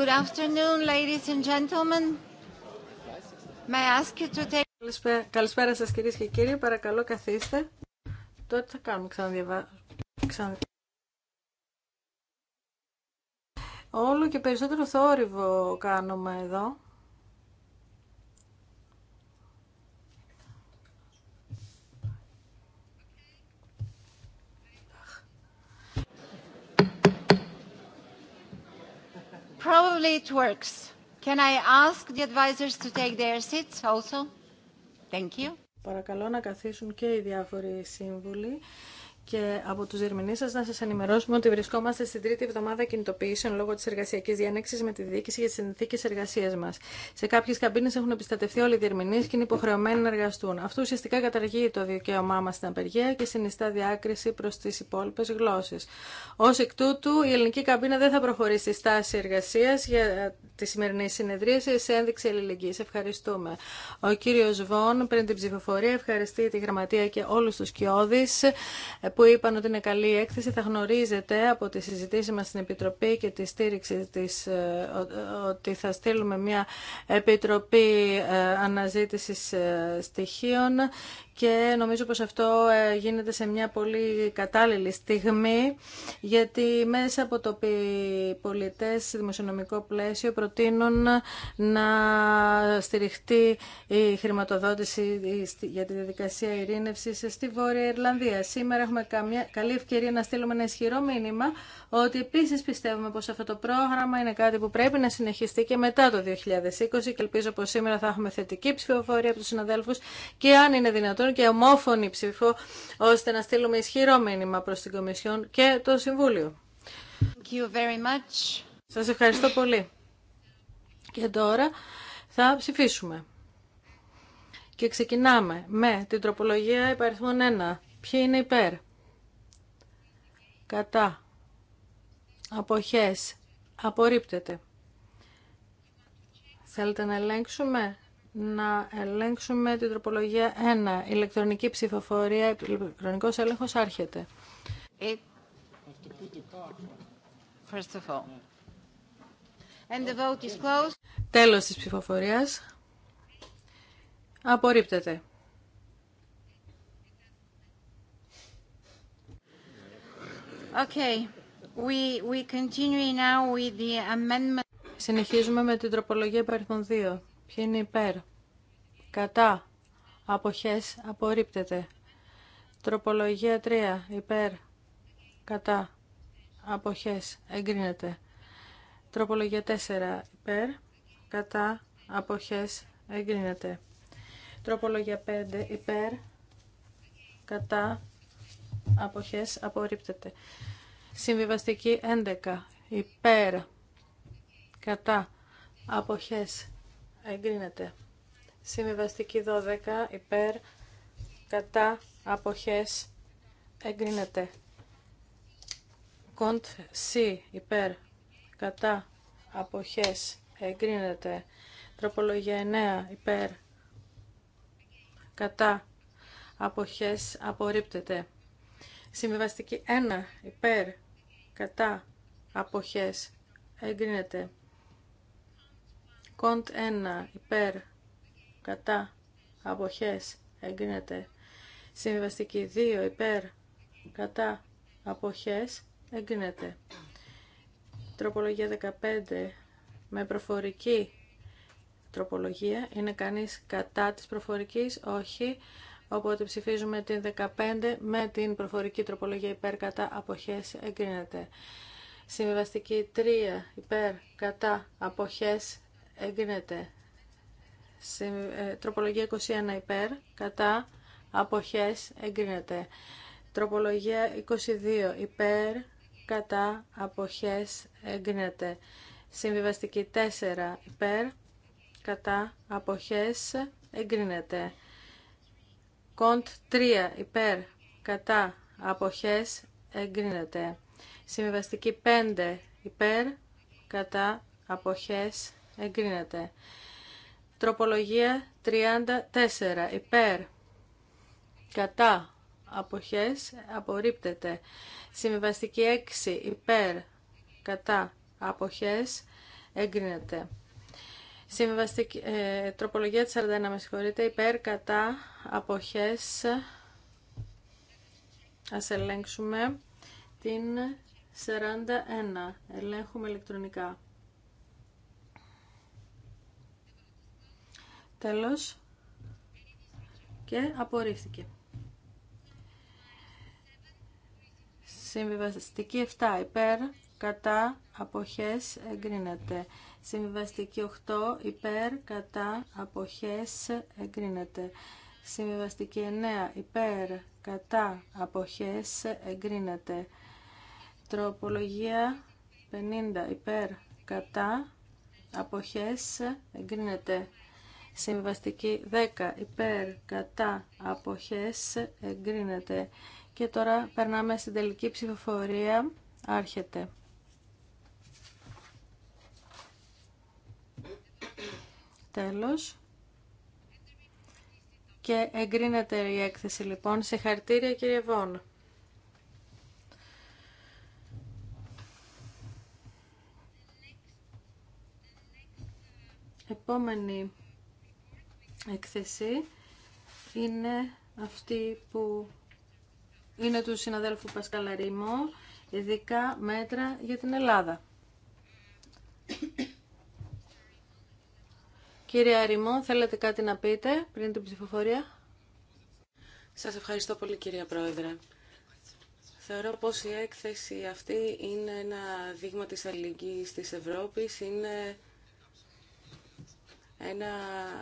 Good afternoon, ladies and gentlemen. May I ask you to take... Καλησπέρα, καλησπέρα σας κυρίες και κύριοι, παρακαλώ καθίστε. Τότε θα κάνουμε ξαναδιαβά... Ξανα... Όλο και περισσότερο θόρυβο κάνουμε εδώ. Probably it works. Can I ask the advisors to take their seats also? Thank you. Παρακαλώ να καθίσουν και οι διάφοροι σύμβουλοι και από του διερμηνείς σα να σα ενημερώσουμε ότι βρισκόμαστε στην τρίτη εβδομάδα κινητοποιήσεων λόγω τη εργασιακή διανέξης με τη διοίκηση για τι συνθήκες εργασία μα. Σε κάποιε καμπίνες έχουν επιστατευτεί όλοι οι διερμηνείς και είναι υποχρεωμένοι να εργαστούν. Αυτό ουσιαστικά καταργεί το δικαίωμά μα στην απεργία και συνιστά διάκριση προ τι υπόλοιπε γλώσσε. Ω εκ τούτου, η ελληνική καμπίνα δεν θα προχωρήσει στη στάση εργασία για τη σημερινή συνεδρίαση σε ένδειξη ελληνική. Ευχαριστούμε. Ο κύριο Βον πριν την ψηφοφορία ευχαριστεί τη γραμματεία και όλου του κοιόδη. Ε, που είπαν ότι είναι καλή η έκθεση θα γνωρίζετε από τη συζητήση μας στην Επιτροπή και τη στήριξη της, ε, ότι θα στείλουμε μια Επιτροπή ε, Αναζήτησης ε, Στοιχείων και νομίζω πως αυτό ε, γίνεται σε μια πολύ κατάλληλη στιγμή γιατί μέσα από το πολιτές δημοσιονομικό πλαίσιο προτείνουν να στηριχτεί η χρηματοδότηση για τη διαδικασία ειρήνευσης στη Βόρεια Ιρλανδία. Σήμερα έχουμε καμιά καλή ευκαιρία να στείλουμε ένα ισχυρό μήνυμα ότι επίσης πιστεύουμε πως αυτό το πρόγραμμα είναι κάτι που πρέπει να συνεχιστεί και μετά το 2020 και ελπίζω πως σήμερα θα έχουμε θετική ψηφοφορία από τους συναδέλφους και αν είναι δυνατόν και ομόφωνη ψήφο, ώστε να στείλουμε ισχυρό μήνυμα προς την Κομισιόν και το Συμβούλιο. Thank you very much. Σας ευχαριστώ πολύ. Και τώρα θα ψηφίσουμε. Και ξεκινάμε με την τροπολογία υπαριθμών 1. Ποιοι είναι υπέρ. Κατά. Αποχές. Απορρίπτεται. Θέλετε να ελέγξουμε να ελέγξουμε την τροπολογία 1. Ηλεκτρονική ψηφοφορία, ηλεκτρονικός έλεγχος άρχεται. First of Τέλος της ψηφοφορίας. Απορρίπτεται. Okay. We, we continue now with the amendment. Συνεχίζουμε με την τροπολογία υπαριθμών 2. Ποιοι είναι υπέρ. Κατά. Αποχές απορρίπτεται. Τροπολογία 3. Υπέρ. Κατά. Αποχές εγκρίνεται. Τροπολογία 4. Υπέρ. Κατά. Αποχές εγκρίνεται. Τροπολογία 5. Υπέρ. Κατά. Αποχές απορρίπτεται. Συμβιβαστική 11. Υπέρ. Κατά. Αποχές εγκρίνεται. Συμβιβαστική 12 υπέρ κατά αποχές εγκρίνεται. Κοντ C υπέρ κατά αποχές εγκρίνεται. Τροπολογία 9 υπέρ κατά αποχές απορρίπτεται. Συμβιβαστική 1 υπέρ κατά αποχές εγκρίνεται. Κοντ ένα υπέρ κατά αποχές εγκρίνεται. Συμβιβαστική δύο υπέρ κατά αποχές εγκρίνεται. Τροπολογία 15 με προφορική τροπολογία. Είναι κανείς κατά της προφορικής, όχι. Οπότε ψηφίζουμε την 15 με την προφορική τροπολογία υπέρ κατά αποχές εγκρίνεται. Συμβιβαστική 3 υπέρ κατά αποχές εγκρίνεται. Ε, τροπολογία 21 υπέρ, κατά, αποχές, εγκρίνεται. Τροπολογία 22 υπέρ, κατά, αποχές, εγκρίνεται. Συμβιβαστική 4 υπέρ, κατά, αποχές, εγκρίνεται. Κοντ 3 υπέρ, κατά, αποχές, εγκρίνεται. Συμβιβαστική 5 υπέρ, κατά, αποχές, εγκρίνεται εγκρίνεται. Τροπολογία 34 υπέρ κατά αποχές απορρίπτεται. Συμβιβαστική 6 υπέρ κατά αποχές εγκρίνεται. Συμβιβαστική, ε, τροπολογία 41 με συγχωρείτε υπέρ κατά αποχές ας ελέγξουμε την 41 ελέγχουμε ηλεκτρονικά. Τέλος. Και απορρίφθηκε. Συμβιβαστική 7 υπέρ, κατά, αποχές, εγκρίνεται. Συμβιβαστική 8 υπέρ, κατά, αποχές, εγκρίνεται. Συμβιβαστική 9 υπέρ, κατά, αποχές, εγκρίνεται. Τροπολογία 50 υπέρ, κατά, αποχές, εγκρίνεται. Συμβαστική 10 υπέρ κατά αποχές εγκρίνεται. Και τώρα περνάμε στην τελική ψηφοφορία. Άρχεται. Τέλος. Και εγκρίνεται η έκθεση λοιπόν. χαρτίρια κύριε Βόν. Επόμενη έκθεση είναι αυτή που είναι του συναδέλφου Πασκαλαρίμό, ειδικά μέτρα για την Ελλάδα. Κύριε Αριμό, θέλετε κάτι να πείτε πριν την ψηφοφορία. Σας ευχαριστώ πολύ κυρία Πρόεδρε. Θεωρώ πως η έκθεση αυτή είναι ένα δείγμα της αλληλεγγύης της Ευρώπης, είναι ένα,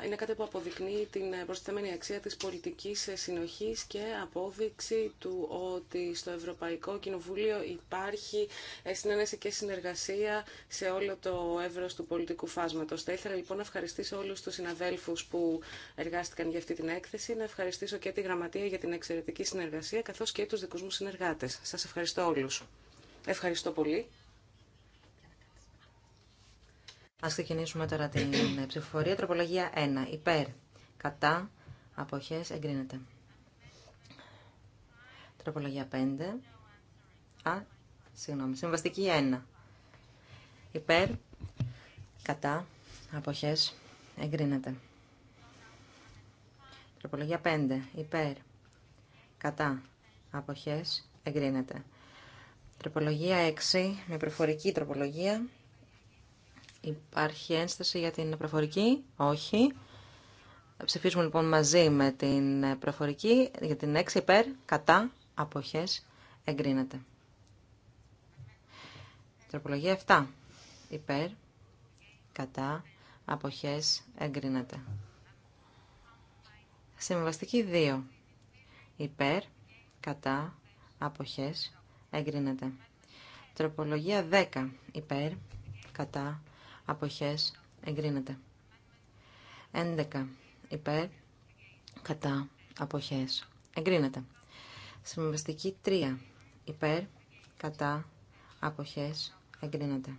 είναι κάτι που αποδεικνύει την προστιθέμενη αξία της πολιτικής συνοχής και απόδειξη του ότι στο Ευρωπαϊκό Κοινοβούλιο υπάρχει ε, συνένεση και συνεργασία σε όλο το εύρος του πολιτικού φάσματος. Θα ήθελα λοιπόν να ευχαριστήσω όλους τους συναδέλφους που εργάστηκαν για αυτή την έκθεση, να ευχαριστήσω και τη Γραμματεία για την εξαιρετική συνεργασία, καθώς και τους δικούς μου συνεργάτες. Σας ευχαριστώ όλους. Ευχαριστώ πολύ. Α ξεκινήσουμε τώρα την ψηφοφορία. Τροπολογία 1. Υπέρ. Κατά. απόχέ, Εγκρίνεται. Τροπολογία 5. Α, συγγνώμη. Συμβαστική 1. Υπέρ. Κατά. Αποχέ. Εγκρίνεται. Τροπολογία 5. Υπέρ. Κατά. απόχέ. Εγκρίνεται. Τροπολογία 6. Με προφορική τροπολογία. Υπάρχει ένσταση για την προφορική. Όχι. Ψηφίζουμε λοιπόν μαζί με την προφορική για την 6 υπέρ, κατά, αποχές, εγκρίνεται. Τροπολογία 7 υπέρ, κατά, αποχές, εγκρίνεται. Συμβαστική 2 υπέρ, κατά, αποχές, εγκρίνεται. Τροπολογία 10 υπέρ, κατά, αποχές εγκρίνεται. 11 υπέρ κατά αποχές εγκρίνεται. Συμβαστική 3 υπέρ κατά αποχές εγκρίνεται.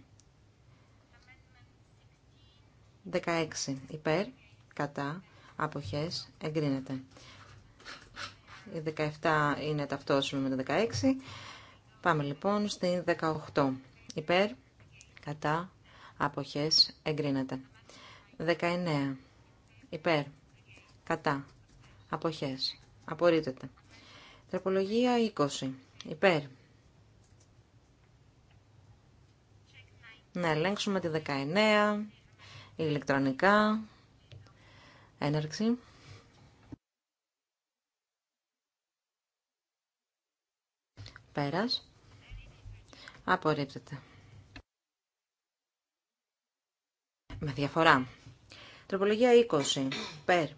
16 υπέρ κατά αποχές εγκρίνεται. Η 17 είναι ταυτόσιμη με το 16. Πάμε λοιπόν στην 18. Υπέρ, κατά, αποχές εγκρίνεται. 19. Υπέρ. Κατά. Αποχές. Απορρίπτεται. Τροπολογία 20. Υπέρ. Να ελέγξουμε τη 19. Ηλεκτρονικά. Έναρξη. Πέρας. Απορρίπτεται. με διαφορά. Τροπολογία 20. Περ.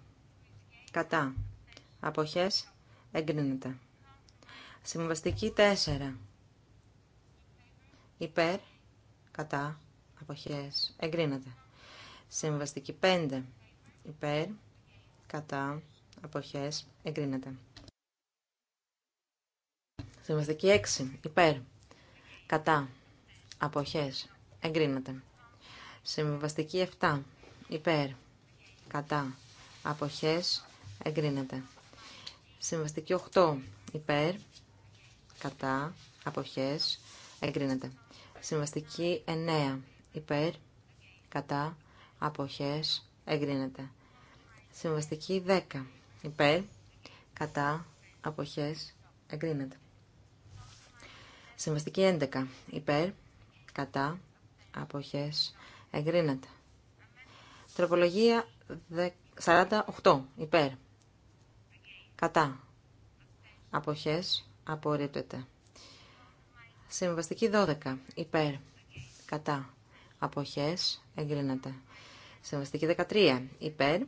Κατά. Αποχές. Εγκρίνεται. Συμβαστική 4. Υπέρ. Κατά. Αποχές. Εγκρίνεται. Συμβαστική 5. Υπέρ. Κατά. Αποχές. Εγκρίνεται. Συμβαστική 6. Υπέρ. Κατά. Αποχές. Εγκρίνεται. Συμβαστική 7. Υπέρ. Κατά. Αποχές. Εγκρίνεται. Συμβαστική 8. Υπέρ. Κατά. Αποχές. Εγκρίνεται. Συμβαστική 9. Υπέρ. Κατά. Αποχές. Εγκρίνεται. Συμβαστική 10. Υπέρ. Κατά. Αποχές. Εγκρίνεται. Συμβαστική 11. Υπέρ. Κατά. Αποχές. Εγκρίνεται. Τροπολογία 48. Υπέρ. Κατά. Αποχές. Απορρίπτεται. Συμβαστική 12. Υπέρ. Κατά. Αποχές. Εγκρίνεται. Συμβαστική 13. Υπέρ.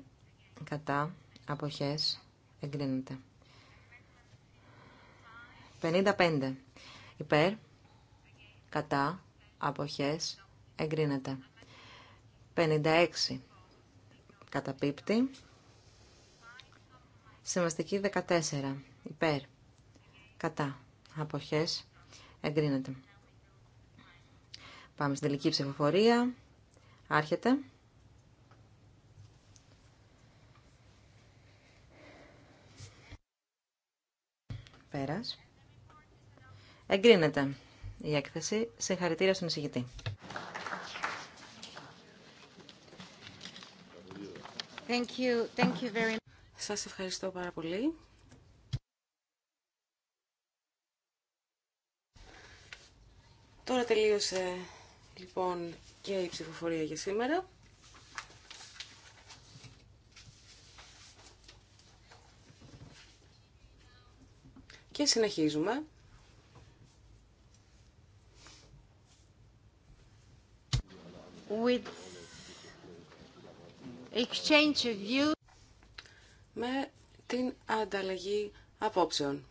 Κατά. Αποχές. Εγκρίνεται. 55. Υπέρ. Κατά. Αποχές. Εγκρίνεται. 56 καταπίπτη, Συμβαστική 14 υπέρ. Κατά. Αποχές. Εγκρίνεται. Πάμε στην τελική ψηφοφορία. Άρχεται. Πέρας. Εγκρίνεται η έκθεση. Συγχαρητήρια στον εισηγητή. Thank Σας ευχαριστώ πάρα πολύ. Τώρα τελείωσε λοιπόν και η ψηφοφορία για σήμερα. Και συνεχίζουμε. With με την ανταλλαγή απόψεων.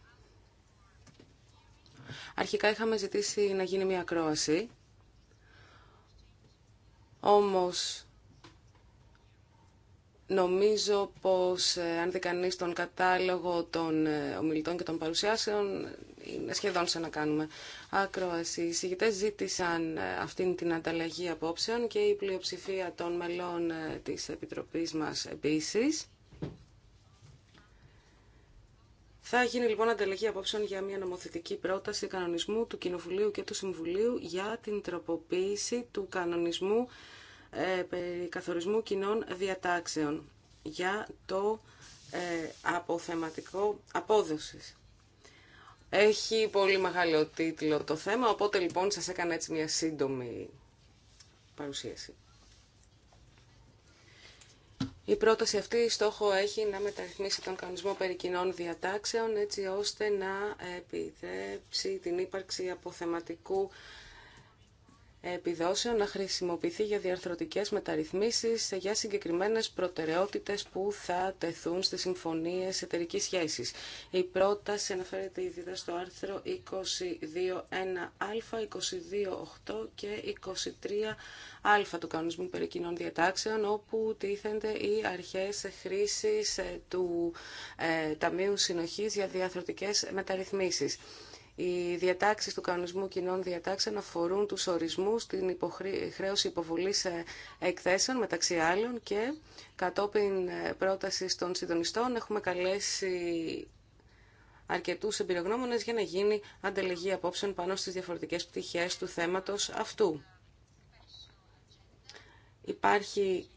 Αρχικά είχαμε ζητήσει να γίνει μια ακρόαση, όμως νομίζω πως ε, αν δεν κανείς τον κατάλογο των ε, ομιλητών και των παρουσιάσεων είναι σχεδόν σαν να κάνουμε ακρόαση. Οι συγητές ζήτησαν ε, αυτήν την ανταλλαγή απόψεων και η πλειοψηφία των μελών ε, της Επιτροπής μας επίσης. Θα γίνει λοιπόν ανταλλαγή απόψεων για μια νομοθετική πρόταση κανονισμού του Κοινοβουλίου και του Συμβουλίου για την τροποποίηση του κανονισμού ε, περί καθορισμού κοινών διατάξεων για το αποθεματικό απόδοσης. Έχει πολύ μεγάλο τίτλο το θέμα, οπότε λοιπόν σας έκανα έτσι μια σύντομη παρουσίαση. Η πρόταση αυτή στόχο έχει να μεταρρυθμίσει τον κανονισμό περί κοινών διατάξεων έτσι ώστε να επιδέψει την ύπαρξη αποθεματικού επιδόσεων να χρησιμοποιηθεί για διαρθρωτικές μεταρρυθμίσεις για συγκεκριμένες προτεραιότητες που θα τεθούν στις συμφωνίες εταιρικής σχέσης. Η πρόταση αναφέρεται ιδιαίτερα στο άρθρο 22.1α, 22.8 και 23α του κανονισμού περί κοινών διατάξεων, όπου τίθενται οι αρχές χρήσης του ε, Ταμείου Συνοχής για διαρθρωτικές μεταρρυθμίσεις. Οι διατάξεις του κανονισμού κοινών διατάξεων αφορούν τους ορισμούς, την χρέωση υποβολής ε, εκθέσεων μεταξύ άλλων και κατόπιν ε, πρότασης των συντονιστών έχουμε καλέσει αρκετού εμπειρογνώμονε για να γίνει ανταλλαγή απόψεων πάνω στι διαφορετικέ πτυχέ του θέματο αυτού. Υπάρχει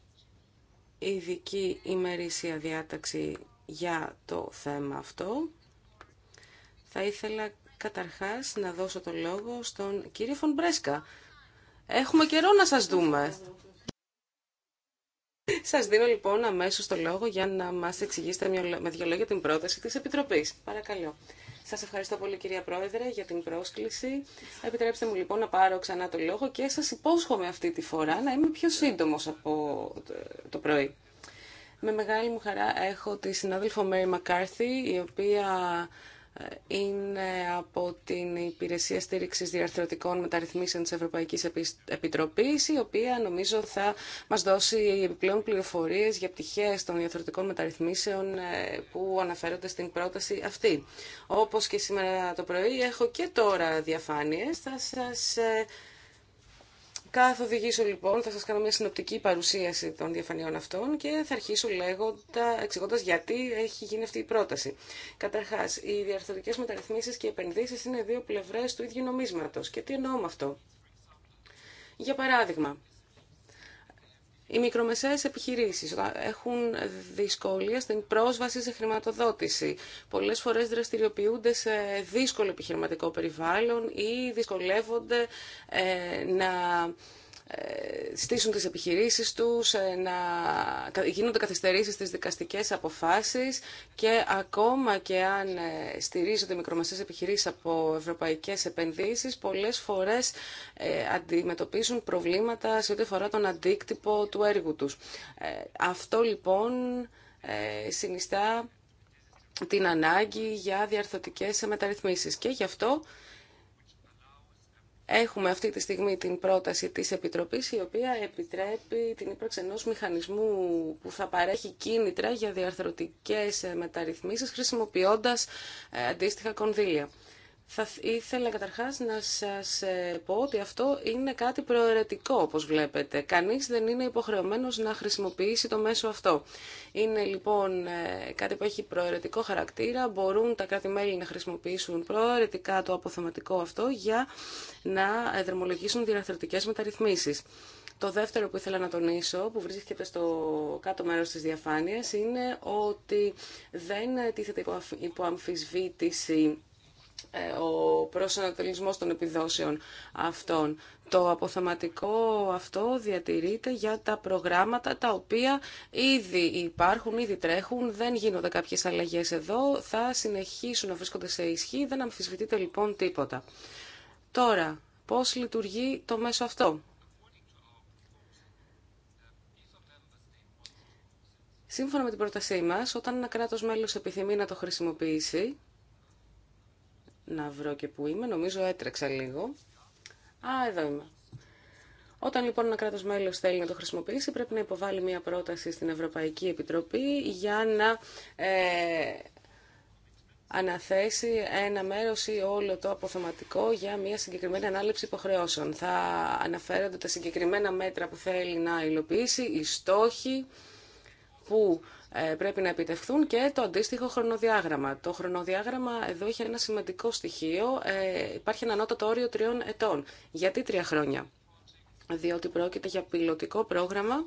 ειδική ημερήσια διάταξη για το θέμα αυτό. Θα ήθελα Καταρχάς, να δώσω το λόγο στον κύριο Φονμπρέσκα. Έχουμε καιρό να σας δούμε. Σας δίνω λοιπόν αμέσως το λόγο για να μας εξηγήσετε με δύο λόγια την πρόταση της Επιτροπής. Παρακαλώ. Σας ευχαριστώ πολύ κυρία Πρόεδρε για την πρόσκληση. Επιτρέψτε μου λοιπόν να πάρω ξανά το λόγο και σας υπόσχομαι αυτή τη φορά να είμαι πιο σύντομος από το πρωί. Με μεγάλη μου χαρά έχω τη συνάδελφο Μέρι Μακάρθη, η οποία είναι από την Υπηρεσία στήριξη Διαρθρωτικών Μεταρρυθμίσεων τη ευρωπαϊκή Επιτροπή, η οποία νομίζω θα μας δώσει επιπλέον πληροφορίες για πτυχέ των διαρθρωτικών μεταρρυθμίσεων ε, που αναφέρονται στην πρόταση αυτή. Όπως και σήμερα το πρωί έχω και τώρα διαφάνειες, θα σας ε, Κάθε λοιπόν, θα σας κάνω μια συνοπτική παρουσίαση των διαφανειών αυτών και θα αρχίσω λέγοντα, εξηγώντας γιατί έχει γίνει αυτή η πρόταση. Καταρχάς, οι διαρθωτικές μεταρρυθμίσεις και οι επενδύσεις είναι δύο πλευρές του ίδιου νομίσματος. Και τι εννοώ με αυτό. Για παράδειγμα, οι μικρομεσαίες επιχειρήσεις έχουν δυσκολία στην πρόσβαση σε χρηματοδότηση. Πολλές φορές δραστηριοποιούνται σε δύσκολο επιχειρηματικό περιβάλλον ή δυσκολεύονται ε, να ε, στήσουν τις επιχειρήσεις τους, ε, να γίνονται καθυστερήσεις στις δικαστικές αποφάσεις και ακόμα και αν ε, στηρίζονται μικρομεσαίες επιχειρήσεις από ευρωπαϊκές επενδύσεις, πολλές φορές αντιμετωπίζουν προβλήματα σε ό,τι αφορά τον αντίκτυπο του έργου τους. Αυτό λοιπόν συνιστά την ανάγκη για διαρθωτικές μεταρρυθμίσεις και γι' αυτό Έχουμε αυτή τη στιγμή την πρόταση της Επιτροπής η οποία επιτρέπει την ύπαρξη ενός μηχανισμού που θα παρέχει κίνητρα για διαρθρωτικές μεταρρυθμίσεις χρησιμοποιώντας ε, αντίστοιχα κονδύλια. Θα ήθελα καταρχάς να σας ε, πω ότι αυτό είναι κάτι προαιρετικό όπως βλέπετε. Κανείς δεν είναι υποχρεωμένος να χρησιμοποιήσει το μέσο αυτό. Είναι λοιπόν ε, κάτι που έχει προαιρετικό χαρακτήρα. Μπορούν τα κράτη-μέλη να χρησιμοποιήσουν προαιρετικά το αποθεματικό αυτό για να ε, δρομολογήσουν διαρθρωτικές μεταρρυθμίσεις. Το δεύτερο που ήθελα να τονίσω, που βρίσκεται στο κάτω μέρος της διαφάνειας, είναι ότι δεν τίθεται υποαμφισβήτηση ε, ο προσανατολισμός των επιδόσεων αυτών. Το αποθεματικό αυτό διατηρείται για τα προγράμματα τα οποία ήδη υπάρχουν, ήδη τρέχουν, δεν γίνονται κάποιες αλλαγές εδώ, θα συνεχίσουν να βρίσκονται σε ισχύ, δεν αμφισβητείται λοιπόν τίποτα. Τώρα, πώς λειτουργεί το μέσο αυτό. Σύμφωνα με την πρότασή μας, όταν ένα κράτος μέλος επιθυμεί να το χρησιμοποιήσει, να βρω και που είμαι. Νομίζω έτρεξα λίγο. Α, εδώ είμαι. Όταν λοιπόν ένα κράτος μέλος θέλει να το χρησιμοποιήσει, πρέπει να υποβάλει μια πρόταση στην Ευρωπαϊκή Επιτροπή για να ε, αναθέσει ένα μέρος ή όλο το αποθεματικό για μια συγκεκριμένη ανάληψη υποχρεώσεων. Θα αναφέρονται τα συγκεκριμένα μέτρα που θέλει να υλοποιήσει, οι στόχοι, που ε, πρέπει να επιτευχθούν και το αντίστοιχο χρονοδιάγραμμα. Το χρονοδιάγραμμα εδώ έχει ένα σημαντικό στοιχείο. Ε, υπάρχει ένα ανώτατο όριο τριών ετών. Γιατί τρία χρόνια. Διότι πρόκειται για πιλωτικό πρόγραμμα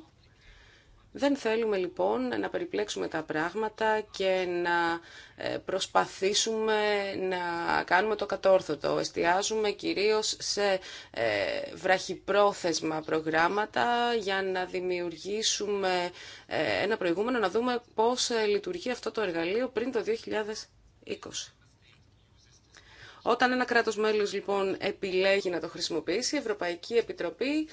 δεν θέλουμε λοιπόν να περιπλέξουμε τα πράγματα και να ε, προσπαθήσουμε να κάνουμε το κατόρθωτο. Εστιάζουμε κυρίως σε ε, βραχυπρόθεσμα προγράμματα για να δημιουργήσουμε ε, ένα προηγούμενο, να δούμε πώς λειτουργεί αυτό το εργαλείο πριν το 2020. Όταν ένα κράτος μέλος λοιπόν επιλέγει να το χρησιμοποιήσει, η Ευρωπαϊκή Επιτροπή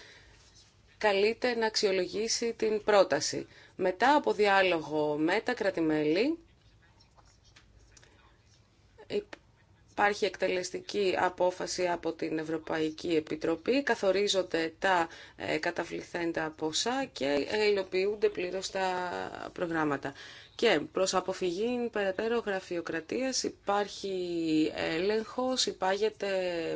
καλείται να αξιολογήσει την πρόταση. Μετά από διάλογο με τα κρατημέλη, υπάρχει εκτελεστική απόφαση από την Ευρωπαϊκή Επιτροπή, καθορίζονται τα ε, καταβληθέντα ποσά και ε, υλοποιούνται πλήρως τα προγράμματα. Και προς αποφυγή περαιτέρω γραφειοκρατίας υπάρχει έλεγχος, υπάγεται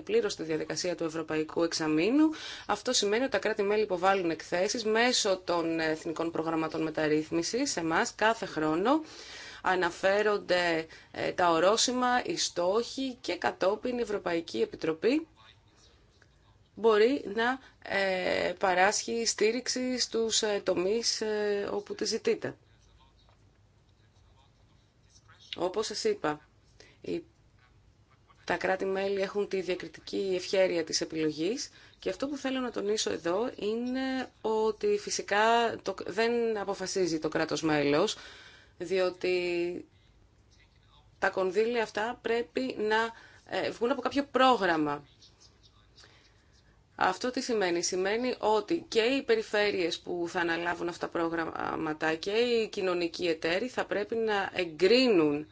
πλήρως τη διαδικασία του Ευρωπαϊκού Εξαμήνου. Αυτό σημαίνει ότι τα κράτη-μέλη υποβάλλουν εκθέσεις μέσω των εθνικών προγραμματών μεταρρύθμισης σε εμάς κάθε χρόνο. Αναφέρονται ε, τα ορόσημα, οι στόχοι και κατόπιν η Ευρωπαϊκή Επιτροπή μπορεί να ε, παράσχει στήριξη στους ε, τομείς όπου τη ζητείτε. Όπως σας είπα, τα κράτη-μέλη έχουν τη διακριτική ευχέρεια της επιλογής και αυτό που θέλω να τονίσω εδώ είναι ότι φυσικά το, δεν αποφασίζει το κράτος μέλος, διότι τα κονδύλια αυτά πρέπει να ε, βγουν από κάποιο πρόγραμμα. Αυτό τι σημαίνει. Σημαίνει ότι και οι περιφέρειες που θα αναλάβουν αυτά τα προγραμματά και οι κοινωνικοί εταίροι θα πρέπει να εγκρίνουν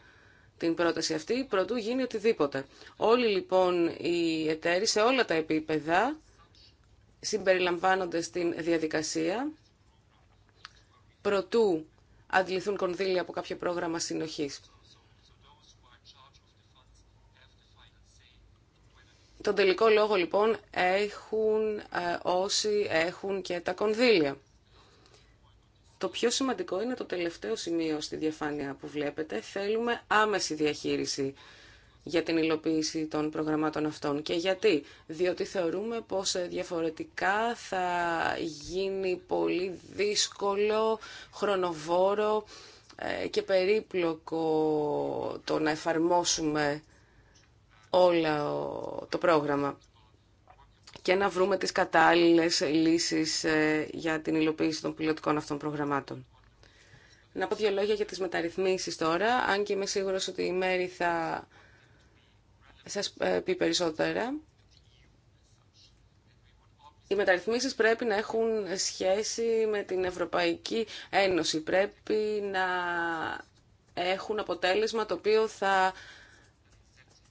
την πρόταση αυτή προτού γίνει οτιδήποτε. Όλοι λοιπόν οι εταίροι σε όλα τα επίπεδα συμπεριλαμβάνονται στην διαδικασία προτού αντιληθούν κονδύλια από κάποιο πρόγραμμα συνοχής. Τον τελικό λόγο λοιπόν έχουν ε, όσοι έχουν και τα κονδύλια. Το πιο σημαντικό είναι το τελευταίο σημείο στη διαφάνεια που βλέπετε. Θέλουμε άμεση διαχείριση για την υλοποίηση των προγραμμάτων αυτών. Και γιατί. Διότι θεωρούμε πως ε, διαφορετικά θα γίνει πολύ δύσκολο, χρονοβόρο ε, και περίπλοκο το να εφαρμόσουμε όλο το πρόγραμμα και να βρούμε τις κατάλληλες λύσεις ε, για την υλοποίηση των πιλωτικών αυτών προγραμμάτων. Να πω δύο λόγια για τις μεταρρυθμίσεις τώρα, αν και είμαι σίγουρος ότι η Μέρη θα σας ε, πει περισσότερα. Οι μεταρρυθμίσεις πρέπει να έχουν σχέση με την Ευρωπαϊκή Ένωση. Πρέπει να έχουν αποτέλεσμα το οποίο θα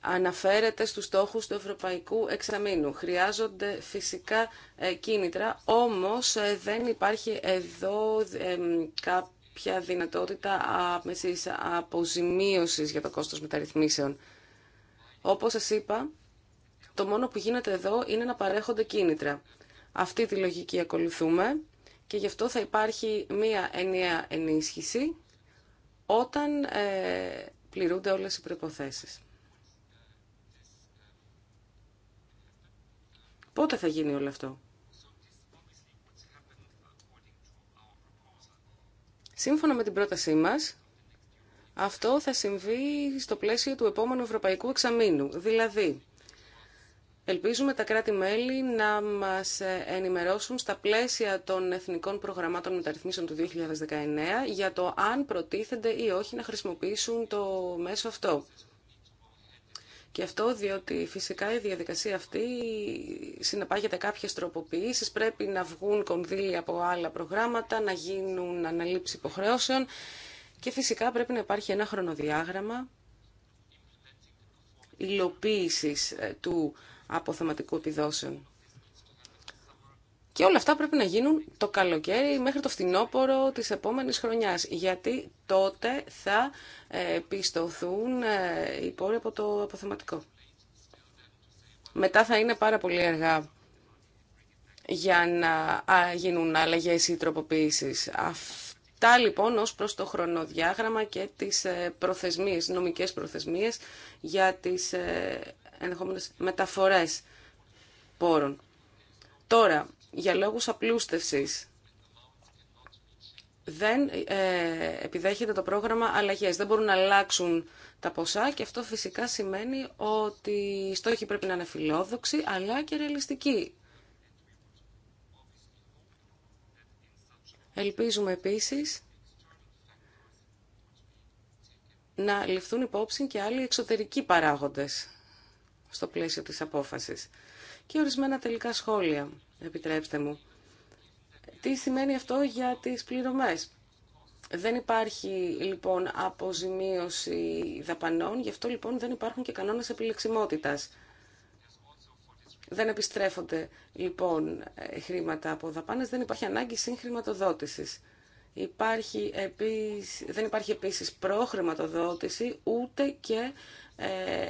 αναφέρεται στους στόχους του Ευρωπαϊκού Εξαμήνου. Χρειάζονται φυσικά ε, κίνητρα, όμως ε, δεν υπάρχει εδώ κάποια δυνατότητα άμεσης αποζημίωσης για το κόστος μεταρρυθμίσεων. Όπως σας είπα, το μόνο που γίνεται εδώ είναι να παρέχονται κίνητρα. Αυτή τη λογική ακολουθούμε και γι' αυτό θα υπάρχει μία ενιαία ενίσχυση όταν ε, πληρούνται όλες οι προϋποθέσεις. Πότε θα γίνει όλο αυτό. Σύμφωνα με την πρότασή μας, αυτό θα συμβεί στο πλαίσιο του επόμενου Ευρωπαϊκού Εξαμήνου. Δηλαδή, ελπίζουμε τα κράτη-μέλη να μας ενημερώσουν στα πλαίσια των εθνικών προγραμμάτων μεταρρυθμίσεων του 2019 για το αν προτίθενται ή όχι να χρησιμοποιήσουν το μέσο αυτό. Και αυτό διότι φυσικά η διαδικασία αυτή συνεπάγεται κάποιες τροποποιήσεις, πρέπει να βγουν κονδύλια από άλλα προγράμματα, να γίνουν αναλήψεις υποχρεώσεων και φυσικά πρέπει να υπάρχει ένα χρονοδιάγραμμα υλοποίησης ε, του αποθεματικού επιδόσεων. Και όλα αυτά πρέπει να γίνουν το καλοκαίρι μέχρι το φθινόπωρο της επόμενης χρονιάς, γιατί τότε θα ε, πιστωθούν ε, οι πόροι από το αποθεματικό. Μετά θα είναι πάρα πολύ αργά για να γίνουν αλλαγές ή τροποποιήσεις. Αυτά λοιπόν ως προς το χρονοδιάγραμμα και τις ε, προθεσμίες, νομικές προθεσμίες για τις ενδεχόμενες μεταφορές πόρων. Τώρα, για λόγους απλούστευσης. Δεν ε, επιδέχεται το πρόγραμμα αλλαγές. Δεν μπορούν να αλλάξουν τα ποσά και αυτό φυσικά σημαίνει ότι οι στόχοι πρέπει να είναι φιλόδοξοι αλλά και ρεαλιστικοί. Ελπίζουμε επίσης να ληφθούν υπόψη και άλλοι εξωτερικοί παράγοντες στο πλαίσιο της απόφασης. Και ορισμένα τελικά σχόλια. Επιτρέψτε μου. Τι σημαίνει αυτό για τις πληρωμές. Δεν υπάρχει λοιπόν αποζημίωση δαπανών, γι' αυτό λοιπόν δεν υπάρχουν και κανόνες επιλεξιμότητας. Δεν επιστρέφονται λοιπόν χρήματα από δαπάνες, δεν υπάρχει ανάγκη συγχρηματοδότησης. Υπάρχει επίσης, δεν υπάρχει επίσης προχρηματοδότηση ούτε και ε,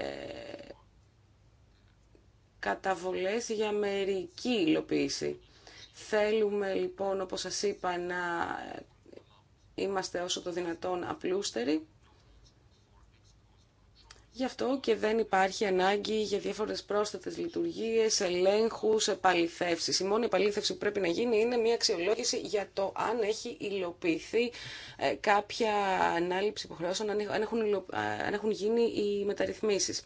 καταβολές για μερική υλοποίηση. Θέλουμε λοιπόν, όπως σας είπα, να είμαστε όσο το δυνατόν απλούστεροι. Γι' αυτό και δεν υπάρχει ανάγκη για διάφορες πρόσθετες λειτουργίες, ελέγχους, επαληθεύσεις. Η μόνη επαλήθευση που πρέπει να γίνει είναι μια αξιολόγηση για το αν έχει υλοποιηθεί ε, κάποια ανάληψη υποχρεώσεων, ε, αν έχουν, γίνει οι μεταρρυθμίσεις.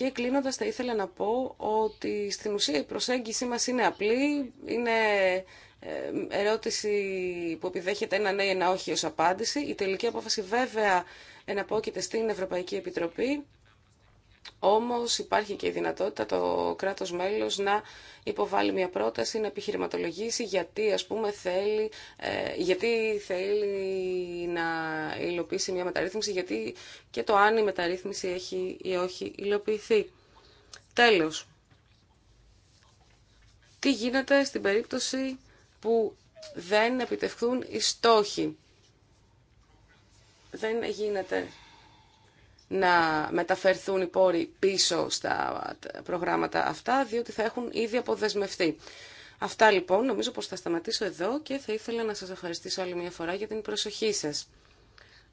Και κλείνοντας θα ήθελα να πω ότι στην ουσία η προσέγγιση μας είναι απλή, είναι ε, ερώτηση που επιδέχεται ένα ναι ή ένα όχι ως απάντηση. Η τελική απόφαση βέβαια εναπόκειται στην Ευρωπαϊκή Επιτροπή όμως υπάρχει και η δυνατότητα το κράτος μέλος να υποβάλει μια πρόταση, να επιχειρηματολογήσει γιατί ας πούμε θέλει, ε, γιατί θέλει να υλοποιήσει μια μεταρρύθμιση, γιατί και το αν η μεταρρύθμιση έχει ή όχι υλοποιηθεί. Τέλος. Τι γίνεται στην περίπτωση που δεν επιτευχθούν οι στόχοι. Δεν γίνεται να μεταφερθούν οι πόροι πίσω στα προγράμματα αυτά, διότι θα έχουν ήδη αποδεσμευτεί. Αυτά λοιπόν, νομίζω πως θα σταματήσω εδώ και θα ήθελα να σας ευχαριστήσω άλλη μια φορά για την προσοχή σας.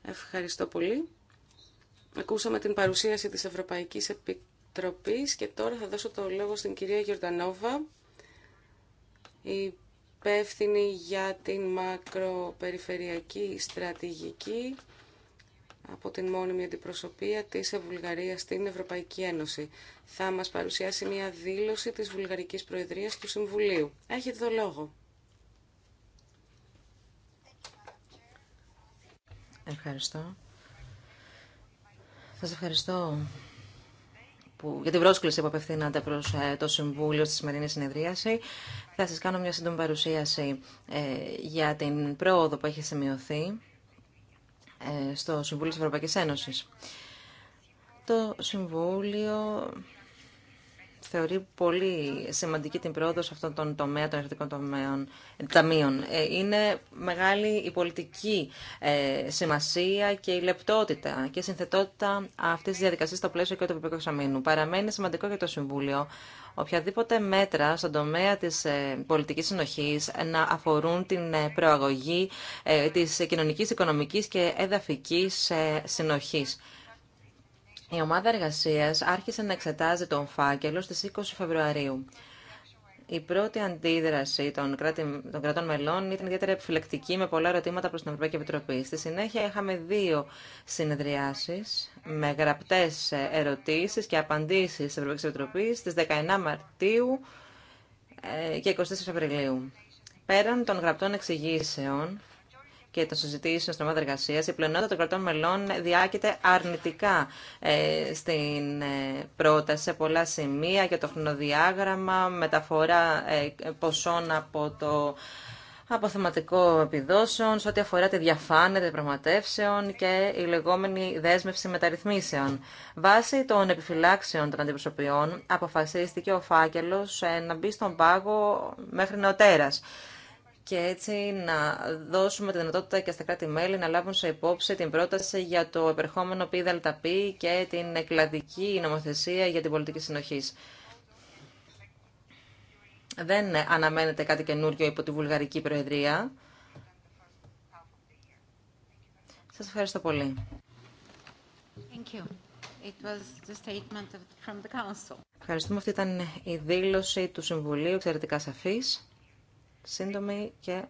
Ευχαριστώ πολύ. Ακούσαμε την παρουσίαση της Ευρωπαϊκής Επιτροπής και τώρα θα δώσω το λόγο στην κυρία Γιορτανόβα, υπεύθυνη για την μακροπεριφερειακή στρατηγική από την μόνιμη αντιπροσωπεία της Βουλγαρίας στην Ευρωπαϊκή Ένωση. Θα μας παρουσιάσει μια δήλωση της Βουλγαρικής Προεδρίας του Συμβουλίου. Έχετε το λόγο. Ευχαριστώ. Σας ευχαριστώ που, για την πρόσκληση που απευθύνατε προς ε, το Συμβούλιο στη σημερινή συνεδρίαση. Θα σας κάνω μια σύντομη παρουσίαση ε, για την πρόοδο που έχει σημειωθεί ε, στο Συμβούλιο της Ευρωπαϊκής Ένωσης. Το Συμβούλιο θεωρεί πολύ σημαντική την πρόοδο σε αυτόν τον τομέα των ερευνητικών τομέων, ταμείων. Ε, είναι μεγάλη η πολιτική ε, σημασία και η λεπτότητα και η συνθετότητα αυτής της διαδικασίας στο πλαίσιο και του Ευρωπαϊκού Εξαμήνου. Παραμένει σημαντικό για το Συμβούλιο οποιαδήποτε μέτρα στον τομέα της ε, πολιτικής συνοχής να αφορούν την ε, προαγωγή ε, της κοινωνικής, οικονομικής και εδαφικής συνοχής. Η ομάδα εργασίας άρχισε να εξετάζει τον φάκελο στις 20 Φεβρουαρίου. Η πρώτη αντίδραση των, κράτη, κρατών μελών ήταν ιδιαίτερα επιφυλακτική με πολλά ερωτήματα προς την Ευρωπαϊκή Επιτροπή. Στη συνέχεια είχαμε δύο συνεδριάσεις με γραπτές ερωτήσεις και απαντήσεις της Ευρωπαϊκής Επιτροπής στις 19 Μαρτίου ε, και 24 Απριλίου. Πέραν των γραπτών εξηγήσεων, και των συζητήσεων στην ομάδα εργασία, η πλειονότητα των κρατών μελών διάκειται αρνητικά ε, στην ε, πρόταση σε πολλά σημεία για το χρονοδιάγραμμα, μεταφορά ε, ποσών από το αποθεματικό επιδόσεων, σε ό,τι αφορά τη διαφάνεια των πραγματεύσεων και η λεγόμενη δέσμευση μεταρρυθμίσεων. Βάσει των επιφυλάξεων των αντιπροσωπιών, αποφασίστηκε ο φάκελο να μπει στον πάγο μέχρι νεοτέρας και έτσι να δώσουμε τη δυνατότητα και στα κράτη-μέλη να λάβουν σε υπόψη την πρόταση για το επερχόμενο P-ΔΑΛΤΑ-ΠΗ και την κλαδική νομοθεσία για την πολιτική συνοχή. Δεν αναμένεται κάτι καινούριο υπό τη Βουλγαρική Προεδρία. Σας ευχαριστώ πολύ. Ευχαριστούμε. Αυτή ήταν η δήλωση του Συμβουλίου, εξαιρετικά σαφής σύντομη και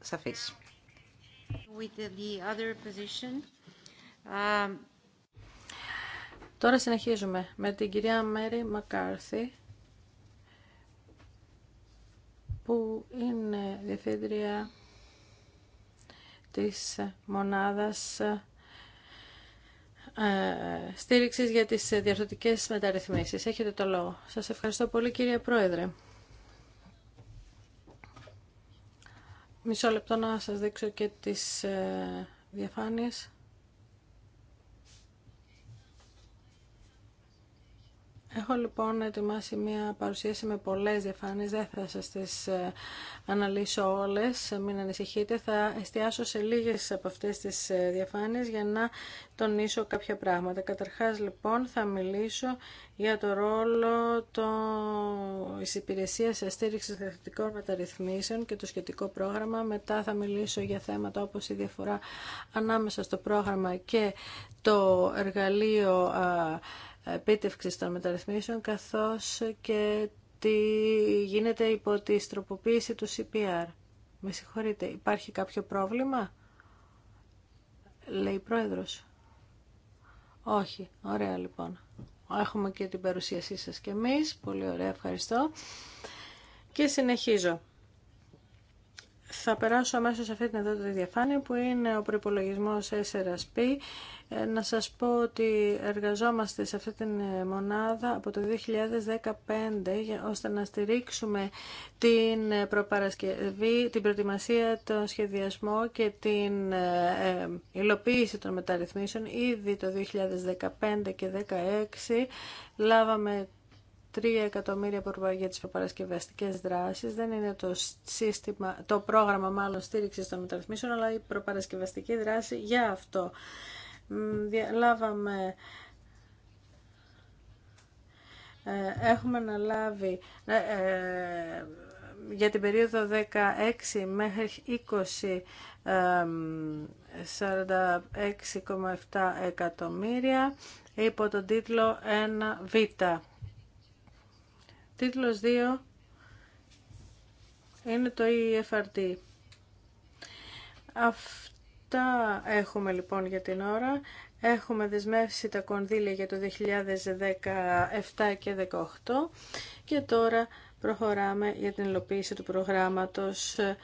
σαφής. Uh, Τώρα συνεχίζουμε με την κυρία Μέρι Μακάρθη που είναι διευθύντρια της μονάδας ε, στήριξης για τις Διαρθωτικές μεταρρυθμίσεις. Έχετε το λόγο. Σας ευχαριστώ πολύ κύριε Πρόεδρε. Μισό λεπτό να σας δείξω και τις ε, διαφάνειες. Έχω λοιπόν ετοιμάσει μια παρουσίαση με πολλές διαφάνειες, δεν θα σας τις ε, αναλύσω όλες, μην ανησυχείτε. Θα εστιάσω σε λίγες από αυτές τις ε, διαφάνειες για να τονίσω κάποια πράγματα. Καταρχάς λοιπόν θα μιλήσω για το ρόλο της υπηρεσίας στήριξης θετικών μεταρρυθμίσεων και το σχετικό πρόγραμμα. Μετά θα μιλήσω για θέματα όπως η διαφορά ανάμεσα στο πρόγραμμα και το εργαλείο επίτευξης των μεταρρυθμίσεων καθώς και τι γίνεται υπό τη στροποποίηση του CPR. Με συγχωρείτε, υπάρχει κάποιο πρόβλημα, λέει η Πρόεδρος. Όχι, ωραία λοιπόν. Έχουμε και την παρουσίασή σας και εμείς. Πολύ ωραία, ευχαριστώ. Και συνεχίζω. Θα περάσω αμέσως σε αυτή την εδώ τη διαφάνεια που είναι ο προπολογισμό 4SP ε, να σας πω ότι εργαζόμαστε σε αυτή την ε, μονάδα από το 2015 ώστε να στηρίξουμε την ε, προπαρασκευή, την προετοιμασία, τον σχεδιασμό και την υλοποίηση των μεταρρυθμίσεων. Ήδη το 2015 και 2016 λάβαμε 3 εκατομμύρια για τις προπαρασκευαστικές δράσεις. Δεν είναι το, σύστημα, το πρόγραμμα μάλλον στήριξης των μεταρρυθμίσεων, αλλά η προπαρασκευαστική δράση για αυτό. Λάβαμε ε, έχουμε να λάβει ε, ε, για την περίοδο 16 μέχρι 20 46,7 εκατομμύρια υπό τον τίτλο 1β. Τίτλος 2 είναι το EFRD. Αυτό Αυτά έχουμε λοιπόν για την ώρα. Έχουμε δεσμεύσει τα κονδύλια για το 2017 και 2018 και τώρα προχωράμε για την υλοποίηση του προγράμματος ε,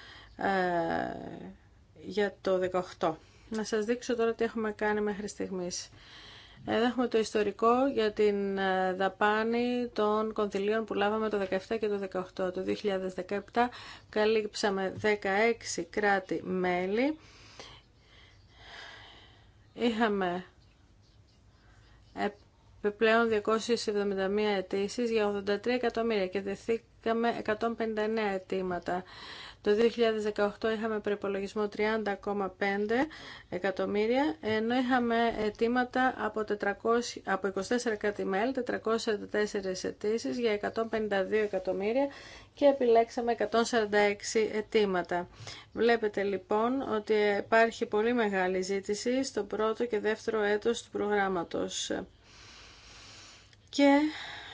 για το 2018. Να σας δείξω τώρα τι έχουμε κάνει μέχρι στιγμής. Εδώ έχουμε το ιστορικό για την ε, δαπάνη των κονδυλίων που λάβαμε το 17 και το 2018. Το 2017 καλύψαμε 16 κράτη-μέλη. Είχαμε επιπλέον 271 αιτήσει για 83 εκατομμύρια και δεθήκαμε 159 αιτήματα. Το 2018 είχαμε προπολογισμό 30,5 εκατομμύρια, ενώ είχαμε αιτήματα από, 400, από 24 κράτη-μέλη, 404 αιτήσει για 152 εκατομμύρια και επιλέξαμε 146 αιτήματα. Βλέπετε λοιπόν ότι υπάρχει πολύ μεγάλη ζήτηση στο πρώτο και δεύτερο έτος του προγράμματος. Και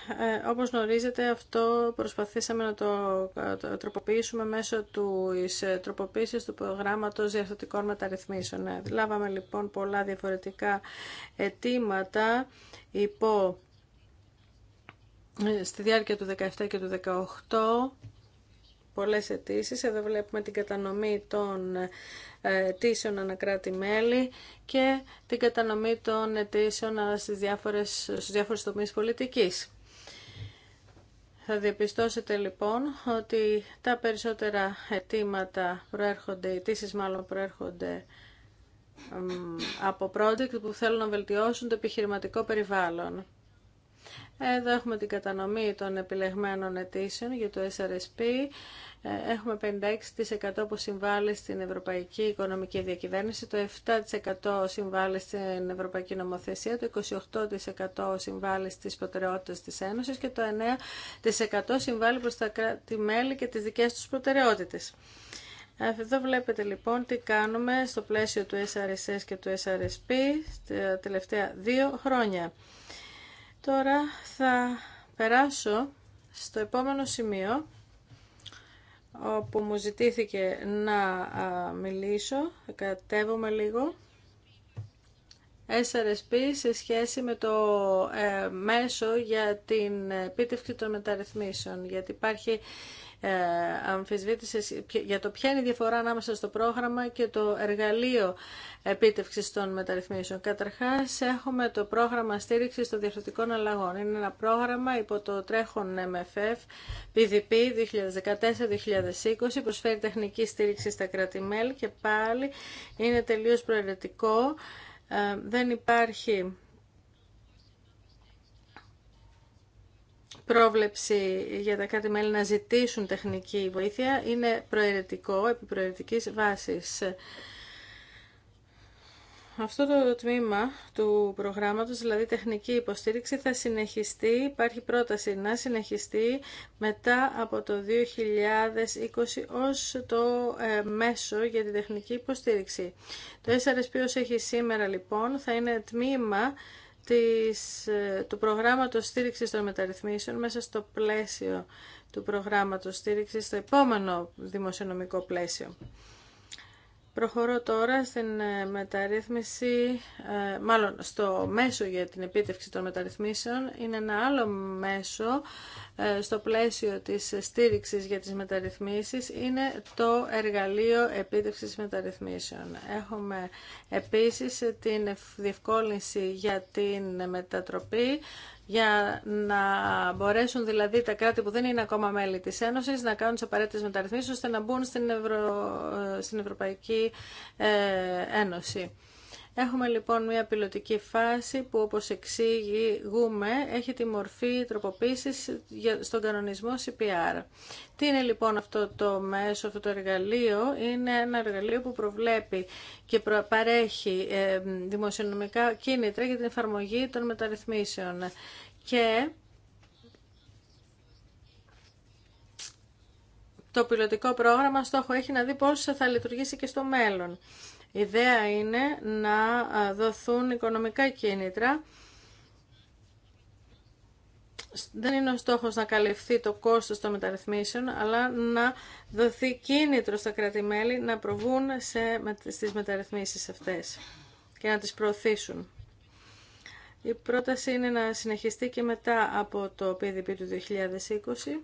ε, όπως γνωρίζετε αυτό προσπαθήσαμε να το τροποποιήσουμε μέσω του ε, τροποποίησης του προγράμματος διαρθωτικών μεταρρυθμίσεων. Ε, λάβαμε λοιπόν πολλά διαφορετικά αιτήματα υπό ε, στη διάρκεια του 17 και του 18 πολλές αιτήσει. Εδώ βλέπουμε την κατανομή των αιτήσεων ανακράτη-μέλη και την κατανομή των αιτήσεων στις διάφορες, στους διάφορους τομείς πολιτικής. Θα διαπιστώσετε λοιπόν ότι τα περισσότερα αιτήματα προέρχονται, αιτήσει μάλλον προέρχονται από project που θέλουν να βελτιώσουν το επιχειρηματικό περιβάλλον. Εδώ έχουμε την κατανομή των επιλεγμένων αιτήσεων για το SRSP. Έχουμε 56% που συμβάλλει στην Ευρωπαϊκή Οικονομική Διακυβέρνηση, το 7% συμβάλλει στην Ευρωπαϊκή Νομοθεσία, το 28% συμβάλλει στις προτεραιότητες της Ένωσης και το 9% συμβάλλει προς τα κράτη-μέλη και τις δικές τους προτεραιότητες. Εδώ βλέπετε λοιπόν τι κάνουμε στο πλαίσιο του SRSS και του SRSP τα τελευταία δύο χρόνια. Τώρα θα περάσω στο επόμενο σημείο όπου μου ζητήθηκε να μιλήσω. Κατέβομαι λίγο. SRSP σε σχέση με το ε, μέσο για την ε, επίτευξη των μεταρρυθμίσεων, γιατί υπάρχει ε, αμφισβήτηση για το ποια είναι η διαφορά ανάμεσα στο πρόγραμμα και το εργαλείο επίτευξης των μεταρρυθμίσεων. Καταρχάς έχουμε το πρόγραμμα στήριξης των διαφορετικών αλλαγών. Είναι ένα πρόγραμμα υπό το τρέχον MFF PDP 2014-2020 προσφέρει τεχνική στήριξη στα κράτη-μέλη και πάλι είναι τελείως προαιρετικό. Ε, δεν υπάρχει πρόβλεψη για τα κάτι μέλη να ζητήσουν τεχνική βοήθεια είναι προαιρετικό, επί προαιρετικής βάσης. Αυτό το τμήμα του προγράμματος, δηλαδή τεχνική υποστήριξη, θα συνεχιστεί, υπάρχει πρόταση να συνεχιστεί μετά από το 2020 ως το ε, μέσο για την τεχνική υποστήριξη. Το SRSP όσο έχει σήμερα λοιπόν θα είναι τμήμα ε, του προγράμματος στήριξης των μεταρρυθμίσεων μέσα στο πλαίσιο του προγράμματος στήριξης στο επόμενο δημοσιονομικό πλαίσιο. Προχωρώ τώρα στην ε, μεταρρύθμιση, ε, μάλλον στο μέσο για την επίτευξη των μεταρρυθμίσεων. Είναι ένα άλλο μέσο ε, στο πλαίσιο της στήριξης για τις μεταρρυθμίσεις. Είναι το εργαλείο επίτευξης μεταρρυθμίσεων. Έχουμε επίσης την διευκόλυνση για την μετατροπή για να μπορέσουν δηλαδή τα κράτη που δεν είναι ακόμα μέλη της Ένωσης να κάνουν τις απαραίτητες μεταρρυθμίσεις ώστε να μπουν στην, Ευρω... στην Ευρωπαϊκή ε, Ένωση. Έχουμε λοιπόν μια πιλωτική φάση που όπως εξηγούμε έχει τη μορφή τροποποίησης στον κανονισμό CPR. Τι είναι λοιπόν αυτό το μέσο, αυτό το εργαλείο. Είναι ένα εργαλείο που προβλέπει και παρέχει ε, δημοσιονομικά κίνητρα για την εφαρμογή των μεταρρυθμίσεων. Και το πιλωτικό πρόγραμμα στόχο έχει να δει πώς θα λειτουργήσει και στο μέλλον. Η ιδέα είναι να δοθούν οικονομικά κίνητρα. Δεν είναι ο στόχος να καλυφθεί το κόστος των μεταρρυθμίσεων, αλλά να δοθεί κίνητρο στα κρατη να προβούν σε, στις μεταρρυθμίσεις αυτές και να τις προωθήσουν. Η πρόταση είναι να συνεχιστεί και μετά από το PDP του 2020.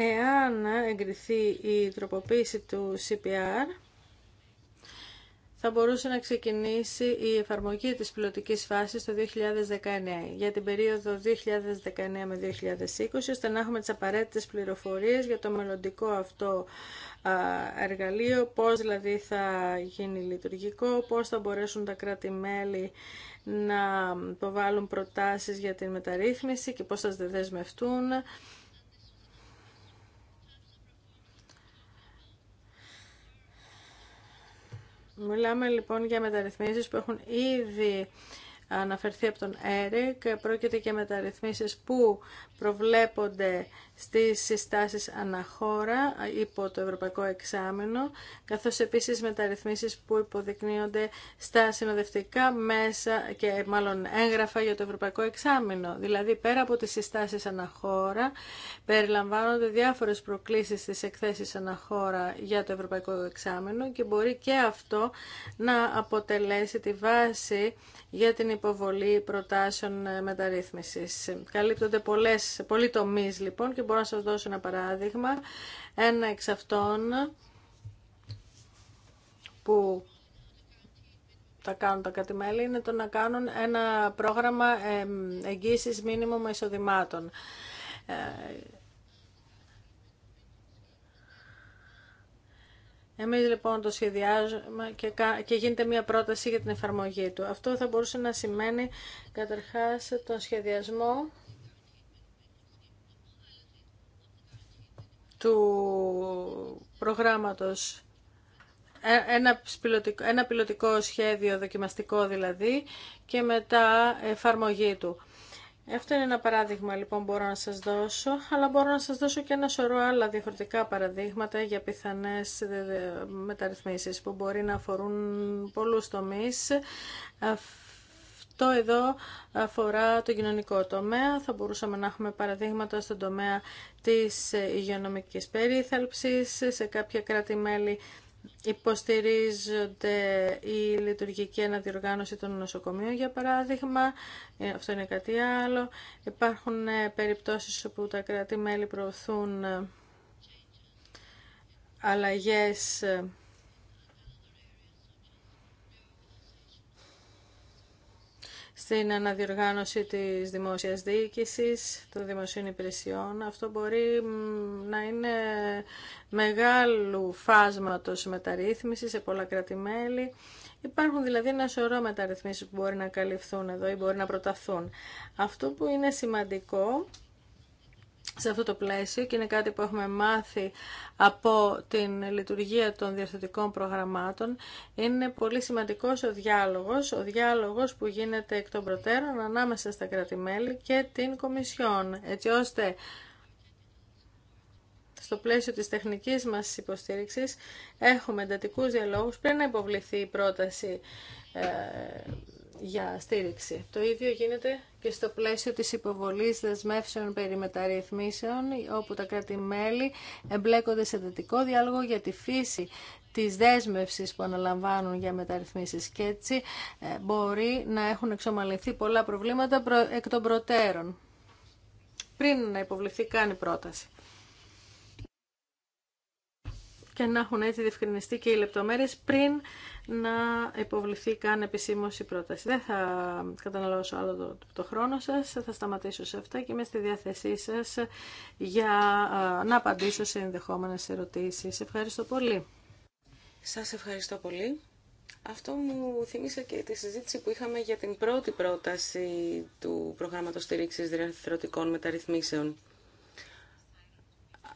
Εάν εγκριθεί η τροποποίηση του CPR, θα μπορούσε να ξεκινήσει η εφαρμογή της πιλωτικής φάσης το 2019, για την περίοδο 2019 με 2020, ώστε να έχουμε τις απαραίτητες πληροφορίες για το μελλοντικό αυτό εργαλείο, πώς δηλαδή θα γίνει λειτουργικό, πώς θα μπορέσουν τα κράτη-μέλη να υποβάλουν προτάσεις για την μεταρρύθμιση και πώς θα δεσμευτούν Μιλάμε λοιπόν για μεταρρυθμίσεις που έχουν ήδη αναφερθεί από τον ΕΡΙΚ. Πρόκειται και μεταρρυθμίσεις που προβλέπονται στις συστάσεις αναχώρα υπό το Ευρωπαϊκό Εξάμεινο, καθώς επίσης μεταρρυθμίσεις που υποδεικνύονται στα συνοδευτικά μέσα και μάλλον έγγραφα για το Ευρωπαϊκό Εξάμεινο. Δηλαδή, πέρα από τις συστάσεις αναχώρα, περιλαμβάνονται διάφορες προκλήσεις στις εκθέσεις αναχώρα για το Ευρωπαϊκό Εξάμεινο και μπορεί και αυτό να αποτελέσει τη βάση για την υποβολή προτάσεων μεταρρύθμισης. Καλύπτονται πολλές, πολλοί τομείς λοιπόν και Μπορώ να σας δώσω ένα παράδειγμα. Ένα εξ αυτών που τα κάνουν τα κατημέλη είναι το να κάνουν ένα πρόγραμμα εγγύησης με εισοδημάτων. Ε, εμείς λοιπόν το σχεδιάζουμε και, και γίνεται μια πρόταση για την εφαρμογή του. Αυτό θα μπορούσε να σημαίνει καταρχάς τον σχεδιασμό του προγράμματος ε, ένα πιλωτικό, ένα σχέδιο, δοκιμαστικό δηλαδή, και μετά εφαρμογή του. Αυτό είναι ένα παράδειγμα λοιπόν μπορώ να σας δώσω, αλλά μπορώ να σας δώσω και ένα σωρό άλλα διαφορετικά παραδείγματα για πιθανές ε, ε, μεταρρυθμίσεις που μπορεί να αφορούν πολλούς τομείς. Αυτό εδώ αφορά το κοινωνικό τομέα. Θα μπορούσαμε να έχουμε παραδείγματα στον τομέα της υγειονομικής περίθαλψης. Σε κάποια κράτη-μέλη υποστηρίζονται η λειτουργική αναδιοργάνωση των νοσοκομείων, για παράδειγμα. Ε, αυτό είναι κάτι άλλο. Υπάρχουν ε, περιπτώσεις όπου τα κράτη-μέλη προωθούν ε, αλλαγές στην αναδιοργάνωση της δημόσιας διοίκησης, των δημοσίων υπηρεσιών. Αυτό μπορεί να είναι μεγάλου φάσματος μεταρρύθμιση σε πολλά κράτη-μέλη. Υπάρχουν δηλαδή ένα σωρό μεταρρυθμίσεις που μπορεί να καλυφθούν εδώ ή μπορεί να προταθούν. Αυτό που είναι σημαντικό σε αυτό το πλαίσιο και είναι κάτι που έχουμε μάθει από την λειτουργία των διαστατικών προγραμμάτων είναι πολύ σημαντικός ο διάλογος, ο διάλογος που γίνεται εκ των προτέρων ανάμεσα στα κρατημέλη και την Κομισιόν, έτσι ώστε στο πλαίσιο της τεχνικής μας υποστήριξης έχουμε εντατικούς διαλόγους πριν να υποβληθεί η πρόταση ε, για στήριξη. Το ίδιο γίνεται και στο πλαίσιο της υποβολής δεσμεύσεων περί μεταρρυθμίσεων, όπου τα κράτη-μέλη εμπλέκονται σε θετικό διάλογο για τη φύση της δέσμευσης που αναλαμβάνουν για μεταρρυθμίσεις και έτσι ε, μπορεί να έχουν εξομαλυνθεί πολλά προβλήματα εκ των προτέρων, πριν να υποβληθεί καν η πρόταση και να έχουν έτσι διευκρινιστεί και οι λεπτομέρειες πριν να υποβληθεί καν επισήμως η πρόταση. Δεν θα καταναλώσω άλλο το, χρόνο σας, θα σταματήσω σε αυτά και είμαι στη διάθεσή σας για να απαντήσω σε ενδεχόμενες ερωτήσεις. Ευχαριστώ πολύ. Σας ευχαριστώ πολύ. Αυτό μου θύμισε και τη συζήτηση που είχαμε για την πρώτη πρόταση του προγράμματος στήριξης διαρθρωτικών μεταρρυθμίσεων.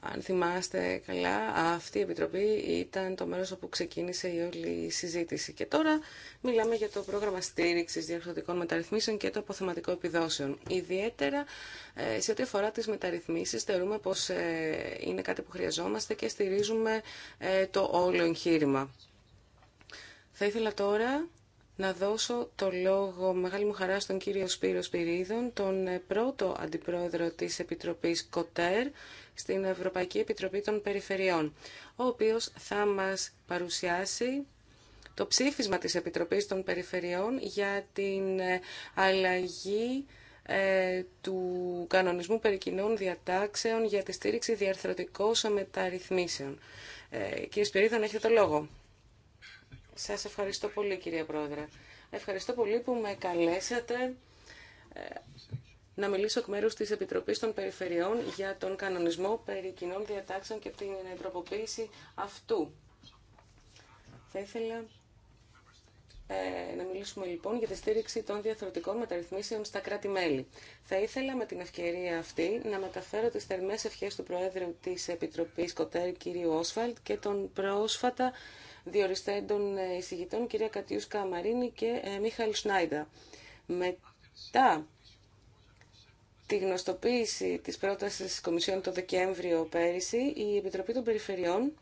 Αν θυμάστε καλά, αυτή η Επιτροπή ήταν το μέρος όπου ξεκίνησε η όλη η συζήτηση. Και τώρα μιλάμε για το πρόγραμμα στήριξης διαρθρωτικών μεταρρυθμίσεων και το αποθεματικό επιδόσεων. Ιδιαίτερα ε, σε ό,τι αφορά τις μεταρρυθμίσεις, θεωρούμε πως ε, είναι κάτι που χρειαζόμαστε και στηρίζουμε ε, το όλο εγχείρημα. Θα ήθελα τώρα να δώσω το λόγο μεγάλη μου χαρά στον κύριο Σπύρο Σπυρίδων, τον πρώτο αντιπρόεδρο της Επιτροπής ΚΟΤΕΡ στην Ευρωπαϊκή Επιτροπή των Περιφερειών, ο οποίος θα μας παρουσιάσει το ψήφισμα της Επιτροπής των Περιφερειών για την ε, αλλαγή ε, του κανονισμού περί κοινών διατάξεων για τη στήριξη διαρθρωτικών μεταρρυθμίσεων. Ε, κύριε Σπυρίδων, έχετε το λόγο. Σας ευχαριστώ πολύ, κυρία Πρόεδρε. Ευχαριστώ πολύ που με καλέσατε να μιλήσω εκ μέρου τη Επιτροπή των Περιφερειών για τον κανονισμό περί κοινών διατάξεων και την τροποποίηση αυτού. Θα ήθελα ε, να μιλήσουμε λοιπόν για τη στήριξη των διαθροτικών μεταρρυθμίσεων στα κράτη-μέλη. Θα ήθελα με την ευκαιρία αυτή να μεταφέρω τις θερμέ ευχές του Προέδρου της Επιτροπής Κοτέρ, κ. Όσφαλτ, και των πρόσφατα διοριστέντων ε, εισηγητών, κ. κατιουσκα Μαρίνη και ε, Μίχαλ Σνάιντα. Μετά τη γνωστοποίηση της πρότασης της Κομισιόν το Δεκέμβριο πέρυσι, η Επιτροπή των Περιφερειών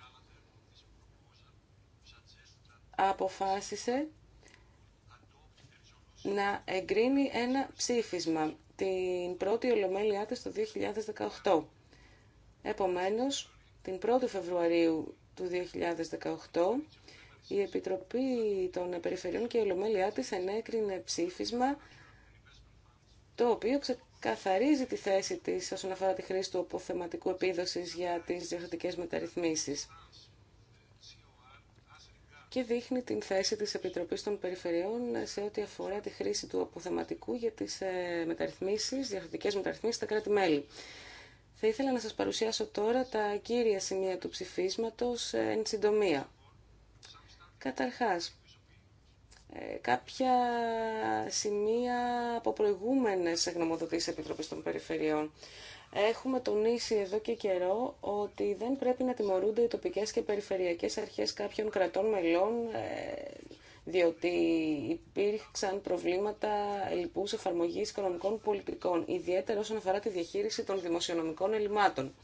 αποφάσισε να εγκρίνει ένα ψήφισμα την πρώτη ολομέλειά της το 2018. Επομένως, την 1η Φεβρουαρίου του 2018, η Επιτροπή των Περιφερειών και η Ολομέλειά της ενέκρινε ψήφισμα το οποίο καθαρίζει τη θέση της όσον αφορά τη χρήση του αποθεματικού επίδοσης για τις διορθωτικές μεταρρυθμίσεις και δείχνει την θέση της Επιτροπής των Περιφερειών σε ό,τι αφορά τη χρήση του αποθεματικού για τις ε, μεταρρυθμίσεις, διαρθρωτικές μεταρρυθμίσεις στα κράτη-μέλη. Θα ήθελα να σας παρουσιάσω τώρα τα κύρια σημεία του ψηφίσματος ε, εν συντομία. Καταρχάς, ε, κάποια σημεία από προηγούμενες γνωμοδοτήσεις Επιτροπής των Περιφερειών. Έχουμε τονίσει εδώ και καιρό ότι δεν πρέπει να τιμωρούνται οι τοπικές και περιφερειακές αρχές κάποιων κρατών μελών ε, διότι υπήρξαν προβλήματα λοιπού εφαρμογής οικονομικών πολιτικών, ιδιαίτερα όσον αφορά τη διαχείριση των δημοσιονομικών ελλημάτων.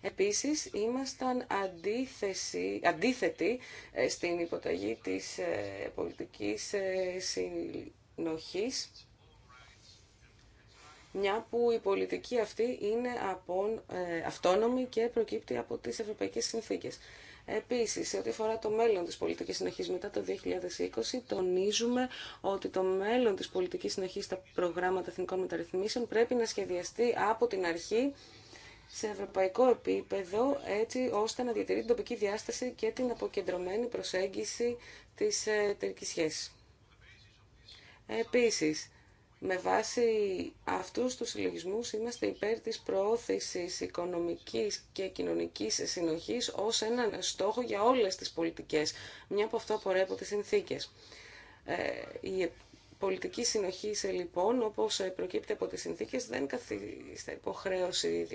Επίσης, ήμασταν αντίθεση, αντίθετοι ε, στην υποταγή της ε, πολιτικής ε, συνοχής, μια που η πολιτική αυτή είναι από, αυτόνομη και προκύπτει από τις ευρωπαϊκές συνθήκες. Επίσης, σε ό,τι αφορά το μέλλον της πολιτικής συνοχής μετά το 2020, τονίζουμε ότι το μέλλον της πολιτικής συνοχής στα προγράμματα εθνικών μεταρρυθμίσεων πρέπει να σχεδιαστεί από την αρχή σε ευρωπαϊκό επίπεδο έτσι ώστε να διατηρεί την τοπική διάσταση και την αποκεντρωμένη προσέγγιση της ε, εταιρικής σχέσης. Επίσης, με βάση αυτούς τους συλλογισμούς είμαστε υπέρ της προώθησης οικονομικής και κοινωνικής συνοχής ως έναν στόχο για όλες τις πολιτικές. Μια από αυτό απορρέπονται συνθήκες. Ε, η πολιτική συνοχή, λοιπόν, όπως προκύπτει από τις συνθήκες, δεν καθίστε υποχρέωση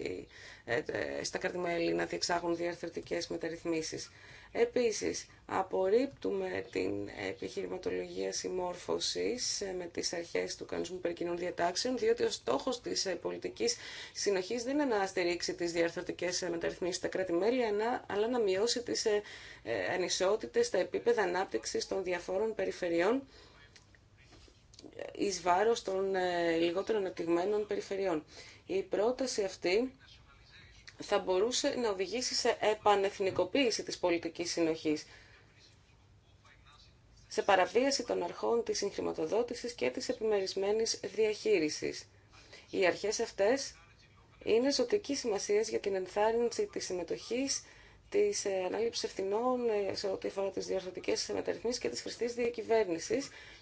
ε, ε, στα κράτη-μέλη να διεξάγουν διαρθρωτικές μεταρρυθμίσεις. Επίσης, απορρίπτουμε την επιχειρηματολογία συμμόρφωσης ε, με τις αρχές του κανονισμού περικοινών διατάξεων, διότι ο στόχος της πολιτικής συνοχής δεν είναι να στηρίξει τις διαρθρωτικές μεταρρυθμίσεις στα κράτη-μέλη, αλλά να μειώσει τις ανισότητες στα επίπεδα ανάπτυξης των διαφόρων περιφερειών εις βάρος των ε, λιγότερο αναπτυγμένων περιφερειών. Η πρόταση αυτή θα μπορούσε να οδηγήσει σε επανεθνικοποίηση της πολιτικής συνοχής, σε παραβίαση των αρχών της συγχρηματοδότησης και της επιμερισμένης διαχείρισης. Οι αρχές αυτές είναι ζωτική σημασία για την ενθάρρυνση της συμμετοχής τη ε, ανάληψη ευθυνών ε, σε ό,τι αφορά τι διαρθρωτικέ μεταρρυθμίσει και τη χρηστή διακυβέρνηση,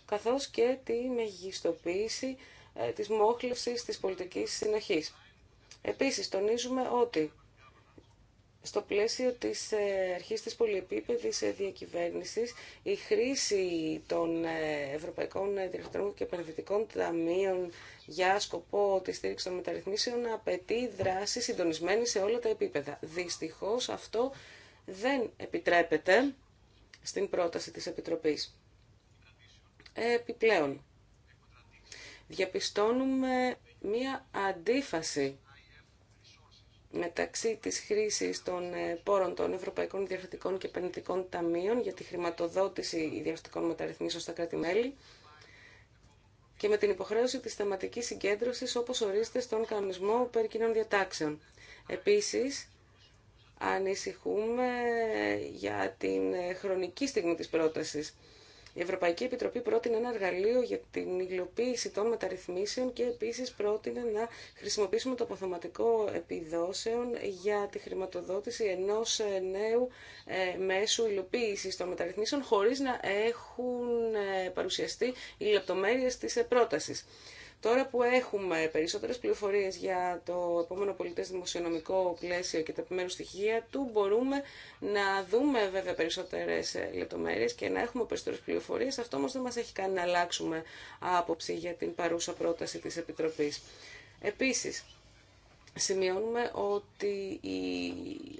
καθώ και τη μεγιστοποίηση ε, τη μόχλευση τη πολιτική συνοχή. Επίση, τονίζουμε ότι στο πλαίσιο της ε, αρχής της πολυεπίπεδης ε, διακυβέρνησης, η χρήση των ε, Ευρωπαϊκών Διευθυντών και Επενδυτικών Ταμείων για σκοπό τη στήριξη των μεταρρυθμίσεων απαιτεί δράση συντονισμένη σε όλα τα επίπεδα. Δυστυχώς αυτό δεν επιτρέπεται στην πρόταση της Επιτροπής. Επιπλέον, διαπιστώνουμε μία αντίφαση μεταξύ της χρήσης των ε, πόρων των Ευρωπαϊκών Διαρθρωτικών και Επενδυτικών Ταμείων για τη χρηματοδότηση διαρθρωτικών μεταρρυθμίσεων στα κράτη-μέλη και με την υποχρέωση της θεματικής συγκέντρωσης όπως ορίζεται στον κανονισμό περί κοινών διατάξεων. Επίσης, ανησυχούμε για την ε, χρονική στιγμή της πρότασης. Η Ευρωπαϊκή Επιτροπή πρότεινε ένα εργαλείο για την υλοποίηση των μεταρρυθμίσεων και επίσης πρότεινε να χρησιμοποιήσουμε το αποθεματικό επιδόσεων για τη χρηματοδότηση ενός ε, νέου ε, μέσου υλοποίηση των μεταρρυθμίσεων χωρίς να έχουν ε, παρουσιαστεί οι λεπτομέρειες της πρότασης. Τώρα που έχουμε περισσότερες πληροφορίες για το επόμενο πολιτές δημοσιονομικό πλαίσιο και τα επιμέρους στοιχεία του, μπορούμε να δούμε βέβαια περισσότερες λεπτομέρειες και να έχουμε περισσότερες πληροφορίες. Αυτό όμως δεν μας έχει κάνει να αλλάξουμε άποψη για την παρούσα πρόταση της Επιτροπής. Επίσης, σημειώνουμε ότι η,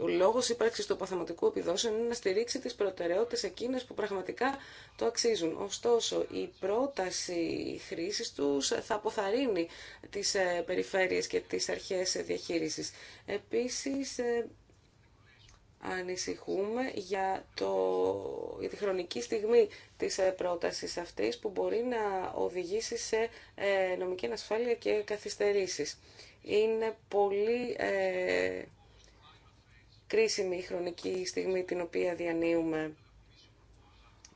ο λόγος ύπαρξης του αποθεματικού επιδόσεων είναι να στηρίξει τις προτεραιότητες εκείνες που πραγματικά το αξίζουν. Ωστόσο, η πρόταση χρήσης τους θα αποθαρρύνει τις ε, περιφέρειες και τις αρχές ε, διαχείρισης. Επίσης, ε, ανησυχούμε για, το, για τη χρονική στιγμή της πρότασης αυτής που μπορεί να οδηγήσει σε νομική ανασφάλεια και καθυστερήσεις είναι πολύ ε, κρίσιμη η χρονική στιγμή την οποία διανύουμε.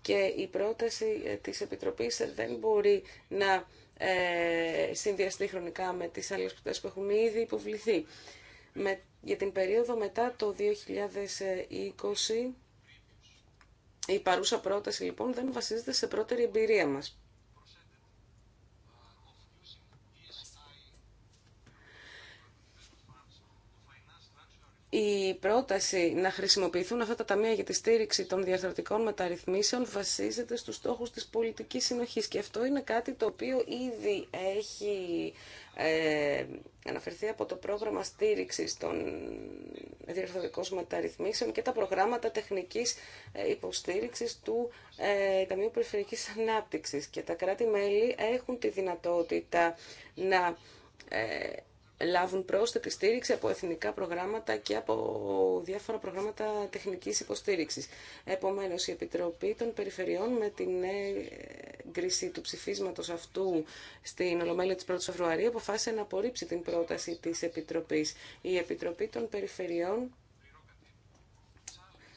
Και η πρόταση ε, της Επιτροπής δεν μπορεί να ε, συνδυαστεί χρονικά με τις άλλες προτάσεις που έχουμε ήδη υποβληθεί. Με, για την περίοδο μετά το 2020, η παρούσα πρόταση λοιπόν δεν βασίζεται σε πρώτερη εμπειρία μας. Η πρόταση να χρησιμοποιηθούν αυτά τα ταμεία για τη στήριξη των διαρθρωτικών μεταρρυθμίσεων βασίζεται στους στόχους της πολιτικής συνοχής και αυτό είναι κάτι το οποίο ήδη έχει ε, αναφερθεί από το πρόγραμμα στήριξης των διαρθρωτικών μεταρρυθμίσεων και τα προγράμματα τεχνικής ε, υποστήριξης του ε, Ταμείου Περιφερειακής Ανάπτυξης και τα κράτη-μέλη έχουν τη δυνατότητα να... Ε, λάβουν πρόσθετη στήριξη από εθνικά προγράμματα και από διάφορα προγράμματα τεχνικής υποστήριξης. Επομένως, η Επιτροπή των Περιφερειών με την έγκριση του ψηφίσματος αυτού στην Ολομέλεια της 1ης Φεβρουαρίου αποφάσισε να απορρίψει την πρόταση της Επιτροπής. Η Επιτροπή των Περιφερειών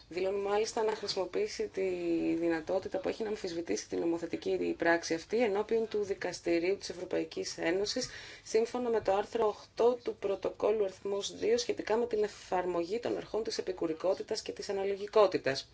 Δηλώνει μάλιστα να χρησιμοποιήσει τη δυνατότητα που έχει να αμφισβητήσει την νομοθετική πράξη αυτή ενώπιον του Δικαστηρίου της Ευρωπαϊκής Ένωσης σύμφωνα με το άρθρο 8 του Πρωτοκόλου αριθμός 2 σχετικά με την εφαρμογή των αρχών της επικουρικότητας και της αναλογικότητας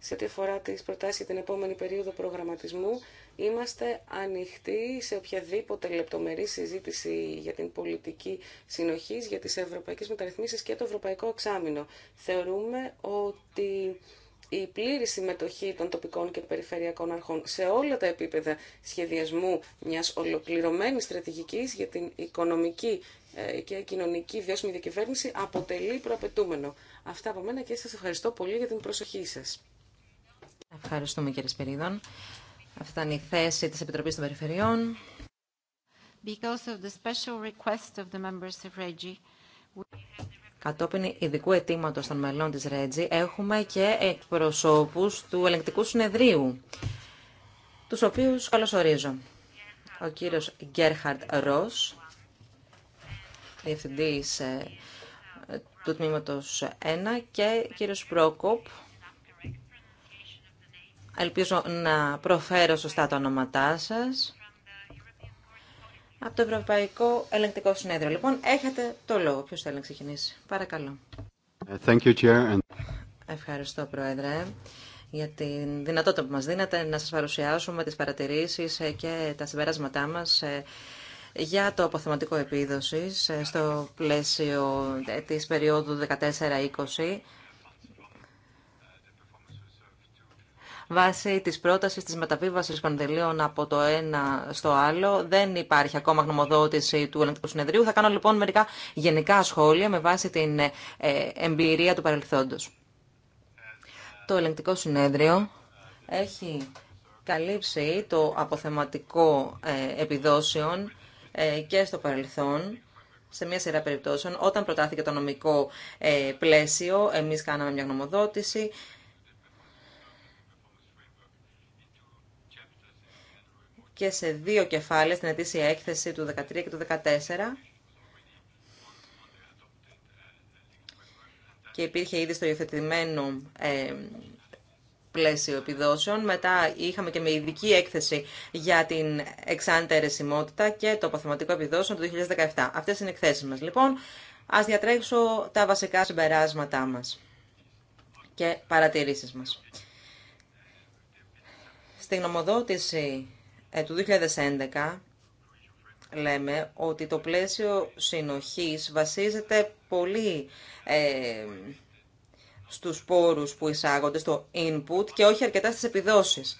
σε ό,τι αφορά τι προτάσει για την επόμενη περίοδο προγραμματισμού, είμαστε ανοιχτοί σε οποιαδήποτε λεπτομερή συζήτηση για την πολιτική συνοχή, για τι Ευρωπαϊκέ μεταρρυθμίσεις και το ευρωπαϊκό εξάμεινο. Θεωρούμε ότι η πλήρη συμμετοχή των τοπικών και περιφερειακών αρχών σε όλα τα επίπεδα σχεδιασμού μιας ολοκληρωμένης στρατηγικής για την οικονομική ε, και κοινωνική βιώσιμη διακυβέρνηση αποτελεί προαπαιτούμενο. Αυτά από μένα και σας ευχαριστώ πολύ για την προσοχή σας. Ευχαριστούμε κύριε Σπυρίδων. Αυτή ήταν η θέση της Επιτροπής των Περιφερειών. Because of the special request of the members of Κατόπιν ειδικού αιτήματο των μελών της ΡΕΤΖΙ, έχουμε και εκπροσώπους του ελεγκτικού συνεδρίου, τους οποίους καλωσορίζω. Ο κύριος Γκέρχαρντ Ρος, διευθυντής ε, του τμήματος 1 και κύριος Πρόκοπ, Ελπίζω να προφέρω σωστά τα ονόματά σας. Από το Ευρωπαϊκό Ελεγκτικό Συνέδριο. Λοιπόν, έχετε το λόγο. Ποιος θέλει να ξεκινήσει. Παρακαλώ. Ε, thank you, Chair. Ευχαριστώ, Πρόεδρε, για την δυνατότητα που μας δίνετε να σας παρουσιάσουμε τις παρατηρήσεις ε, και τα συμπεράσματά μας ε, για το αποθεματικό επίδοσης στο πλαίσιο της περίοδου 14-20 βάσει της πρότασης της μεταβίβασης τελείων από το ένα στο άλλο. Δεν υπάρχει ακόμα γνωμοδότηση του Ελληνικού Συνεδρίου. Θα κάνω λοιπόν μερικά γενικά σχόλια με βάση την ε, εμπειρία του παρελθόντος. Το Ελληνικό Συνέδριο έχει καλύψει το αποθεματικό ε, επιδόσεων ε, και στο παρελθόν σε μια σειρά περιπτώσεων. Όταν προτάθηκε το νομικό πλαίσιο, εμείς κάναμε μια γνωμοδότηση. και σε δύο κεφάλαια στην ετήσια έκθεση του 2013 και του 2014. Και υπήρχε ήδη στο υιοθετημένο ε, πλαίσιο επιδόσεων. Μετά είχαμε και με ειδική έκθεση για την εξάντερη αιρεσιμότητα και το παθηματικό επιδόσεων του 2017. Αυτές είναι οι εκθέσεις μας. Λοιπόν, ας διατρέξω τα βασικά συμπεράσματά μας και παρατηρήσεις μας. Στην γνωμοδότηση ε, του 2011 λέμε ότι το πλαίσιο συνοχής βασίζεται πολύ ε, στους πόρους που εισάγονται, στο input και όχι αρκετά στις επιδόσεις.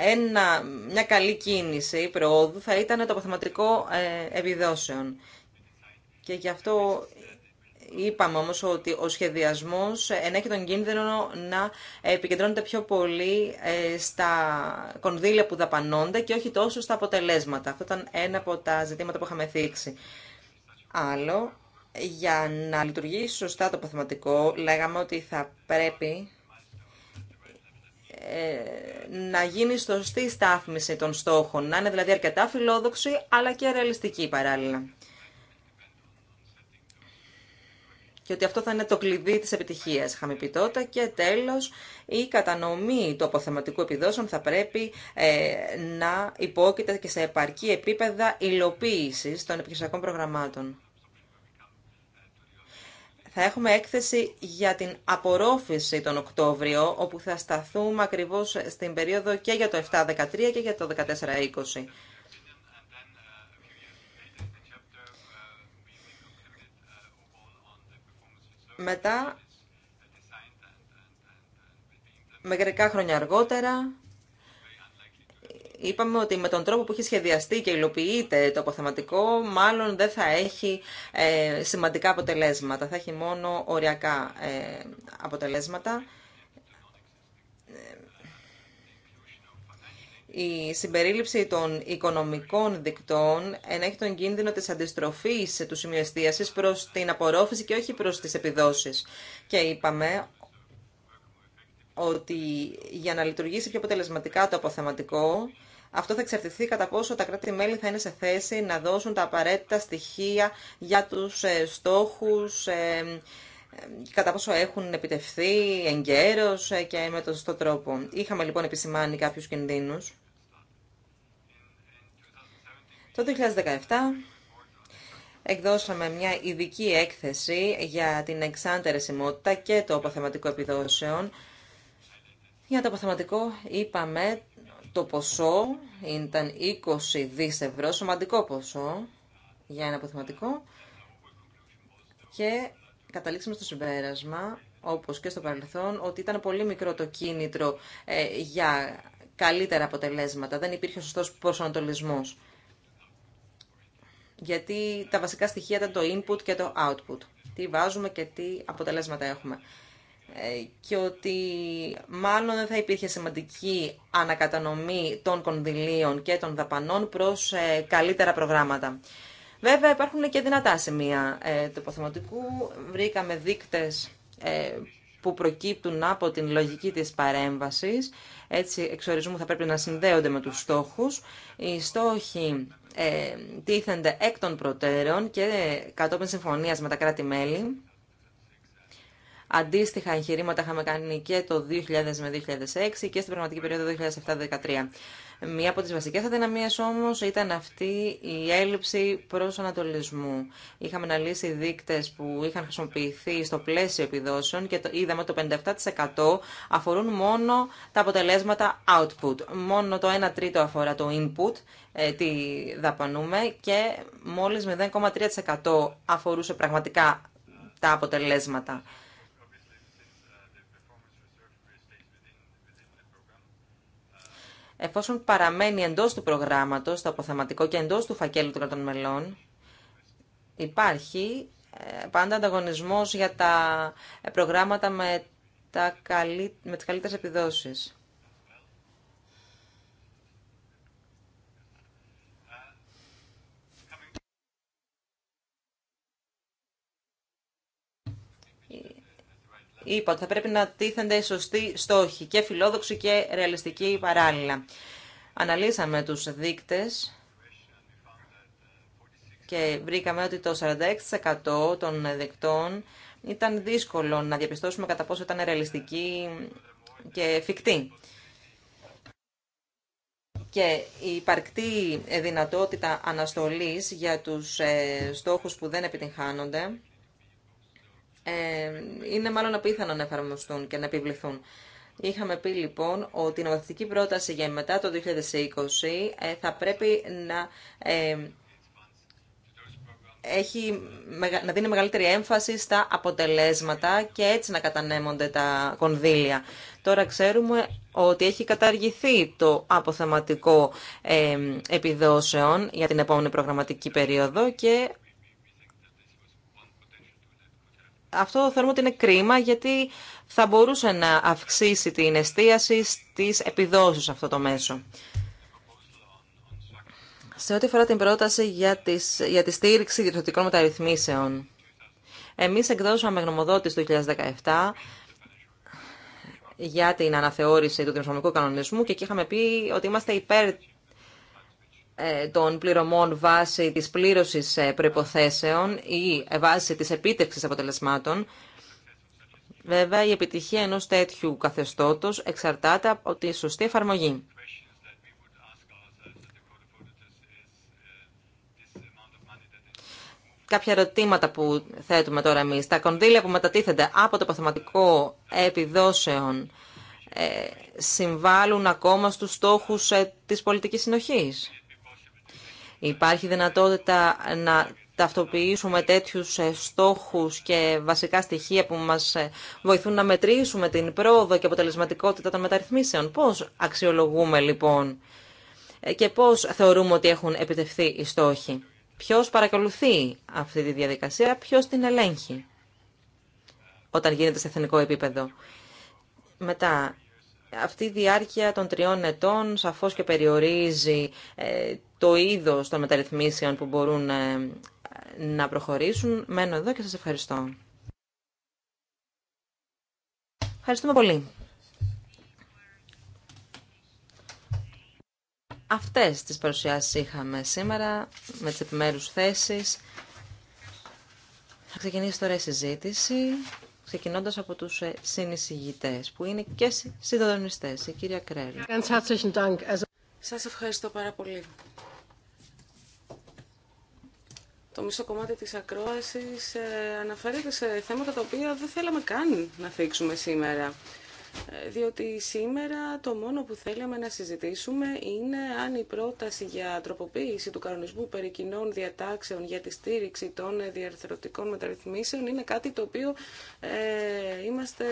Ένα, μια καλή κίνηση προόδου θα ήταν το αποθεματικό ε, επιδόσεων. Και γι' αυτό Είπαμε όμως ότι ο σχεδιασμός ενέχει τον κίνδυνο να επικεντρώνεται πιο πολύ ε, στα κονδύλια που δαπανώνται και όχι τόσο στα αποτελέσματα. Αυτό ήταν ένα από τα ζητήματα που είχαμε θίξει. Άλλο, για να λειτουργήσει σωστά το παθηματικό, λέγαμε ότι θα πρέπει ε, να γίνει σωστή στάθμιση των στόχων, να είναι δηλαδή αρκετά φιλόδοξη αλλά και ρεαλιστική παράλληλα. και ότι αυτό θα είναι το κλειδί της επιτυχίας, είχαμε πει τότε. Και τέλος, η κατανομή του αποθεματικού επιδόσεων θα πρέπει ε, να υπόκειται και σε επαρκή επίπεδα υλοποίησης των επιχειρησιακών προγραμμάτων. Θα έχουμε έκθεση για την απορρόφηση τον Οκτώβριο, όπου θα σταθούμε ακριβώς στην περίοδο και για το 7-13 και για το 14-20. Μετά, μερικά χρόνια αργότερα, είπαμε ότι με τον τρόπο που έχει σχεδιαστεί και υλοποιείται το αποθεματικό, μάλλον δεν θα έχει ε, σημαντικά αποτελέσματα, θα έχει μόνο οριακά ε, αποτελέσματα. η συμπερίληψη των οικονομικών δικτών ενέχει τον κίνδυνο της αντιστροφής του σημείου εστίασης προς την απορρόφηση και όχι προς τις επιδόσεις. Και είπαμε ότι για να λειτουργήσει πιο αποτελεσματικά το αποθεματικό, αυτό θα εξαρτηθεί κατά πόσο τα κράτη-μέλη θα είναι σε θέση να δώσουν τα απαραίτητα στοιχεία για τους ε, στόχους, ε, κατά πόσο έχουν επιτευθεί εγκαίρως ε, και με τον σωστό τρόπο. Είχαμε λοιπόν επισημάνει κάποιους κινδύνους. Το 2017 εκδώσαμε μια ειδική έκθεση για την εξάντερεσιμότητα και το αποθεματικό επιδόσεων. Για το αποθεματικό είπαμε το ποσό ήταν 20 δις ευρώ, σημαντικό ποσό για ένα αποθεματικό και καταλήξαμε στο συμπέρασμα, όπως και στο παρελθόν, ότι ήταν πολύ μικρό το κίνητρο ε, για καλύτερα αποτελέσματα, δεν υπήρχε σωστός γιατί τα βασικά στοιχεία ήταν το input και το output. Τι βάζουμε και τι αποτελέσματα έχουμε. Ε, και ότι μάλλον δεν θα υπήρχε σημαντική ανακατανομή των κονδυλίων και των δαπανών προς ε, καλύτερα προγράμματα. Βέβαια υπάρχουν και δυνατά σημεία ε, του υποθεματικού. Βρήκαμε δείκτες που προκύπτουν από την λογική της παρέμβασης. Έτσι, εξορισμού θα πρέπει να συνδέονται με τους στόχους. Οι στόχοι ε, τίθενται εκ των προτέρων και κατόπιν συμφωνίας με τα κράτη-μέλη. Αντίστοιχα εγχειρήματα είχαμε κάνει και το 2000 με 2006 και στην πραγματική περίοδο 2007-2013. Μία από τις βασικές αδυναμίες όμως ήταν αυτή η έλλειψη ανατολισμού. Είχαμε αναλύσει δείκτες που είχαν χρησιμοποιηθεί στο πλαίσιο επιδόσεων και είδαμε ότι το 57% αφορούν μόνο τα αποτελέσματα output. Μόνο το 1 τρίτο αφορά το input, ε, τι δαπανούμε και μόλις 0,3% αφορούσε πραγματικά τα αποτελέσματα. εφόσον παραμένει εντός του προγράμματος, το αποθεματικό και εντός του φακέλου των κρατών μελών, υπάρχει ε, πάντα ανταγωνισμός για τα ε, προγράμματα με, τα καλύ... με τις καλύτερες επιδόσεις. είπα ότι θα πρέπει να τίθενται σωστοί στόχοι και φιλόδοξοι και ρεαλιστικοί παράλληλα. Αναλύσαμε τους δείκτες και βρήκαμε ότι το 46% των δεκτών ήταν δύσκολο να διαπιστώσουμε κατά πόσο ήταν ρεαλιστική και φυκτοί. Και η υπαρκτή δυνατότητα αναστολής για τους ε, στόχους που δεν επιτυγχάνονται ε, είναι μάλλον απίθανο να εφαρμοστούν και να επιβληθούν. Είχαμε πει λοιπόν ότι η νομοθετική πρόταση για μετά το 2020 ε, θα πρέπει να, ε, έχει, να δίνει μεγαλύτερη έμφαση στα αποτελέσματα και έτσι να κατανέμονται τα κονδύλια. Τώρα ξέρουμε ότι έχει καταργηθεί το αποθεματικό επιδόσεων για την επόμενη προγραμματική περίοδο και Αυτό θεωρούμε ότι είναι κρίμα γιατί θα μπορούσε να αυξήσει την εστίαση στις επιδόσεις αυτό το μέσο. Σε ό,τι αφορά την πρόταση για, τις, για τη στήριξη διευθυντικών μεταρρυθμίσεων, εμείς εκδώσαμε γνωμοδότηση το 2017 για την αναθεώρηση του δημοσιονομικού κανονισμού και εκεί είχαμε πει ότι είμαστε υπέρ ε, των πληρωμών βάσει της πλήρωσης ε, προϋποθέσεων ή ε, βάσει της επίτευξης αποτελεσμάτων. Βέβαια, η επιτυχία ενός τέτοιου καθεστώτος εξαρτάται από τη σωστή εφαρμογή. Κάποια ερωτήματα που θέτουμε τώρα εμείς. Τα κονδύλια που μετατίθενται από το παθηματικό επιδόσεων συμβάλλουν ακόμα στους στόχους της πολιτικής συνοχής. Υπάρχει δυνατότητα να ταυτοποιήσουμε τέτοιους ε, στόχους και βασικά στοιχεία που μας ε, βοηθούν να μετρήσουμε την πρόοδο και αποτελεσματικότητα των μεταρρυθμίσεων. Πώς αξιολογούμε λοιπόν ε, και πώς θεωρούμε ότι έχουν επιτευχθεί οι στόχοι. Ποιος παρακολουθεί αυτή τη διαδικασία, ποιος την ελέγχει όταν γίνεται σε εθνικό επίπεδο. Μετά, αυτή η διάρκεια των τριών ετών σαφώς και περιορίζει ε, το είδος των μεταρρυθμίσεων που μπορούν ε, να προχωρήσουν. Μένω εδώ και σας ευχαριστώ. Ευχαριστούμε πολύ. Αυτές τις παρουσιάσεις είχαμε σήμερα με τις επιμέρους θέσεις. Θα ξεκινήσει τώρα η συζήτηση ξεκινώντα από τους ε, συνεισηγητέ, που είναι και συντονιστές, η κυρία Κρέλ. Σας ευχαριστώ πάρα πολύ. Το μισό κομμάτι της ακρόασης ε, αναφέρεται σε θέματα τα οποία δεν θέλαμε καν να θίξουμε σήμερα διότι σήμερα το μόνο που θέλαμε να συζητήσουμε είναι αν η πρόταση για τροποποίηση του κανονισμού περί κοινών διατάξεων για τη στήριξη των διαρθρωτικών μεταρρυθμίσεων είναι κάτι το οποίο ε, είμαστε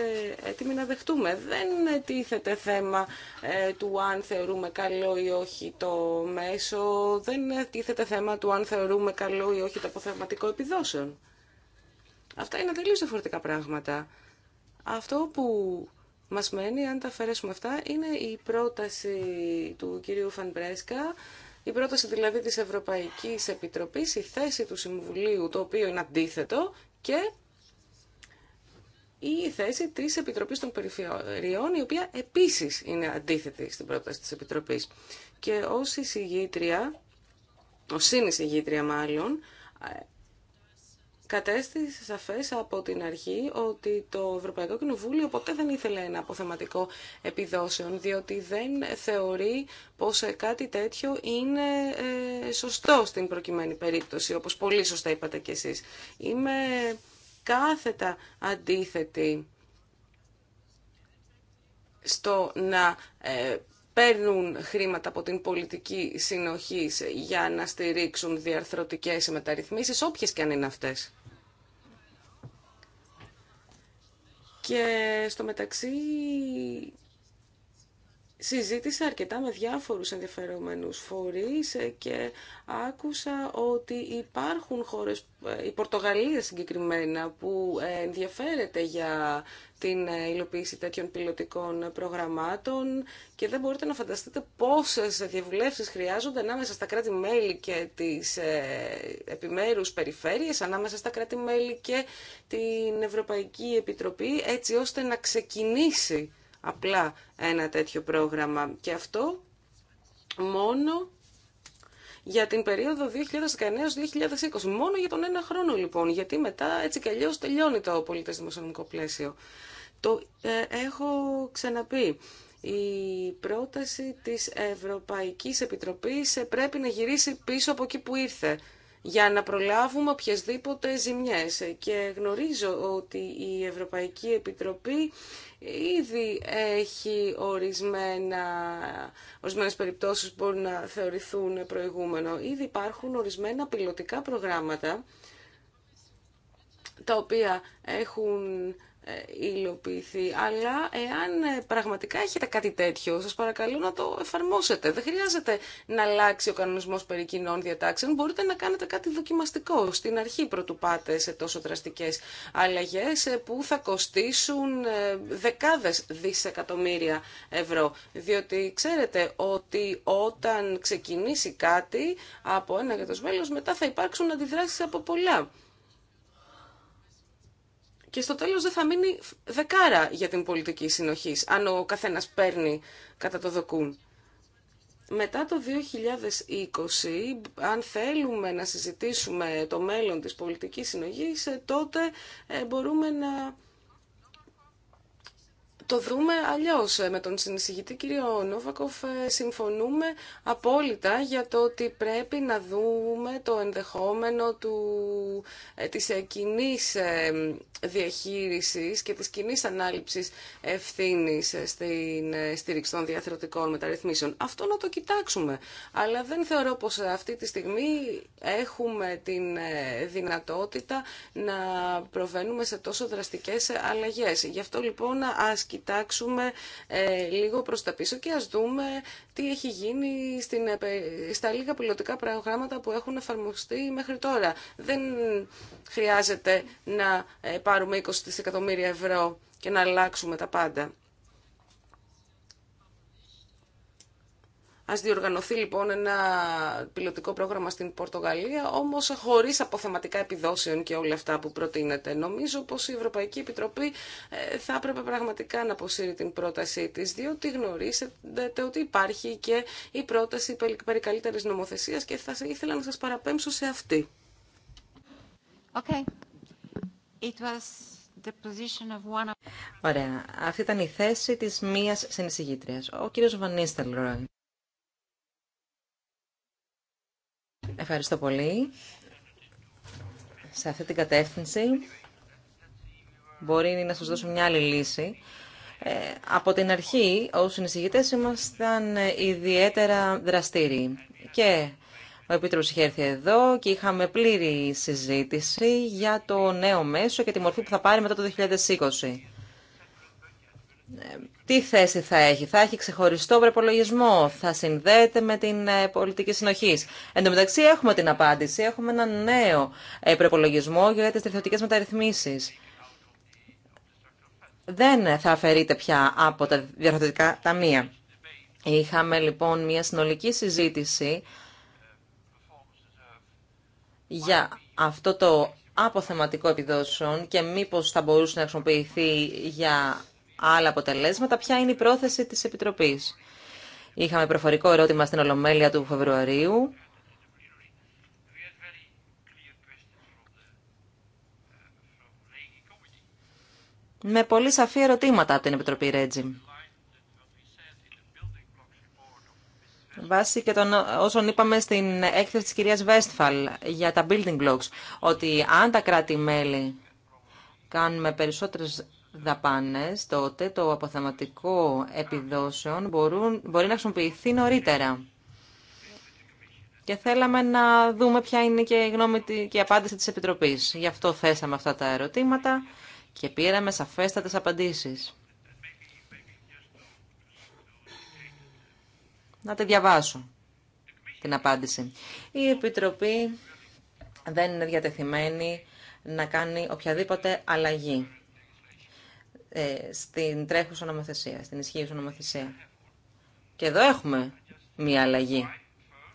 έτοιμοι να δεχτούμε. Δεν τίθεται θέμα ε, του αν θεωρούμε καλό ή όχι το μέσο, δεν τίθεται θέμα του αν θεωρούμε καλό ή όχι το αποθεματικό επιδόσεων. Αυτά είναι τελείως διαφορετικά πράγματα. Αυτό που μας μένει, αν τα αφαιρέσουμε αυτά, είναι η πρόταση του κυρίου Φανμπρέσκα, η πρόταση δηλαδή της Ευρωπαϊκής Επιτροπής, η θέση του Συμβουλίου, το οποίο είναι αντίθετο, και η θέση της Επιτροπής των Περιφερειών, η οποία επίσης είναι αντίθετη στην πρόταση της Επιτροπής. Και ως εισηγήτρια, ως συνεισηγήτρια μάλλον, κατέστησε σαφέ από την αρχή ότι το Ευρωπαϊκό Κοινοβούλιο ποτέ δεν ήθελε ένα αποθεματικό επιδόσεων, διότι δεν θεωρεί πως ε, κάτι τέτοιο είναι ε, σωστό στην προκειμένη περίπτωση, όπως πολύ σωστά είπατε κι εσείς. Είμαι κάθετα αντίθετη στο να ε, παίρνουν χρήματα από την πολιτική συνοχή για να στηρίξουν διαρθρωτικές μεταρρυθμίσεις, όποιες και αν είναι αυτές. Και στο μεταξύ Συζήτησα αρκετά με διάφορους ενδιαφερομένους φορείς ε, και άκουσα ότι υπάρχουν χώρες, ε, η Πορτογαλία συγκεκριμένα, που ε, ενδιαφέρεται για την υλοποίηση τέτοιων πιλωτικών προγραμμάτων και δεν μπορείτε να φανταστείτε πόσες διαβουλεύσεις χρειάζονται ανάμεσα στα κράτη-μέλη και τις επιμέρους περιφέρειες, ανάμεσα στα κράτη-μέλη και την Ευρωπαϊκή Επιτροπή, έτσι ώστε να ξεκινήσει απλά ένα τέτοιο πρόγραμμα. Και αυτό μόνο για την περίοδο 2019-2020. Μόνο για τον ένα χρόνο λοιπόν, γιατί μετά έτσι κι αλλιώς τελειώνει το πολιτές δημοσιονομικό πλαίσιο. Το ε, έχω ξαναπεί. Η πρόταση της Ευρωπαϊκής Επιτροπής ε, πρέπει να γυρίσει πίσω από εκεί που ήρθε για να προλάβουμε οποιασδήποτε ζημιές. Και γνωρίζω ότι η Ευρωπαϊκή Επιτροπή ήδη έχει ορισμένα, ορισμένες περιπτώσεις που μπορούν να θεωρηθούν προηγούμενο. Ήδη υπάρχουν ορισμένα πιλωτικά προγράμματα τα οποία έχουν ε, υλοποιηθεί. Αλλά εάν ε, πραγματικά έχετε κάτι τέτοιο, σας παρακαλώ να το εφαρμόσετε. Δεν χρειάζεται να αλλάξει ο κανονισμός περί κοινών διατάξεων. Μπορείτε να κάνετε κάτι δοκιμαστικό στην αρχή πρωτού πάτε σε τόσο δραστικές αλλαγές ε, που θα κοστίσουν δεκάδες δισεκατομμύρια ευρώ. Διότι ξέρετε ότι όταν ξεκινήσει κάτι από ένα για μέλος μετά θα υπάρξουν αντιδράσεις από πολλά και στο τέλος δεν θα μείνει δεκάρα για την πολιτική συνοχή αν ο καθένας παίρνει κατά το δοκούν. Μετά το 2020, αν θέλουμε να συζητήσουμε το μέλλον της πολιτικής συνοχής, ε, τότε ε, μπορούμε να το δούμε αλλιώς ε, με τον συνεισηγητή κύριο Νόβακοφ ε, συμφωνούμε απόλυτα για το ότι πρέπει να δούμε το ενδεχόμενο του, ε, της κοινή διαχείρισης και της κοινή ανάληψης ευθύνης στην στήριξη των διαθερωτικών μεταρρυθμίσεων. Αυτό να το κοιτάξουμε. Αλλά δεν θεωρώ πως αυτή τη στιγμή έχουμε την δυνατότητα να προβαίνουμε σε τόσο δραστικές αλλαγές. Γι' αυτό λοιπόν άσκη κοιτάξουμε ε, λίγο προς τα πίσω και ας δούμε τι έχει γίνει ε, στα λίγα πιλωτικά προγράμματα που έχουν εφαρμοστεί μέχρι τώρα. Δεν χρειάζεται να ε, πάρουμε 20 δισεκατομμύρια ευρώ και να αλλάξουμε τα πάντα. Ας διοργανωθεί λοιπόν ένα πιλωτικό πρόγραμμα στην Πορτογαλία, όμως χωρίς αποθεματικά επιδόσεων και όλα αυτά που προτείνεται. Νομίζω πως η Ευρωπαϊκή Επιτροπή ε, θα έπρεπε πραγματικά να αποσύρει την πρότασή της, διότι γνωρίζετε ότι υπάρχει και η πρόταση περί καλύτερης νομοθεσίας και θα ήθελα να σας παραπέμψω σε αυτή. Okay. It was the position of Ωραία. Αυτή ήταν η θέση της μίας συνεισηγήτριας. Ο κύριος Βανίστελ Ρόιν. Ευχαριστώ πολύ. Σε αυτή την κατεύθυνση μπορεί να σας δώσω μια άλλη λύση. Ε, από την αρχή, ως συνεισηγητές, ήμασταν ιδιαίτερα δραστήριοι. Και ο Επίτροπος είχε έρθει εδώ και είχαμε πλήρη συζήτηση για το νέο μέσο και τη μορφή που θα πάρει μετά το 2020 τι θέση θα έχει. Θα έχει ξεχωριστό προπολογισμό, θα συνδέεται με την ε, πολιτική συνοχή. Εν τω μεταξύ έχουμε την απάντηση, έχουμε ένα νέο ε, προπολογισμό για τις τριθωτικές μεταρρυθμίσεις. Δεν θα αφαιρείται πια από τα διαρθρωτικά ταμεία. Είχαμε λοιπόν μια συνολική συζήτηση για αυτό το αποθεματικό επιδόσεων και μήπως θα μπορούσε να χρησιμοποιηθεί για άλλα αποτελέσματα, ποια είναι η πρόθεση της Επιτροπής. Είχαμε προφορικό ερώτημα στην Ολομέλεια του Φεβρουαρίου. Με πολύ σαφή ερωτήματα από την Επιτροπή Ρέτζι. Βάσει και των όσων είπαμε στην έκθεση της κυρίας Βέστφαλ για τα building blocks, ότι αν τα κράτη-μέλη κάνουμε περισσότερες δαπάνες, τότε το αποθεματικό επιδόσεων μπορούν, μπορεί να χρησιμοποιηθεί νωρίτερα. Και θέλαμε να δούμε ποια είναι και η γνώμη και η απάντηση της Επιτροπής. Γι' αυτό θέσαμε αυτά τα ερωτήματα και πήραμε σαφέστατες απαντήσεις. Να τη διαβάσω την απάντηση. Η Επιτροπή δεν είναι διατεθειμένη να κάνει οποιαδήποτε αλλαγή ε, στην τρέχουσα νομοθεσία, στην ισχύουσα νομοθεσία. Και εδώ έχουμε μία αλλαγή.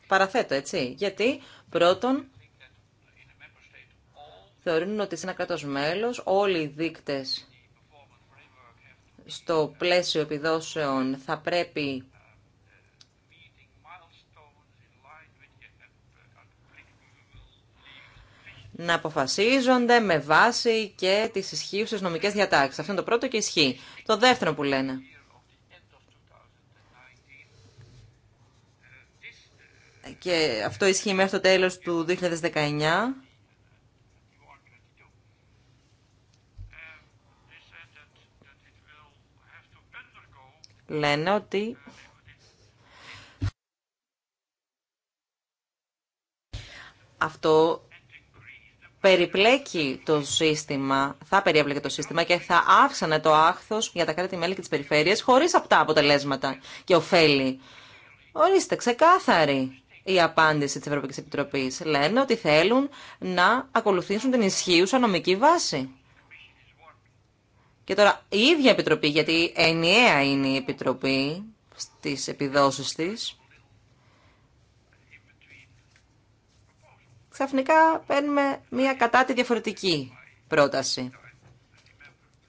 Παραθέτω, έτσι. Γιατί, πρώτον, θεωρούν ότι σε ένα κράτος μέλος όλοι οι δείκτες στο πλαίσιο επιδόσεων θα πρέπει να αποφασίζονται με βάση και τις ισχύουσε νομικέ διατάξεις. Αυτό είναι το πρώτο και ισχύει. Το δεύτερο που λένε. Και αυτό ισχύει μέχρι το τέλος του 2019. Λένε ότι αυτό περιπλέκει το σύστημα, θα περιέπλεκε το σύστημα και θα αύξανε το άχθος για τα κράτη-μέλη και τις περιφέρειες χωρίς αυτά αποτελέσματα και ωφέλη. Ορίστε, ξεκάθαρη η απάντηση της Ευρωπαϊκής Επιτροπής. Λένε ότι θέλουν να ακολουθήσουν την ισχύουσα νομική βάση. Και τώρα η ίδια Επιτροπή, γιατί ενιαία είναι η Επιτροπή στις επιδόσεις της, ξαφνικά παίρνουμε μια κατά τη διαφορετική πρόταση.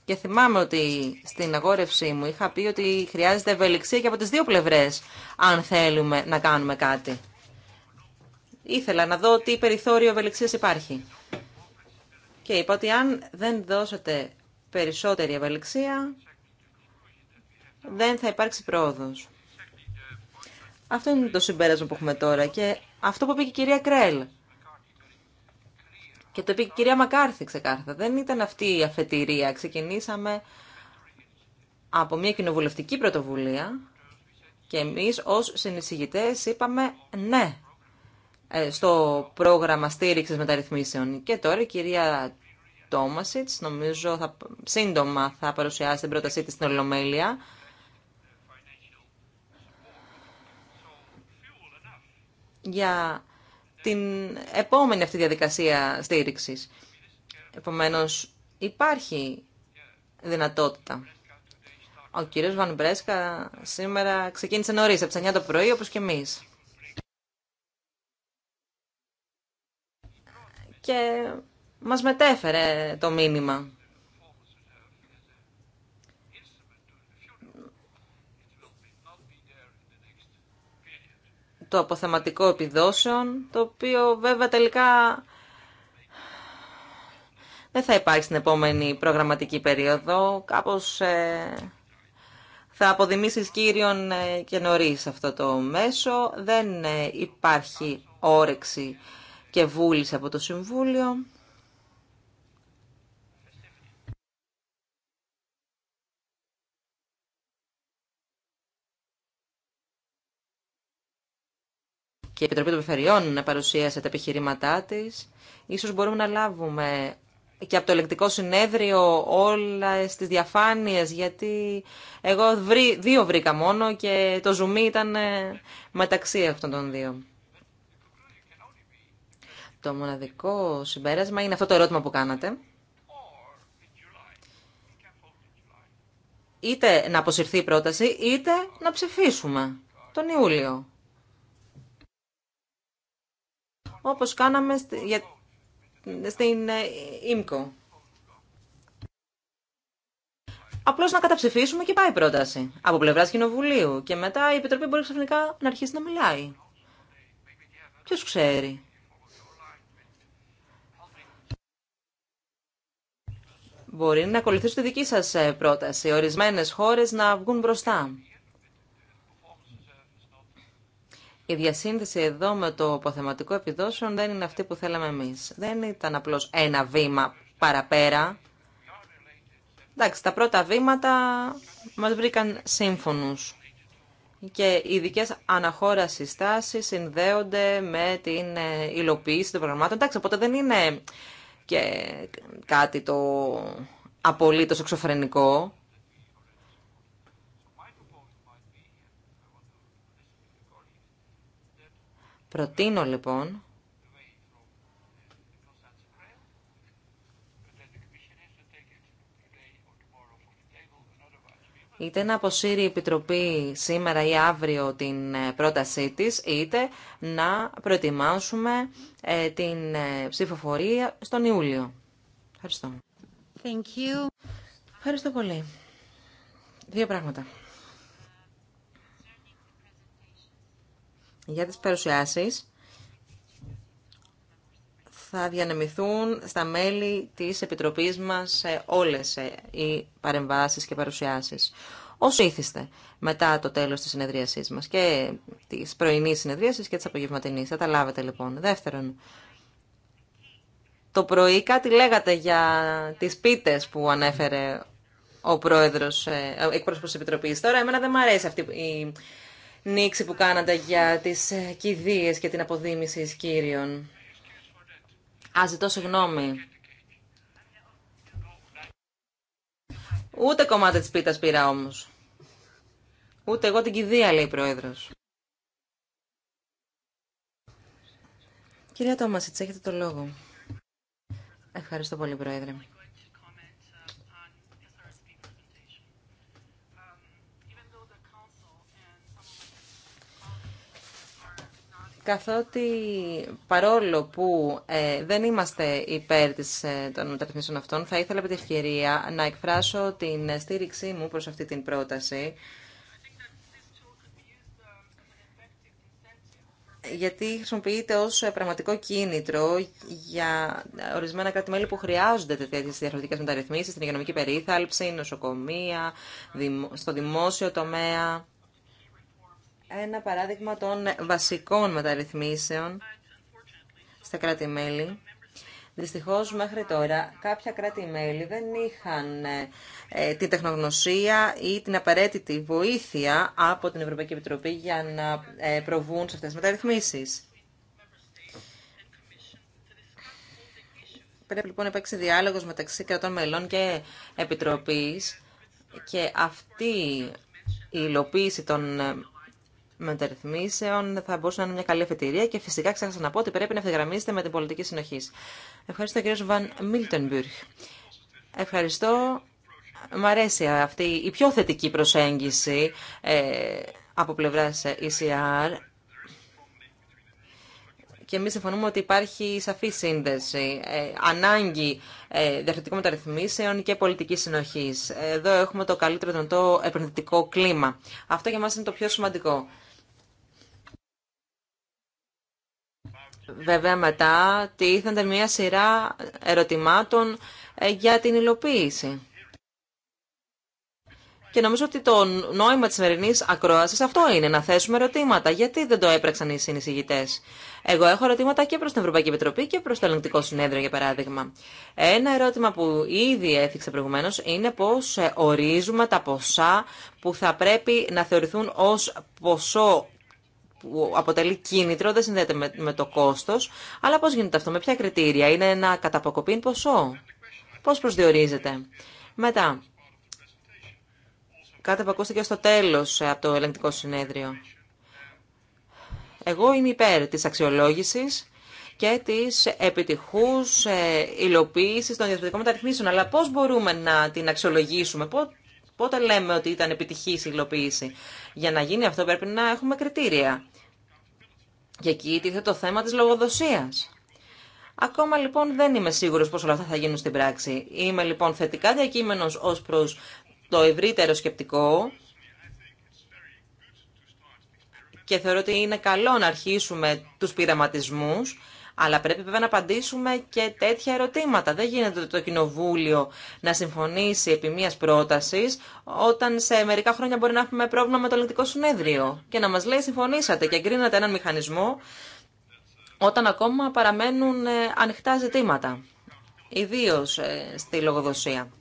Και θυμάμαι ότι στην αγόρευσή μου είχα πει ότι χρειάζεται ευελιξία και από τις δύο πλευρές αν θέλουμε να κάνουμε κάτι. Ήθελα να δω τι περιθώριο ευελιξίας υπάρχει. Και είπα ότι αν δεν δώσετε περισσότερη ευελιξία, δεν θα υπάρξει πρόοδος. Αυτό είναι το συμπέρασμα που έχουμε τώρα και αυτό που είπε η κυρία Κρέλ. Και το είπε η κυρία Μακάρθη ξεκάρθα. Δεν ήταν αυτή η αφετηρία. Ξεκινήσαμε από μια κοινοβουλευτική πρωτοβουλία και εμείς ως συνεισηγητές είπαμε ναι ε, στο πρόγραμμα στήριξης μεταρρυθμίσεων. Και τώρα η κυρία Τόμασιτς νομίζω θα, σύντομα θα παρουσιάσει την πρότασή της στην Ολομέλεια. για την επόμενη αυτή διαδικασία στήριξης. Επομένως, υπάρχει δυνατότητα. Ο κύριος Βανμπρέσκα σήμερα ξεκίνησε νωρίς, από τις 9 το πρωί, όπως και εμείς. Και μας μετέφερε το μήνυμα. το αποθεματικό επιδόσεων, το οποίο βέβαια τελικά δεν θα υπάρχει στην επόμενη προγραμματική περίοδο. Κάπως ε, θα αποδημήσεις κύριον ε, και νωρίς αυτό το μέσο. Δεν ε, υπάρχει όρεξη και βούληση από το Συμβούλιο. και η Επιτροπή των Περιφερειών να παρουσίασε τα επιχειρήματά της. Ίσως μπορούμε να λάβουμε και από το ελεκτικό συνέδριο όλα τι διαφάνειες, γιατί εγώ δύο βρήκα μόνο και το ζουμί ήταν ε, μεταξύ αυτών των δύο. Το μοναδικό συμπέρασμα είναι αυτό το ερώτημα που κάνατε. Είτε να αποσυρθεί η πρόταση, είτε να ψηφίσουμε τον Ιούλιο όπως κάναμε στην ε, ΙΜΚΟ. Απλώ να καταψηφίσουμε και πάει η πρόταση από πλευρά Κοινοβουλίου. Και μετά η Επιτροπή μπορεί ξαφνικά να αρχίσει να μιλάει. Ποιο ξέρει. Μπορεί να ακολουθήσει τη δική σας ε, πρόταση. Ορισμένες χώρες να βγουν μπροστά. η διασύνδεση εδώ με το αποθεματικό επιδόσεων δεν είναι αυτή που θέλαμε εμείς. Δεν ήταν απλώς ένα βήμα παραπέρα. Εντάξει, τα πρώτα βήματα μας βρήκαν σύμφωνους. Και οι ειδικέ αναχώρα συστάσει συνδέονται με την ε, υλοποίηση των προγραμμάτων. Εντάξει, οπότε δεν είναι και κάτι το απολύτως εξωφρενικό. Προτείνω λοιπόν είτε να αποσύρει η Επιτροπή σήμερα ή αύριο την ε, πρότασή της, είτε να προετοιμάσουμε ε, την ε, ψηφοφορία στον Ιούλιο. Ευχαριστώ. Thank you. Ευχαριστώ πολύ. Δύο πράγματα. για τις παρουσιάσεις θα διανεμηθούν στα μέλη της Επιτροπής μας όλες ε, οι παρεμβάσεις και παρουσιάσεις. Όσο ήθιστε μετά το τέλος της συνεδρίασής μας και της πρωινής συνεδρίασης και της απογευματινής. Θα τα λάβετε λοιπόν. Δεύτερον, το πρωί κάτι λέγατε για τις πίτες που ανέφερε ο πρόεδρος, ε, ο εκπρόσωπος της Επιτροπής. Τώρα εμένα δεν μου αρέσει αυτή η νήξη που κάνατε για τις ε, κηδείες και την αποδίμηση κύριων. Α, ζητώ συγγνώμη. Ούτε κομμάτι της πίτας πήρα όμως. Ούτε εγώ την κηδεία, λέει η Πρόεδρος. Κυρία Τόμασιτς, έχετε το λόγο. Ευχαριστώ πολύ, Πρόεδρε. καθότι παρόλο που ε, δεν είμαστε υπέρ της, ε, των μεταρρυθμίσεων αυτών, θα ήθελα επί τη ευκαιρία να εκφράσω την στήριξή μου προς αυτή την πρόταση, γιατί χρησιμοποιείται ως πραγματικό κίνητρο για ορισμένα κράτη-μέλη που χρειάζονται τέτοιες διαφορετικές μεταρρυθμίσεις, στην υγειονομική περίθαλψη, νοσοκομεία, στο δημόσιο τομέα ένα παράδειγμα των βασικών μεταρρυθμίσεων στα κράτη-μέλη. Δυστυχώς μέχρι τώρα κάποια κράτη-μέλη δεν είχαν ε, ε, την τεχνογνωσία ή την απαραίτητη βοήθεια από την Ευρωπαϊκή Επιτροπή για να ε, προβούν σε αυτές τις μεταρρυθμίσεις. Πρέπει λοιπόν να υπάρξει διάλογος μεταξύ κρατών μελών και Επιτροπής και αυτή η υλοποίηση των μεταρρυθμίσεων θα μπορούσε να είναι μια καλή αφετηρία και φυσικά ξέχασα να πω ότι πρέπει να ευθυγραμμίσετε με την πολιτική συνοχή. Ευχαριστώ κύριο Βαν Μίλτενμπουργκ. Ευχαριστώ. Μ' αρέσει αυτή η πιο θετική προσέγγιση ε, από πλευρά ECR ε και εμεί συμφωνούμε ότι υπάρχει σαφή σύνδεση, ε, ανάγκη ε, διαφορετικών μεταρρυθμίσεων και πολιτική συνοχή. Εδώ έχουμε το καλύτερο δυνατό επενδυτικό κλίμα. Αυτό για μα είναι το πιο σημαντικό. Βέβαια μετά τίθενται μια σειρά ερωτημάτων ε, για την υλοποίηση. Και νομίζω ότι το νόημα της σημερινή ακρόασης αυτό είναι, να θέσουμε ερωτήματα. Γιατί δεν το έπραξαν οι συνεισηγητές. Εγώ έχω ερωτήματα και προς την Ευρωπαϊκή Επιτροπή και προς το Ελληνικό Συνέδριο, για παράδειγμα. Ένα ερώτημα που ήδη έφυξε προηγουμένως είναι πώς ε, ορίζουμε τα ποσά που θα πρέπει να θεωρηθούν ως ποσό που αποτελεί κίνητρο, δεν συνδέεται με, με το κόστος. Αλλά πώς γίνεται αυτό, με ποια κριτήρια, είναι ένα καταποκοπήν ποσό, πώς προσδιορίζεται. Μετά, κάτι που ακούστηκε στο τέλος ε, από το ελεγκτικό συνέδριο. Εγώ είμαι υπέρ τη αξιολόγηση και της επιτυχούς ε, υλοποίηση των διαφορετικών μεταρρυθμίσεων. Αλλά πώς μπορούμε να την αξιολογήσουμε, Πότε λέμε ότι ήταν επιτυχή η υλοποίηση. Για να γίνει αυτό πρέπει να έχουμε κριτήρια. Και εκεί τίθεται το θέμα της λογοδοσίας. Ακόμα λοιπόν δεν είμαι σίγουρος πως όλα αυτά θα γίνουν στην πράξη. Είμαι λοιπόν θετικά διακείμενος ως προς το ευρύτερο σκεπτικό και θεωρώ ότι είναι καλό να αρχίσουμε τους πειραματισμούς αλλά πρέπει βέβαια να απαντήσουμε και τέτοια ερωτήματα. Δεν γίνεται το Κοινοβούλιο να συμφωνήσει επί μίας πρότασης όταν σε μερικά χρόνια μπορεί να έχουμε πρόβλημα με το ελεγκτικό συνέδριο και να μας λέει συμφωνήσατε και εγκρίνατε έναν μηχανισμό όταν ακόμα παραμένουν ε, ανοιχτά ζητήματα, Ιδίω ε, στη λογοδοσία.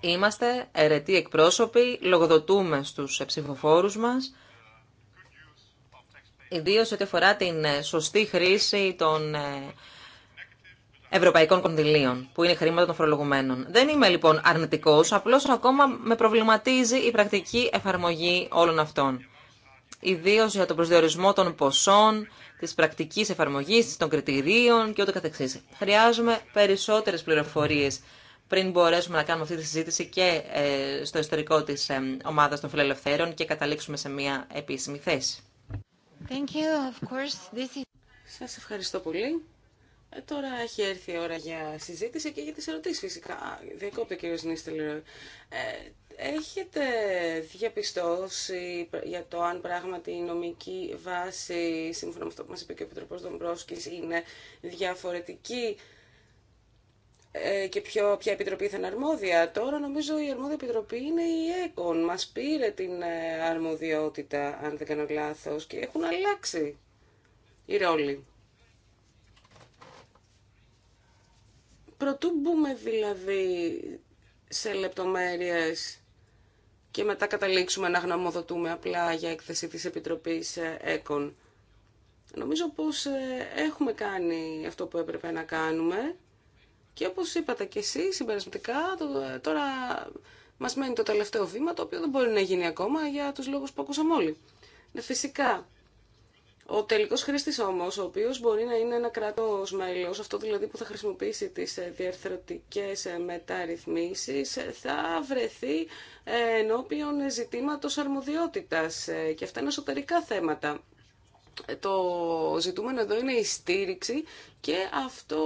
Είμαστε αιρετοί εκπρόσωποι, λογοδοτούμε στους ε, ψηφοφόρους μας ιδίως ό,τι αφορά την ε, σωστή χρήση των ε, ευρωπαϊκών κονδυλίων, που είναι χρήματα των φορολογουμένων. Δεν είμαι λοιπόν αρνητικός, απλώς ακόμα με προβληματίζει η πρακτική εφαρμογή όλων αυτών. Ιδίω για τον προσδιορισμό των ποσών, τη πρακτική εφαρμογή, των κριτηρίων και ούτω καθεξή. Χρειάζομαι περισσότερε πληροφορίε πριν μπορέσουμε να κάνουμε αυτή τη συζήτηση και ε, στο ιστορικό της ομάδας των φιλελευθέρων και καταλήξουμε σε μια επίσημη θέση. Thank Σας ευχαριστώ πολύ. Ε, τώρα έχει έρθει η ώρα για συζήτηση και για τις ερωτήσεις φυσικά. Διακόπτω κύριο Νίστελ. Ε, έχετε διαπιστώσει για το αν πράγματι η νομική βάση, σύμφωνα με αυτό που μας είπε και ο Επιτροπός Δομπρόσκης, είναι διαφορετική ε, και ποιο, ποια επιτροπή θα αρμόδια. Τώρα νομίζω η αρμόδια επιτροπή είναι η ΕΚΟΝ. Μας πήρε την ε, αρμοδιότητα, αν δεν κάνω λάθος, και έχουν αλλάξει οι ρόλοι. Προτού μπούμε δηλαδή σε λεπτομέρειες και μετά καταλήξουμε να γνωμοδοτούμε απλά για έκθεση της Επιτροπής ε, ΕΚΟΝ. Νομίζω πως έχουμε κάνει αυτό που έπρεπε να κάνουμε και όπως είπατε και εσείς συμπερασματικά, τώρα μας μένει το τελευταίο βήμα, το οποίο δεν μπορεί να γίνει ακόμα για τους λόγους που ακούσαμε όλοι. Ναι, φυσικά, ο τελικό χρήστη όμω, ο οποίο μπορεί να είναι ένα κράτο μέλο, αυτό δηλαδή που θα χρησιμοποιήσει τι ε, διαρθρωτικέ ε, μεταρρυθμίσει, ε, θα βρεθεί ενώπιον ζητήματο αρμοδιότητα. Και αυτά είναι εσωτερικά θέματα το ζητούμενο εδώ είναι η στήριξη και αυτό,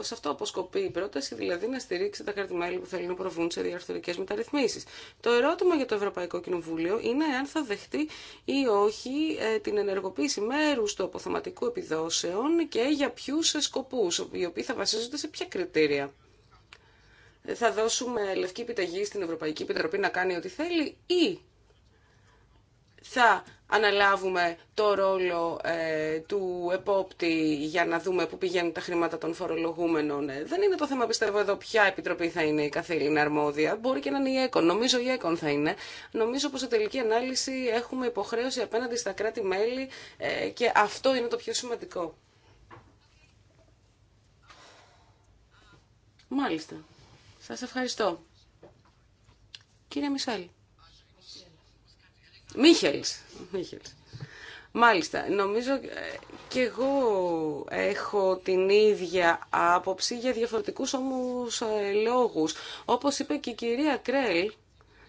σε αυτό αποσκοπεί η πρόταση, δηλαδή να στηρίξει τα κρατημέλη που θέλουν να προβούν σε διαρθωτικέ μεταρρυθμίσει. Το ερώτημα για το Ευρωπαϊκό Κοινοβούλιο είναι αν θα δεχτεί ή όχι ε, την ενεργοποίηση μέρου του αποθεματικού επιδόσεων και για ποιου σκοπού, οι οποίοι θα βασίζονται σε ποια κριτήρια. Ε, θα δώσουμε λευκή επιταγή στην Ευρωπαϊκή Επιτροπή να κάνει ό,τι θέλει ή θα αναλάβουμε το ρόλο ε, του επόπτη για να δούμε πού πηγαίνουν τα χρήματα των φορολογούμενων. Ε, δεν είναι το θέμα, πιστεύω, εδώ ποια επιτροπή θα είναι η καθήλυνα αρμόδια. Μπορεί και να είναι η ΕΚΟΝ. Νομίζω η ΕΚΟΝ θα είναι. Νομίζω πω σε τελική ανάλυση έχουμε υποχρέωση απέναντι στα κράτη-μέλη ε, και αυτό είναι το πιο σημαντικό. Μάλιστα. Σας ευχαριστώ. Κύριε Μισάλη. Μίχελς. Μίχελς. Μάλιστα, νομίζω ε, και εγώ έχω την ίδια άποψη για διαφορετικούς όμως ε, λόγους. Όπως είπε και η κυρία Κρέλ,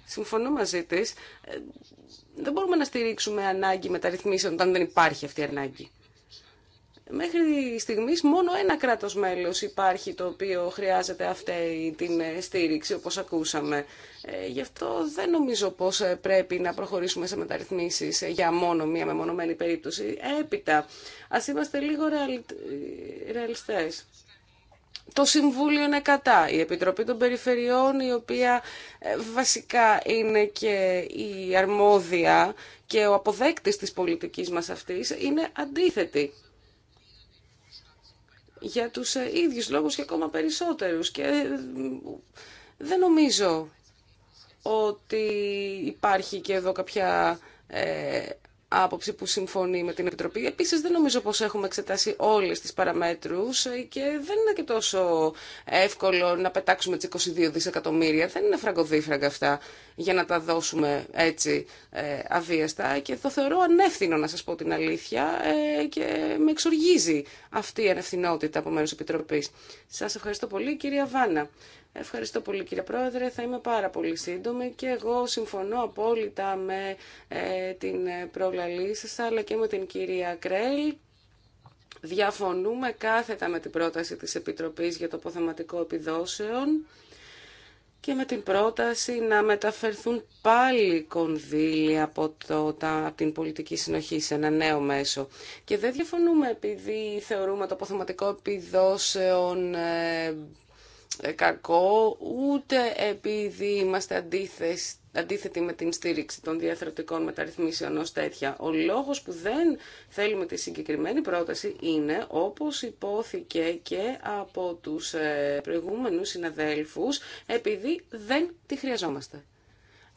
συμφωνώ μαζί της, ε, δεν μπορούμε να στηρίξουμε ανάγκη μεταρρυθμίσεων όταν δεν υπάρχει αυτή η ανάγκη. Μέχρι στιγμής μόνο ένα κράτος μέλος υπάρχει το οποίο χρειάζεται αυτή την στήριξη όπως ακούσαμε. Ε, γι' αυτό δεν νομίζω πως ε, πρέπει να προχωρήσουμε σε μεταρρυθμίσεις ε, για μόνο μία μεμονωμένη περίπτωση. Έπειτα, ας είμαστε λίγο ρεαλιστές. Το Συμβούλιο είναι κατά. Η Επιτροπή των Περιφερειών, η οποία βασικά είναι και η αρμόδια και ο αποδέκτης της πολιτικής μας αυτής, είναι αντίθετη για τους ε, ίδιους λόγους και ακόμα περισσότερους και ε, δεν νομίζω ότι υπάρχει και εδώ κάποια ε, άποψη που συμφωνεί με την Επιτροπή. Επίσης δεν νομίζω πως έχουμε εξετάσει όλες τις παραμέτρους και δεν είναι και τόσο εύκολο να πετάξουμε τις 22 δισεκατομμύρια. Δεν είναι φραγκοδίφραγκα αυτά για να τα δώσουμε έτσι ε, αβίαστα και το θεωρώ ανεύθυνο να σας πω την αλήθεια ε, και με εξοργίζει αυτή η ανευθυνότητα από μέρους Επιτροπής. Σας ευχαριστώ πολύ κυρία Βάνα. Ευχαριστώ πολύ κύριε Πρόεδρε. Θα είμαι πάρα πολύ σύντομη και εγώ συμφωνώ απόλυτα με ε, την προλαλή σας αλλά και με την κυρία Κρέλ. Διαφωνούμε κάθετα με την πρόταση της Επιτροπής για το αποθεματικό επιδόσεων και με την πρόταση να μεταφερθούν πάλι κονδύλια από, τα, από την πολιτική συνοχή σε ένα νέο μέσο. Και δεν διαφωνούμε επειδή θεωρούμε το αποθεματικό επιδόσεων ε, ε, κακό, ούτε επειδή είμαστε αντίθεση, αντίθετοι με την στήριξη των διαθροτικών μεταρρυθμίσεων ως τέτοια. Ο λόγος που δεν θέλουμε τη συγκεκριμένη πρόταση είναι, όπως υπόθηκε και από τους ε, προηγούμενους συναδέλφους, επειδή δεν τη χρειαζόμαστε.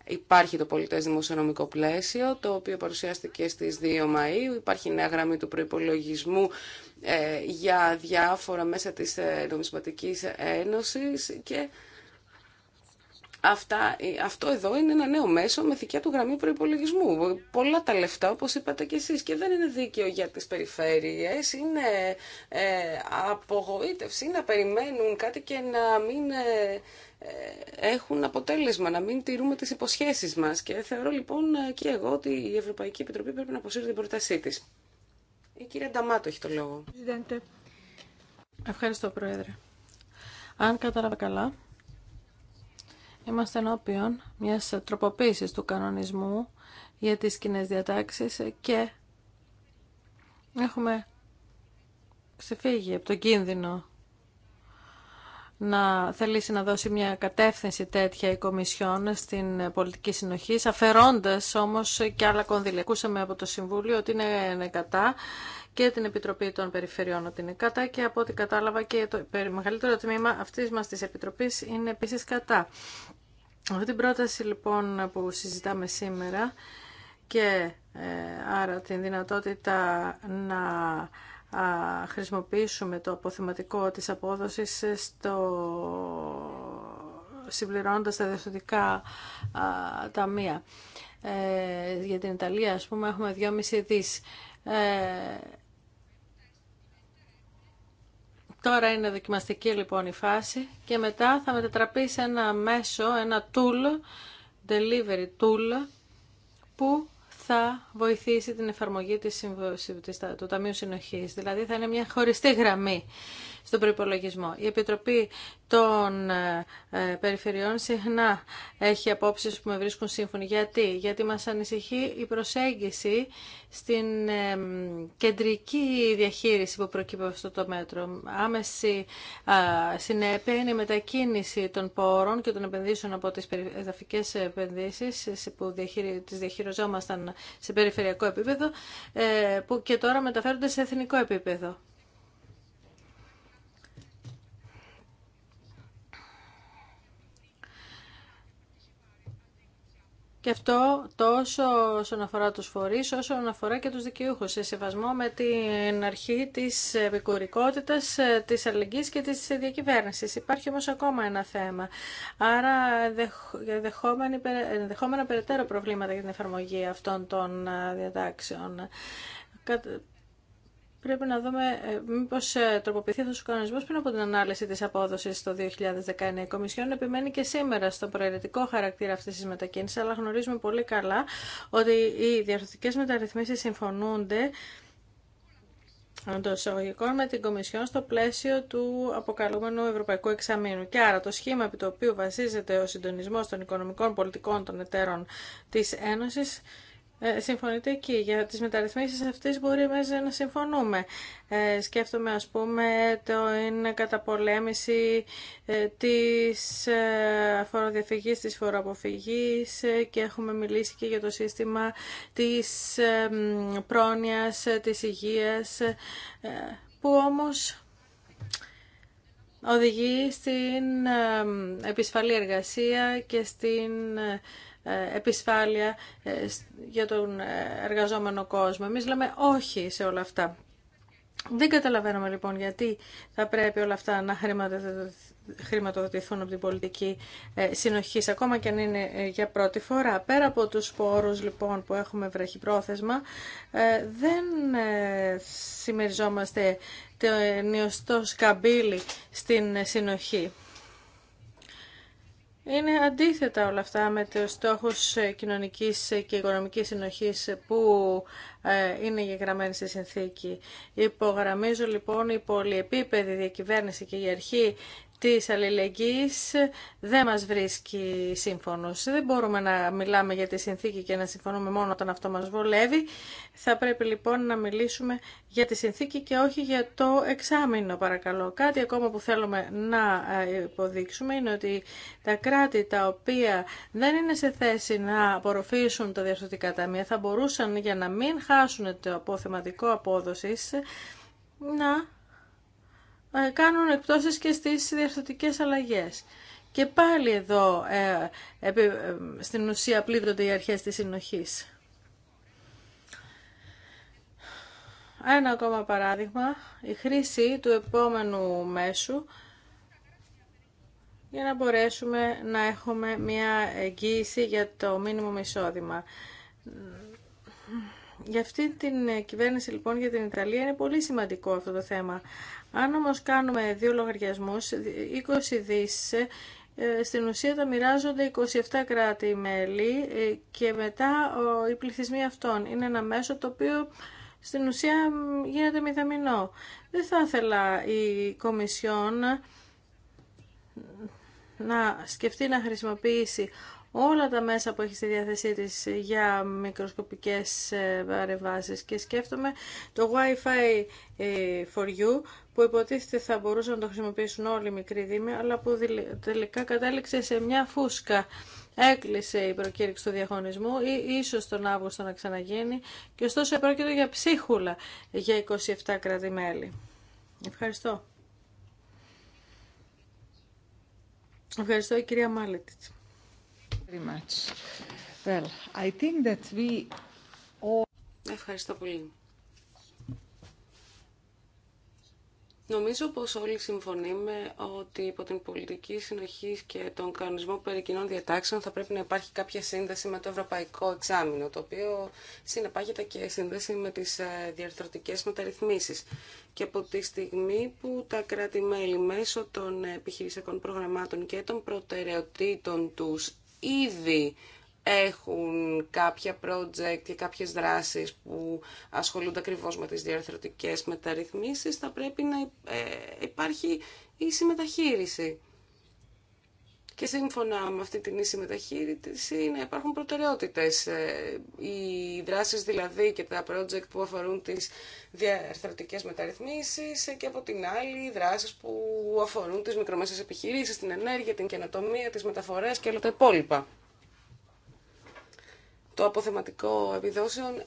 Υπάρχει το πολιτές δημοσιονομικό πλαίσιο, το οποίο παρουσιάστηκε στις 2 Μαΐου. Υπάρχει νέα γραμμή του προϋπολογισμού ε, για διάφορα μέσα της ε, Νομισματικής Ένωσης και αυτά, ε, αυτό εδώ είναι ένα νέο μέσο με θικιά του γραμμή προϋπολογισμού. Πολλά τα λεφτά, όπως είπατε και εσείς, και δεν είναι δίκαιο για τις περιφέρειες, είναι ε, απογοήτευση να περιμένουν κάτι και να μην ε, ε, έχουν αποτέλεσμα, να μην τηρούμε τις υποσχέσεις μας. Και θεωρώ λοιπόν ε, και εγώ ότι η Ευρωπαϊκή Επιτροπή πρέπει να αποσύρει την πρότασή της. Η κυρία Νταμάτο έχει το λόγο. Ευχαριστώ, Πρόεδρε. Αν κατάλαβα καλά, είμαστε ενώπιον μιας τροποποίησης του κανονισμού για τις κοινέ διατάξεις και έχουμε ξεφύγει από τον κίνδυνο να θελήσει να δώσει μια κατεύθυνση τέτοια η Κομισιόν στην πολιτική συνοχή, αφαιρώντας όμως και άλλα κονδύλια. Ακούσαμε από το Συμβούλιο ότι είναι κατά και την Επιτροπή των Περιφερειών ότι είναι κατά και από ό,τι κατάλαβα και το μεγαλύτερο τμήμα αυτής μας της Επιτροπής είναι επίσης κατά. Αυτή την πρόταση λοιπόν που συζητάμε σήμερα και ε, άρα την δυνατότητα να χρησιμοποιήσουμε το αποθεματικό της απόδοσης στο συμπληρώνοντας τα διευθυντικά ταμεία. Ε, για την Ιταλία, ας πούμε, έχουμε 2,5 δις. Ε, τώρα είναι δοκιμαστική λοιπόν η φάση και μετά θα μετατραπεί σε ένα μέσο, ένα tool, delivery tool, που θα βοηθήσει την εφαρμογή της, του Ταμείου Συνοχής. Δηλαδή θα είναι μια χωριστή γραμμή στον προπολογισμό. Η Επιτροπή των ε, ε, Περιφερειών συχνά έχει απόψεις που με βρίσκουν σύμφωνοι. Γιατί, Γιατί μας ανησυχεί η προσέγγιση στην ε, κεντρική διαχείριση που προκύπτει αυτό το μέτρο. Άμεση συνέπεια είναι η μετακίνηση των πόρων και των επενδύσεων από τις εδαφικέ επενδύσεις που τις διαχειριζόμασταν σε περιφερειακό επίπεδο που και τώρα μεταφέρονται σε εθνικό επίπεδο. Και αυτό τόσο όσον αφορά τους φορείς, όσο αφορά και τους δικαιούχους, σε σεβασμό με την αρχή της επικουρικότητας, ε, της αλληλεγγύης και της διακυβέρνησης. Υπάρχει όμως ακόμα ένα θέμα. Άρα ενδεχόμενα περαιτέρω προβλήματα για την εφαρμογή αυτών των ε, διατάξεων πρέπει να δούμε ε, μήπως ε, τροποποιηθεί αυτό ο κανονισμό πριν από την ανάλυση τη απόδοση το 2019. Η Κομισιόν επιμένει και σήμερα στο προαιρετικό χαρακτήρα αυτή τη μετακίνηση, αλλά γνωρίζουμε πολύ καλά ότι οι διαρθρωτικέ μεταρρυθμίσει συμφωνούνται εντό εισαγωγικών με την Κομισιόν στο πλαίσιο του αποκαλούμενου Ευρωπαϊκού Εξαμήνου. Και άρα το σχήμα επί το οποίο βασίζεται ο συντονισμό των οικονομικών πολιτικών των εταίρων τη Ένωση ε, συμφωνείτε εκεί. Για τις μεταρρυθμίσεις αυτές μπορεί μέσα να συμφωνούμε. Ε, σκέφτομαι ας πούμε το είναι καταπολέμηση ε, της ε, φοροδιαφυγής, της φοροαποφυγής ε, και έχουμε μιλήσει και για το σύστημα της ε, πρόνοιας, ε, της υγείας που όμως οδηγεί στην επισφαλή εργασία και στην ε, επισφάλεια ε, για τον ε, εργαζόμενο κόσμο. Εμείς λέμε όχι σε όλα αυτά. Δεν καταλαβαίνουμε λοιπόν γιατί θα πρέπει όλα αυτά να χρηματοδοτηθούν από την πολιτική συνοχή, ακόμα και αν είναι για πρώτη φορά. Πέρα από τους πόρους λοιπόν που έχουμε βραχυπρόθεσμα, δεν συμμεριζόμαστε το νιωστό σκαμπύλι στην συνοχή. Είναι αντίθετα όλα αυτά με το στόχους ε, κοινωνικής ε, και οικονομικής συνοχής που ε, είναι γεγραμμένη στη συνθήκη. Υπογραμμίζω λοιπόν η πολυεπίπεδη διακυβέρνηση και η αρχή της αλληλεγγύης δεν μας βρίσκει σύμφωνος. Δεν μπορούμε να μιλάμε για τη συνθήκη και να συμφωνούμε μόνο όταν αυτό μας βολεύει. Θα πρέπει λοιπόν να μιλήσουμε για τη συνθήκη και όχι για το εξάμεινο παρακαλώ. Κάτι ακόμα που θέλουμε να ε, υποδείξουμε είναι ότι τα κράτη τα οποία δεν είναι σε θέση να απορροφήσουν τα διαστοτικά ταμεία θα μπορούσαν για να μην χάσουν το αποθεματικό απόδοσης να ε, κάνουν εκπτώσεις και στις διαρθρωτικές αλλαγές. Και πάλι εδώ ε, ε, στην ουσία πλήττονται οι αρχές της συνοχής. Ένα ακόμα παράδειγμα, η χρήση του επόμενου μέσου για να μπορέσουμε να έχουμε μια εγγύηση για το μήνυμο εισόδημα. Για αυτή την κυβέρνηση λοιπόν για την Ιταλία είναι πολύ σημαντικό αυτό το θέμα. Αν όμως κάνουμε δύο λογαριασμούς, 20 δις ε, στην ουσία τα μοιράζονται 27 κράτη-μέλη ε, και μετά οι πληθυσμοί αυτών. Είναι ένα μέσο το οποίο στην ουσία γίνεται μηδαμινό. Δεν θα ήθελα η Κομισιόν να σκεφτεί να χρησιμοποιήσει όλα τα μέσα που έχει στη διάθεσή της για μικροσκοπικές ε, παρεμβάσεις και σκέφτομαι το Wi-Fi for you που υποτίθεται θα μπορούσαν να το χρησιμοποιήσουν όλοι οι μικροί δήμοι, αλλά που τελικά κατέληξε σε μια φούσκα. Έκλεισε η προκήρυξη του διαγωνισμού ή ίσως τον Αύγουστο να ξαναγίνει και ωστόσο επρόκειτο για ψίχουλα για 27 κρατη Ευχαριστώ. Ευχαριστώ η κυρία Μάλετιτς. Ευχαριστώ πολύ. Νομίζω πως όλοι συμφωνούμε ότι υπό την πολιτική συνοχή και τον κανονισμό περί κοινών διατάξεων θα πρέπει να υπάρχει κάποια σύνδεση με το ευρωπαϊκό εξάμεινο, το οποίο συνεπάγεται και σύνδεση με τις ε, διαρθρωτικές μεταρρυθμίσεις. Και από τη στιγμή που τα κράτη-μέλη μέσω των επιχειρησιακών προγραμμάτων και των προτεραιοτήτων τους ήδη έχουν κάποια project και κάποιες δράσεις που ασχολούνται ακριβώς με τις διαρθρωτικές μεταρρυθμίσεις, θα πρέπει να ε, υπάρχει ίση μεταχείριση. Και σύμφωνα με αυτή την ίση μεταχείριση να υπάρχουν προτεραιότητες. Ε, οι δράσεις δηλαδή και τα project που αφορούν τις διαρθρωτικές μεταρρυθμίσεις και από την άλλη οι δράσεις που αφορούν τις μικρομεσαίες επιχειρήσεις, την ενέργεια, την καινοτομία, τις μεταφορές και όλα τα υπόλοιπα το αποθεματικό επιδόσεων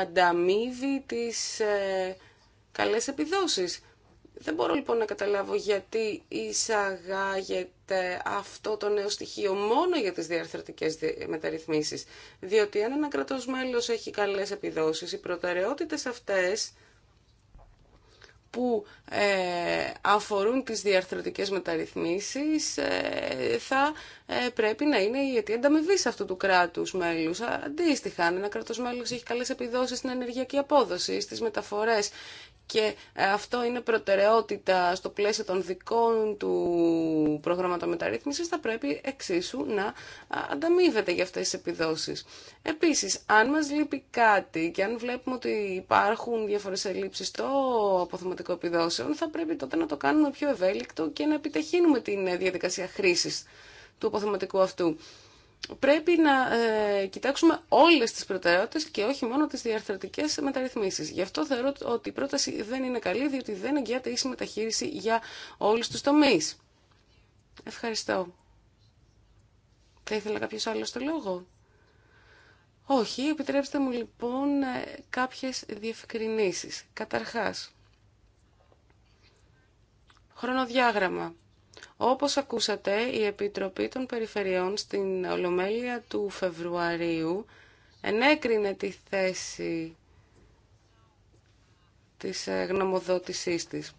ανταμείβει τις ε, καλές επιδόσεις. Δεν μπορώ λοιπόν να καταλάβω γιατί εισαγάγεται αυτό το νέο στοιχείο μόνο για τις διαρθρωτικές μεταρρυθμίσεις. Διότι αν ένα κρατός μέλος έχει καλές επιδόσεις, οι προτεραιότητες αυτές που ε, αφορούν τις διαρθρωτικές μεταρρυθμίσεις ε, θα ε, πρέπει να είναι η αιτία ανταμοιβή αυτού του κράτους μέλους. Αντίστοιχα, αν ένα κράτος μέλος έχει καλές επιδόσεις στην ενεργειακή απόδοση, στις μεταφορές και ε, αυτό είναι προτεραιότητα στο πλαίσιο των δικών του προγράμματο μεταρρύθμισης, θα πρέπει εξίσου να ανταμείβεται για αυτές τις επιδόσεις. Επίσης, αν μας λείπει κάτι και αν βλέπουμε ότι υπάρχουν διάφορες ελλείψεις στο αποθεματικό επιδόσεων, θα πρέπει τότε να το κάνουμε πιο ευέλικτο και να επιτεχύνουμε την ε, διαδικασία χρήσης του αποθεματικού αυτού πρέπει να ε, κοιτάξουμε όλες τις προτεραιότητες και όχι μόνο τις διαρθρωτικές μεταρρυθμίσεις. Γι' αυτό θεωρώ ότι η πρόταση δεν είναι καλή, διότι δεν εγγυάται ίση μεταχείριση για όλους τους τομείς. Ευχαριστώ. Θα ήθελα κάποιο άλλο το λόγο. Όχι, επιτρέψτε μου λοιπόν ε, κάποιες διευκρινήσεις. Καταρχάς, χρονοδιάγραμμα. Όπως ακούσατε, η Επιτροπή των Περιφερειών στην Ολομέλεια του Φεβρουαρίου ενέκρινε τη θέση της ε, γνωμοδότησής της.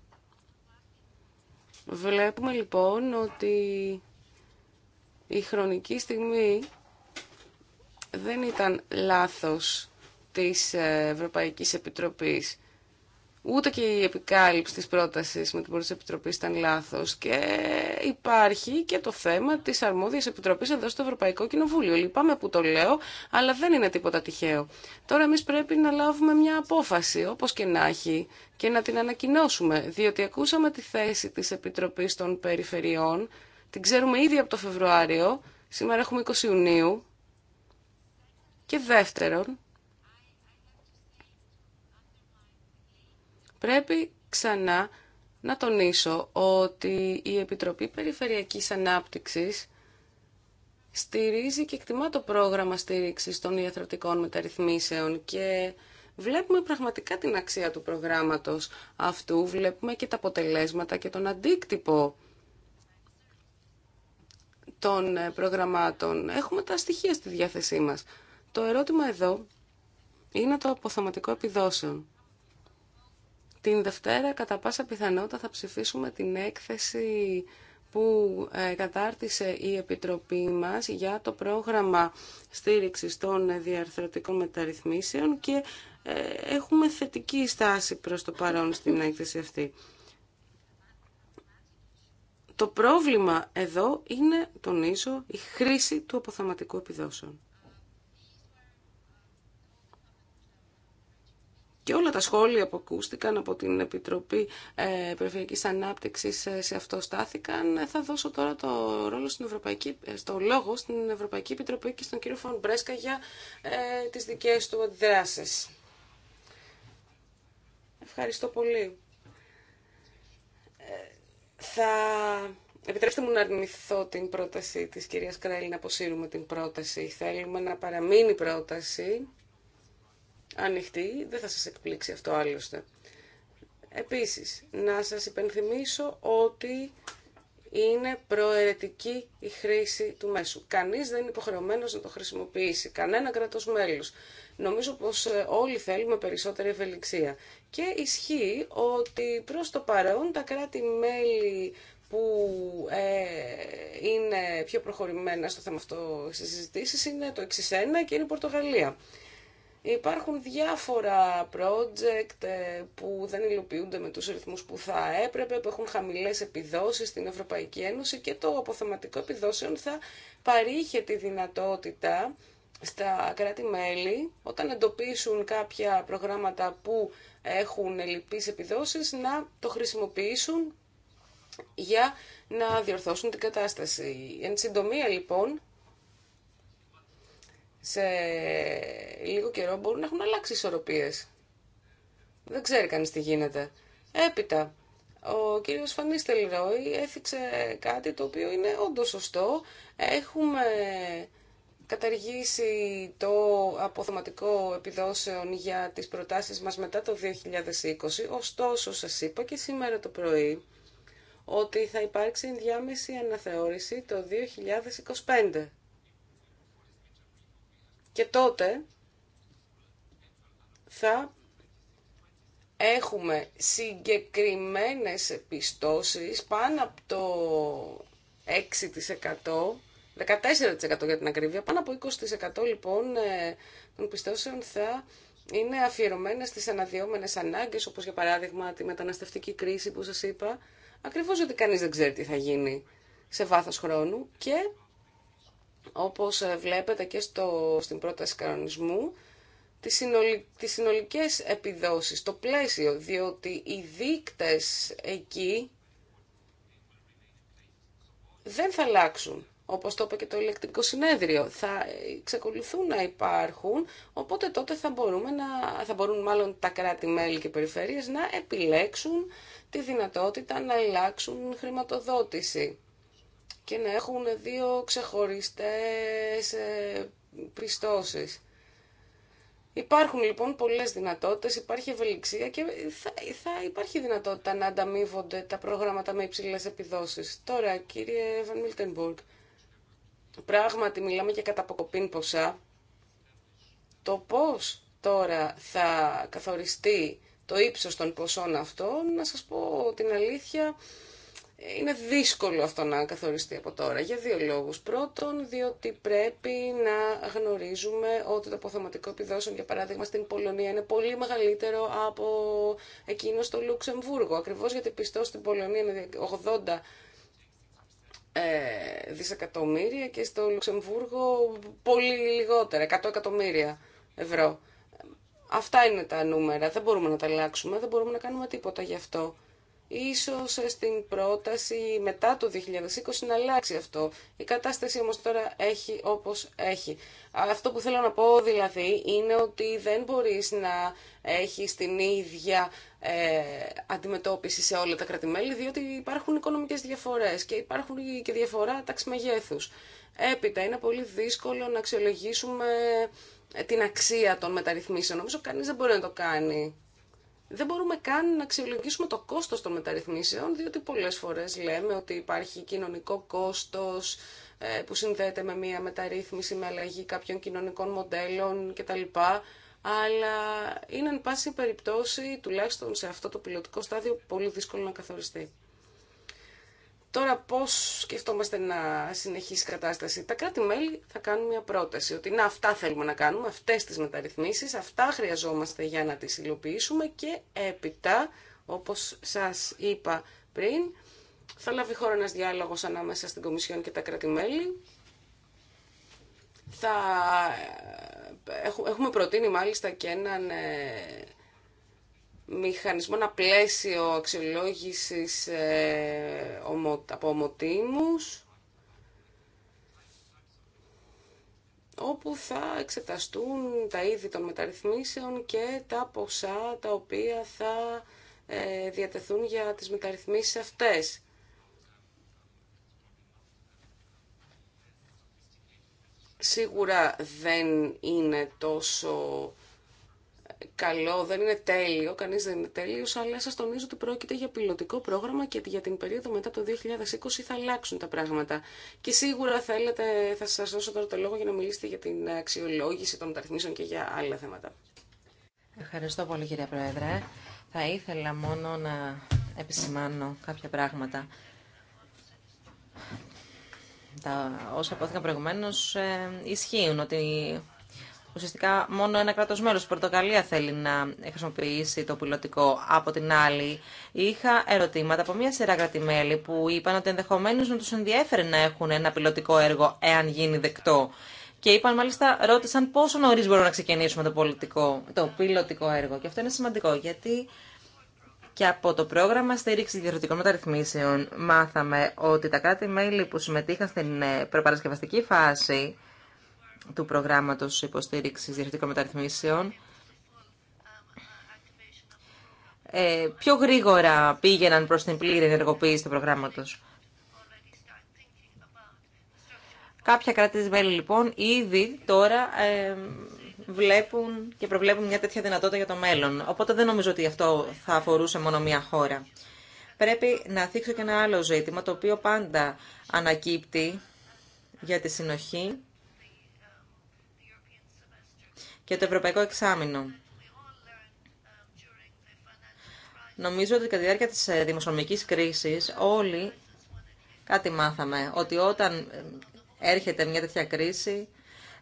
Βλέπουμε λοιπόν ότι η χρονική στιγμή δεν ήταν λάθος της ε, Ευρωπαϊκής Επιτροπής. Ούτε και η επικάλυψη της πρότασης με την Πολιτική επιτροπή ήταν λάθος. Και υπάρχει και το θέμα της αρμόδιας Επιτροπής εδώ στο Ευρωπαϊκό Κοινοβούλιο. Λυπάμαι που το λέω, αλλά δεν είναι τίποτα τυχαίο. Τώρα εμείς πρέπει να λάβουμε μια απόφαση, όπως και να έχει, και να την ανακοινώσουμε. Διότι ακούσαμε τη θέση της Επιτροπής των Περιφερειών, την ξέρουμε ήδη από το Φεβρουάριο, σήμερα έχουμε 20 Ιουνίου. Και δεύτερον, Πρέπει ξανά να τονίσω ότι η Επιτροπή Περιφερειακής Ανάπτυξης στηρίζει και εκτιμά το πρόγραμμα στήριξης των ιατρωτικών μεταρρυθμίσεων και βλέπουμε πραγματικά την αξία του προγράμματος αυτού, βλέπουμε και τα αποτελέσματα και τον αντίκτυπο των ε, προγραμμάτων. Έχουμε τα στοιχεία στη διάθεσή μας. Το ερώτημα εδώ είναι το αποθεματικό επιδόσεων. Την Δευτέρα, κατά πάσα πιθανότητα, θα ψηφίσουμε την έκθεση που ε, κατάρτισε η Επιτροπή μας για το πρόγραμμα στήριξης των διαρθρωτικών μεταρρυθμίσεων και ε, έχουμε θετική στάση προς το παρόν στην έκθεση αυτή. Το πρόβλημα εδώ είναι, τονίζω, η χρήση του αποθαματικού επιδόσεων. και όλα τα σχόλια που ακούστηκαν από την Επιτροπή ε, Περιφερειακής Ανάπτυξης ε, σε αυτό στάθηκαν. Ε, θα δώσω τώρα το ρόλο στην Ευρωπαϊκή, ε, στο λόγο στην Ευρωπαϊκή Επιτροπή και στον κύριο Φων Μπρέσκα για ε, τις δικές του αντιδράσεις. Ευχαριστώ πολύ. Ε, θα... Επιτρέψτε μου να αρνηθώ την πρόταση της κυρίας Κραίλη, να αποσύρουμε την πρόταση. Θέλουμε να παραμείνει πρόταση ανοιχτή, δεν θα σας εκπλήξει αυτό άλλωστε. Επίσης, να σας υπενθυμίσω ότι είναι προαιρετική η χρήση του μέσου. Κανείς δεν είναι υποχρεωμένος να το χρησιμοποιήσει, κανένα κρατός μέλος. Νομίζω πως ε, όλοι θέλουμε περισσότερη ευελιξία. Και ισχύει ότι προς το παρόν τα κράτη-μέλη που ε, είναι πιο προχωρημένα στο θέμα αυτό στις συζητήσεις είναι το 6.1 και είναι η Πορτογαλία. Υπάρχουν διάφορα project ε, που δεν υλοποιούνται με τους ρυθμούς που θα έπρεπε, που έχουν χαμηλές επιδόσεις στην Ευρωπαϊκή Ένωση και το αποθεματικό επιδόσεων θα παρήχε τη δυνατότητα στα κράτη-μέλη, όταν εντοπίσουν κάποια προγράμματα που έχουν ελλειπείς επιδόσεις, να το χρησιμοποιήσουν για να διορθώσουν την κατάσταση. Εν συντομία, λοιπόν, σε λίγο καιρό μπορούν να έχουν αλλάξει ισορροπίες. Δεν ξέρει κανείς τι γίνεται. Έπειτα, ο κύριος Φανίστελ Ρόι έθιξε κάτι το οποίο είναι όντως σωστό. Έχουμε καταργήσει το αποθεματικό επιδόσεων για τις προτάσεις μας μετά το 2020. Ωστόσο, σας είπα και σήμερα το πρωί ότι θα υπάρξει ενδιάμεση αναθεώρηση το 2025. Και τότε θα έχουμε συγκεκριμένες πιστώσεις πάνω από το 6%, 14% για την ακρίβεια, πάνω από 20% λοιπόν ε, των πιστώσεων θα είναι αφιερωμένες στις αναδυόμενες ανάγκες, όπως για παράδειγμα τη μεταναστευτική κρίση που σας είπα, ακριβώς ότι κανείς δεν ξέρει τι θα γίνει σε βάθος χρόνου και όπως ε, βλέπετε και στο, στην πρόταση κανονισμού, τις, τις συνολικές επιδόσεις, το πλαίσιο, διότι οι δείκτες εκεί δεν θα αλλάξουν. Όπως το είπε και το ηλεκτρικό συνέδριο, θα ε, εξακολουθούν να υπάρχουν, οπότε τότε θα, μπορούμε να, θα μπορούν μάλλον τα κράτη-μέλη και περιφέρειες να επιλέξουν τη δυνατότητα να αλλάξουν χρηματοδότηση και να έχουν δύο ξεχωριστές ε, πιστώσεις. Υπάρχουν λοιπόν πολλές δυνατότητες, υπάρχει ευελιξία και θα, θα υπάρχει δυνατότητα να ανταμείβονται τα προγράμματα με υψηλές επιδόσεις. Τώρα, κύριε Βαν Μιλτενμπουργκ, πράγματι μιλάμε για καταποκοπήν ποσά. Το πώς τώρα θα καθοριστεί το ύψος των ποσών αυτών, να σας πω την αλήθεια, είναι δύσκολο αυτό να καθοριστεί από τώρα για δύο λόγους. Πρώτον, διότι πρέπει να γνωρίζουμε ότι το αποθεματικό επιδόσεων, για παράδειγμα, στην Πολωνία είναι πολύ μεγαλύτερο από εκείνο στο Λουξεμβούργο. Ακριβώς γιατί πιστώ στην Πολωνία είναι 80 ε, δισεκατομμύρια και στο Λουξεμβούργο πολύ λιγότερα, 100 εκατομμύρια ευρώ. Αυτά είναι τα νούμερα, δεν μπορούμε να τα αλλάξουμε, δεν μπορούμε να κάνουμε τίποτα γι' αυτό. Ίσως στην πρόταση μετά το 2020 να αλλάξει αυτό. Η κατάσταση όμως τώρα έχει όπως έχει. Αυτό που θέλω να πω δηλαδή είναι ότι δεν μπορείς να έχεις την ίδια ε, αντιμετώπιση σε όλα τα κρατημέλη διότι υπάρχουν οικονομικές διαφορές και υπάρχουν και διαφορά ταξιμεγέθους. Έπειτα είναι πολύ δύσκολο να αξιολογήσουμε την αξία των μεταρρυθμίσεων. Νομίζω κανείς δεν μπορεί να το κάνει δεν μπορούμε καν να αξιολογήσουμε το κόστος των μεταρρυθμίσεων, διότι πολλές φορές λέμε ότι υπάρχει κοινωνικό κόστος ε, που συνδέεται με μια μεταρρύθμιση, με αλλαγή κάποιων κοινωνικών μοντέλων κτλ. Αλλά είναι, εν πάση περιπτώσει, τουλάχιστον σε αυτό το πιλωτικό στάδιο, πολύ δύσκολο να καθοριστεί. Τώρα πώς σκεφτόμαστε να συνεχίσει η κατάσταση. Τα κράτη-μέλη θα κάνουν μια πρόταση ότι να αυτά θέλουμε να κάνουμε, αυτές τις μεταρρυθμίσεις, αυτά χρειαζόμαστε για να τις υλοποιήσουμε και έπειτα, όπως σας είπα πριν, θα λάβει χώρο ένα διάλογος ανάμεσα στην Κομισιόν και τα κράτη-μέλη. Θα... Ε, έχουμε προτείνει μάλιστα και έναν ε, μηχανισμό, ένα πλαίσιο αξιολόγησης ε, από ομοτήμους, όπου θα εξεταστούν τα είδη των μεταρρυθμίσεων και τα ποσά τα οποία θα ε, διατεθούν για τις μεταρρυθμίσεις αυτές. Σίγουρα δεν είναι τόσο καλό, δεν είναι τέλειο, κανείς δεν είναι τέλειος, αλλά σας τονίζω ότι πρόκειται για πιλωτικό πρόγραμμα και για την περίοδο μετά το 2020 θα αλλάξουν τα πράγματα. Και σίγουρα θέλετε, θα σας δώσω τώρα το λόγο για να μιλήσετε για την αξιολόγηση των μεταρρυθμίσεων και για άλλα θέματα. Ευχαριστώ πολύ κύριε Πρόεδρε. Θα ήθελα μόνο να επισημάνω κάποια πράγματα. Τα όσα υπόθηκαν προηγουμένως ε, ισχύουν ότι Ουσιαστικά μόνο ένα κράτος μέλος, η Πορτοκαλία, θέλει να χρησιμοποιήσει το πιλωτικό. Από την άλλη, είχα ερωτήματα από μια σειρά κρατημέλη που είπαν ότι ενδεχομένω να τους ενδιέφερε να έχουν ένα πιλωτικό έργο εάν γίνει δεκτό. Και είπαν μάλιστα, ρώτησαν πόσο νωρί μπορούμε να ξεκινήσουμε το, πολιτικό, το πιλωτικό έργο. Και αυτό είναι σημαντικό γιατί και από το πρόγραμμα στήριξη διαρροτικών μεταρρυθμίσεων μάθαμε ότι τα κράτη-μέλη που συμμετείχαν στην ε, προπαρασκευαστική φάση του προγράμματος υποστήριξης διευθυντικών μεταρρυθμίσεων. Ε, πιο γρήγορα πήγαιναν προς την πλήρη ενεργοποίηση του προγράμματος. Κάποια Κάποια μέλη λοιπόν ήδη τώρα ε, βλέπουν και προβλέπουν μια τέτοια δυνατότητα για το μέλλον. Οπότε δεν νομίζω ότι αυτό θα αφορούσε μόνο μια χώρα. Πρέπει να θίξω και ένα άλλο ζήτημα το οποίο πάντα ανακύπτει για τη συνοχή και το Ευρωπαϊκό Εξάμεινο. Νομίζω ότι κατά τη διάρκεια της ε, δημοσιονομικής κρίσης όλοι κάτι μάθαμε, ότι όταν ε, έρχεται μια τέτοια κρίση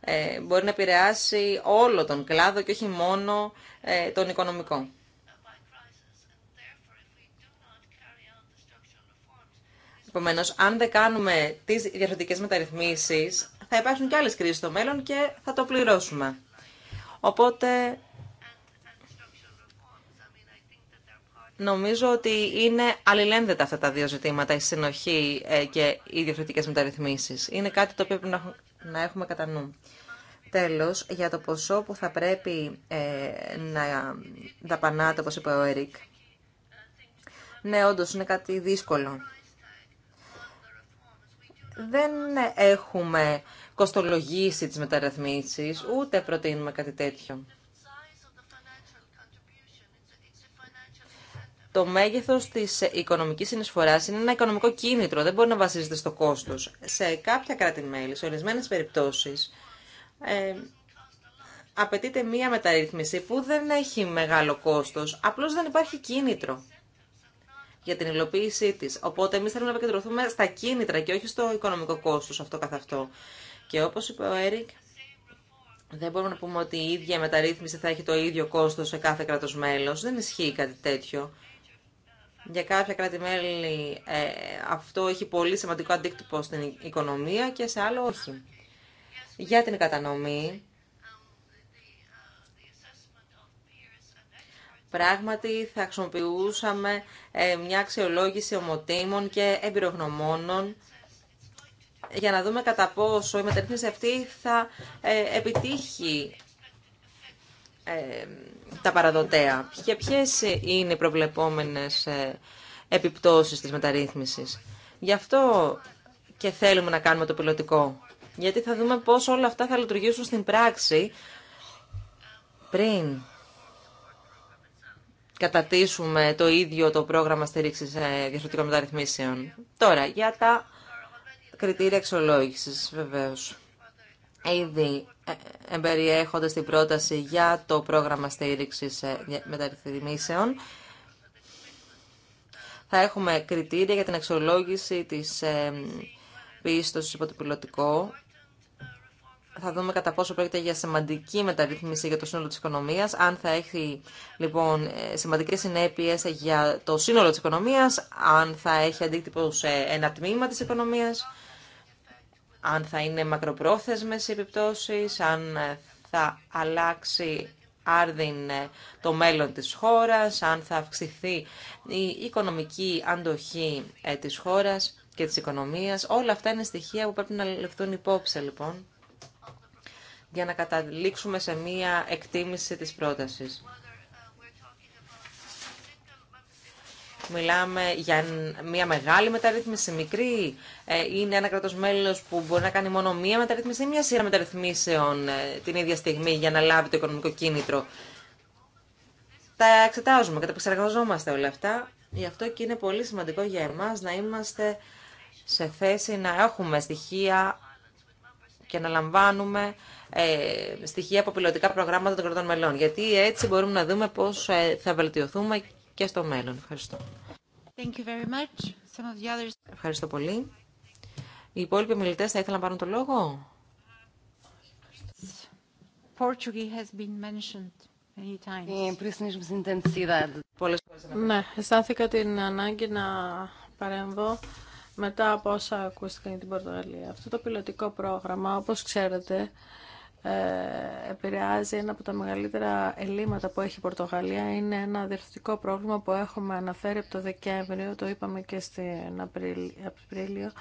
ε, μπορεί να επηρεάσει όλο τον κλάδο και όχι μόνο τον οικονομικό. Επομένω, αν δεν κάνουμε τις διαφορετικές μεταρρυθμίσεις, θα υπάρχουν και άλλες κρίσεις στο μέλλον και θα το πληρώσουμε. Οπότε νομίζω ότι είναι αλληλένδετα αυτά τα δύο ζητήματα, η συνοχή ε, και οι διαφορετικές μεταρρυθμίσεις. Είναι κάτι το οποίο πρέπει να έχουμε κατά νου. Τέλος, για το ποσό που θα πρέπει ε, να δαπανάτε, όπως είπε ο Ερικ. Ναι, όντως, είναι κάτι δύσκολο. Δεν έχουμε κοστολογήσει τις μεταρρυθμίσεις, ούτε προτείνουμε κάτι τέτοιο. Το μέγεθος της οικονομικής συνεισφοράς είναι ένα οικονομικό κίνητρο, δεν μπορεί να βασίζεται στο κόστος. Σε κάποια κράτη-μέλη, σε ορισμένε περιπτώσει, ε, απαιτείται μία μεταρρύθμιση που δεν έχει μεγάλο κόστος. Απλώς δεν υπάρχει κίνητρο για την υλοποίησή τη. Οπότε εμεί θέλουμε να επικεντρωθούμε στα κίνητρα και όχι στο οικονομικό κόστος. αυτό καθ' αυτό. Και όπως είπε ο Έρικ, δεν μπορούμε να πούμε ότι η ίδια μεταρρύθμιση θα έχει το ίδιο κόστος σε κάθε κράτος μέλος. Δεν ισχύει κάτι τέτοιο. Για κάποια κράτη-μέλη ε, αυτό έχει πολύ σημαντικό αντίκτυπο στην οικονομία και σε άλλο όχι. Για την κατανομή, πράγματι θα χρησιμοποιούσαμε ε, μια αξιολόγηση ομοτήμων και εμπειρογνωμόνων για να δούμε κατά πόσο η μεταρρύθμιση αυτή θα ε, επιτύχει ε, τα παραδοτέα και ποιες είναι οι προβλεπόμενες ε, επιπτώσεις της μεταρρύθμισης. Γι' αυτό και θέλουμε να κάνουμε το πιλωτικό. Γιατί θα δούμε πώς όλα αυτά θα λειτουργήσουν στην πράξη πριν κατατήσουμε το ίδιο το πρόγραμμα στήριξης διαφορετικών μεταρρυθμίσεων. Τώρα, για τα κριτήρια αξιολόγηση βεβαίω. Ήδη ε, εμπεριέχονται στην πρόταση για το πρόγραμμα στήριξη ε, μεταρρυθμίσεων. Θα έχουμε κριτήρια για την αξιολόγηση της ε, πίστοσης υπό το πιλωτικό θα δούμε κατά πόσο πρόκειται για σημαντική μεταρρύθμιση για το σύνολο της οικονομίας, αν θα έχει λοιπόν ε, σημαντικές συνέπειες για το σύνολο της οικονομίας, αν θα έχει αντίκτυπο σε ένα τμήμα της οικονομίας, αν θα είναι μακροπρόθεσμες επιπτώσεις, αν θα αλλάξει άρδιν ε, το μέλλον της χώρας, αν θα αυξηθεί η οικονομική αντοχή ε, της χώρας και της οικονομίας. Όλα αυτά είναι στοιχεία που πρέπει να λεφτούν υπόψη λοιπόν για να καταλήξουμε σε μία εκτίμηση της πρότασης. Μιλάμε για μία μεγάλη μεταρρύθμιση, μικρή. Ε, είναι ένα κρατός μέλος που μπορεί να κάνει μόνο μία μεταρρύθμιση ή μία σειρά μεταρρυθμίσεων ε, την ίδια στιγμή για να λάβει το οικονομικό κίνητρο. Τα εξετάζουμε και τα επεξεργαζόμαστε όλα αυτά. Γι' αυτό και είναι πολύ σημαντικό για εμάς να είμαστε σε θέση να έχουμε στοιχεία και να λαμβάνουμε ε, στοιχεία από πιλωτικά προγράμματα των κρατών μελών. Γιατί έτσι μπορούμε να δούμε πώς ε, θα βελτιωθούμε και στο μέλλον. Ευχαριστώ. Thank Ευχαριστώ πολύ. Οι υπόλοιποι μιλητέ θα ήθελαν να πάρουν το λόγο. Ε, ναι, αισθάνθηκα την ανάγκη να παρέμβω μετά από όσα ακούστηκαν για την Πορτογαλία. Αυτό το πιλωτικό πρόγραμμα, όπως ξέρετε, ε, επηρεάζει ένα από τα μεγαλύτερα ελλείμματα που έχει η Πορτογαλία. Είναι ένα διευθυντικό πρόβλημα που έχουμε αναφέρει από το Δεκέμβριο, το είπαμε και στην Απρίλιο.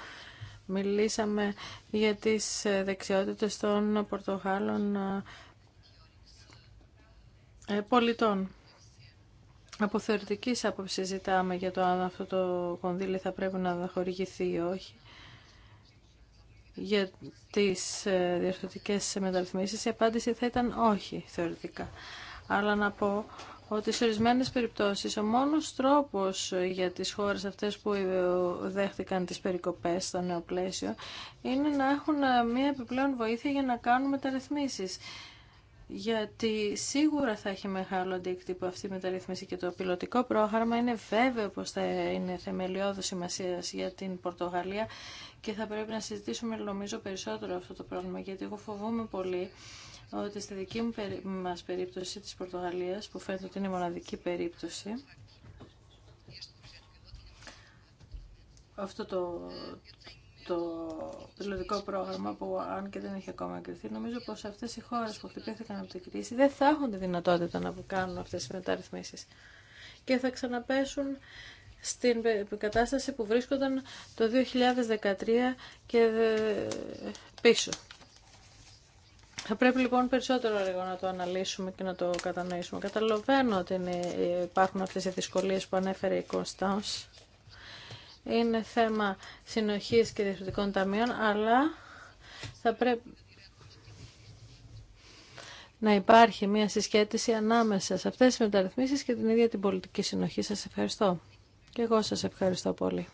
Μιλήσαμε για τις ε, δεξιότητες των Πορτογάλων ε, πολιτών. Από θεωρητικής άποψης ζητάμε για το αν αυτό το κονδύλι θα πρέπει να χορηγηθεί ή όχι για τις ε, διαρθρωτικές μεταρρυθμίσεις, η απάντηση θα ήταν όχι θεωρητικά. Αλλά να πω ότι σε ορισμένες περιπτώσεις ο μόνος τρόπος ε, για τις χώρες αυτές που ε, δέχτηκαν τις περικοπές στο νέο πλαίσιο είναι να έχουν μια επιπλέον βοήθεια για να κάνουν μεταρρυθμίσεις γιατί σίγουρα θα έχει μεγάλο αντίκτυπο αυτή η μεταρρύθμιση και το πιλωτικό πρόγραμμα είναι βέβαιο πως θα είναι θεμελιώδου σημασία για την Πορτογαλία και θα πρέπει να συζητήσουμε νομίζω περισσότερο αυτό το πρόβλημα γιατί εγώ φοβούμαι πολύ ότι στη δική μου μας περίπτωση της Πορτογαλίας που φαίνεται ότι είναι μοναδική περίπτωση αυτό το το πιλωτικό πρόγραμμα που αν και δεν έχει ακόμα εγκριθεί, νομίζω πως αυτές οι χώρες που χτυπήθηκαν από την κρίση δεν θα έχουν τη δυνατότητα να κάνουν αυτές τις μεταρρυθμίσεις και θα ξαναπέσουν στην κατάσταση που βρίσκονταν το 2013 και ε, πίσω. Θα πρέπει λοιπόν περισσότερο λίγο να το αναλύσουμε και να το κατανοήσουμε. Καταλαβαίνω ότι υπάρχουν αυτές οι δυσκολίες που ανέφερε η Κωνσταντς είναι θέμα συνοχής και διευθυντικών ταμείων, αλλά θα πρέπει να υπάρχει μια συσχέτιση ανάμεσα σε αυτές τις μεταρρυθμίσεις και την ίδια την πολιτική συνοχή. Σας ευχαριστώ. Και εγώ σας ευχαριστώ πολύ.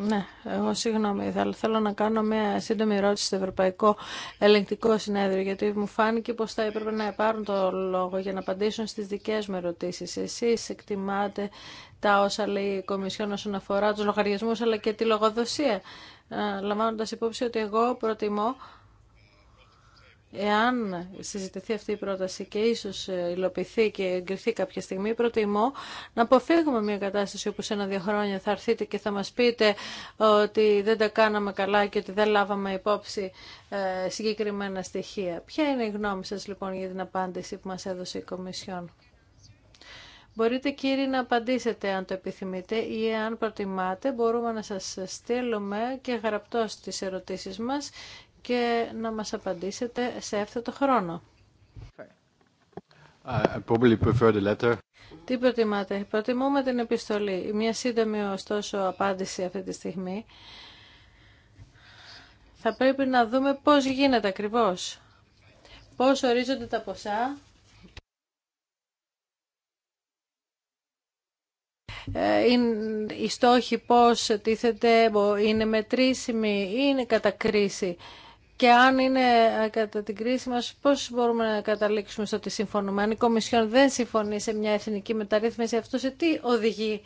Ναι, εγώ συγγνώμη, θα, θέλω να κάνω μια σύντομη ερώτηση στο Ευρωπαϊκό Ελεγκτικό Συνέδριο, γιατί μου φάνηκε πως θα έπρεπε να πάρουν το λόγο για να απαντήσουν στις δικές μου ερωτήσεις. Εσείς εκτιμάτε τα όσα λέει η Κομισιόν όσον αφορά τους λογαριασμούς, αλλά και τη λογοδοσία, ε, λαμβάνοντας υπόψη ότι εγώ προτιμώ εάν συζητηθεί αυτή η πρόταση και ίσως ε, υλοποιηθεί και εγκριθεί κάποια στιγμή, προτιμώ να αποφύγουμε μια κατάσταση όπου σε ένα-δύο χρόνια θα έρθετε και θα μας πείτε ότι δεν τα κάναμε καλά και ότι δεν λάβαμε υπόψη ε, συγκεκριμένα στοιχεία. Ποια είναι η γνώμη σας λοιπόν για την απάντηση που μας έδωσε η Κομισιόν. Μπορείτε κύριοι να απαντήσετε αν το επιθυμείτε ή αν προτιμάτε μπορούμε να σας στείλουμε και γραπτώ στις ερωτήσεις μας και να μας απαντήσετε σε αυτό το χρόνο. Τι προτιμάτε. Προτιμούμε την επιστολή. Μια σύντομη ωστόσο απάντηση αυτή τη στιγμή. Θα πρέπει να δούμε πώς γίνεται ακριβώς. Πώς ορίζονται τα ποσά. Ε, είναι, οι στόχοι πώς τίθεται, είναι μετρήσιμη; ή είναι κατά κρίση και αν είναι ε, κατά την κρίση μας, πώς μπορούμε να καταλήξουμε στο ότι συμφωνούμε. Αν η Κομισιόν δεν συμφωνεί σε μια εθνική μεταρρύθμιση, αυτό σε τι οδηγεί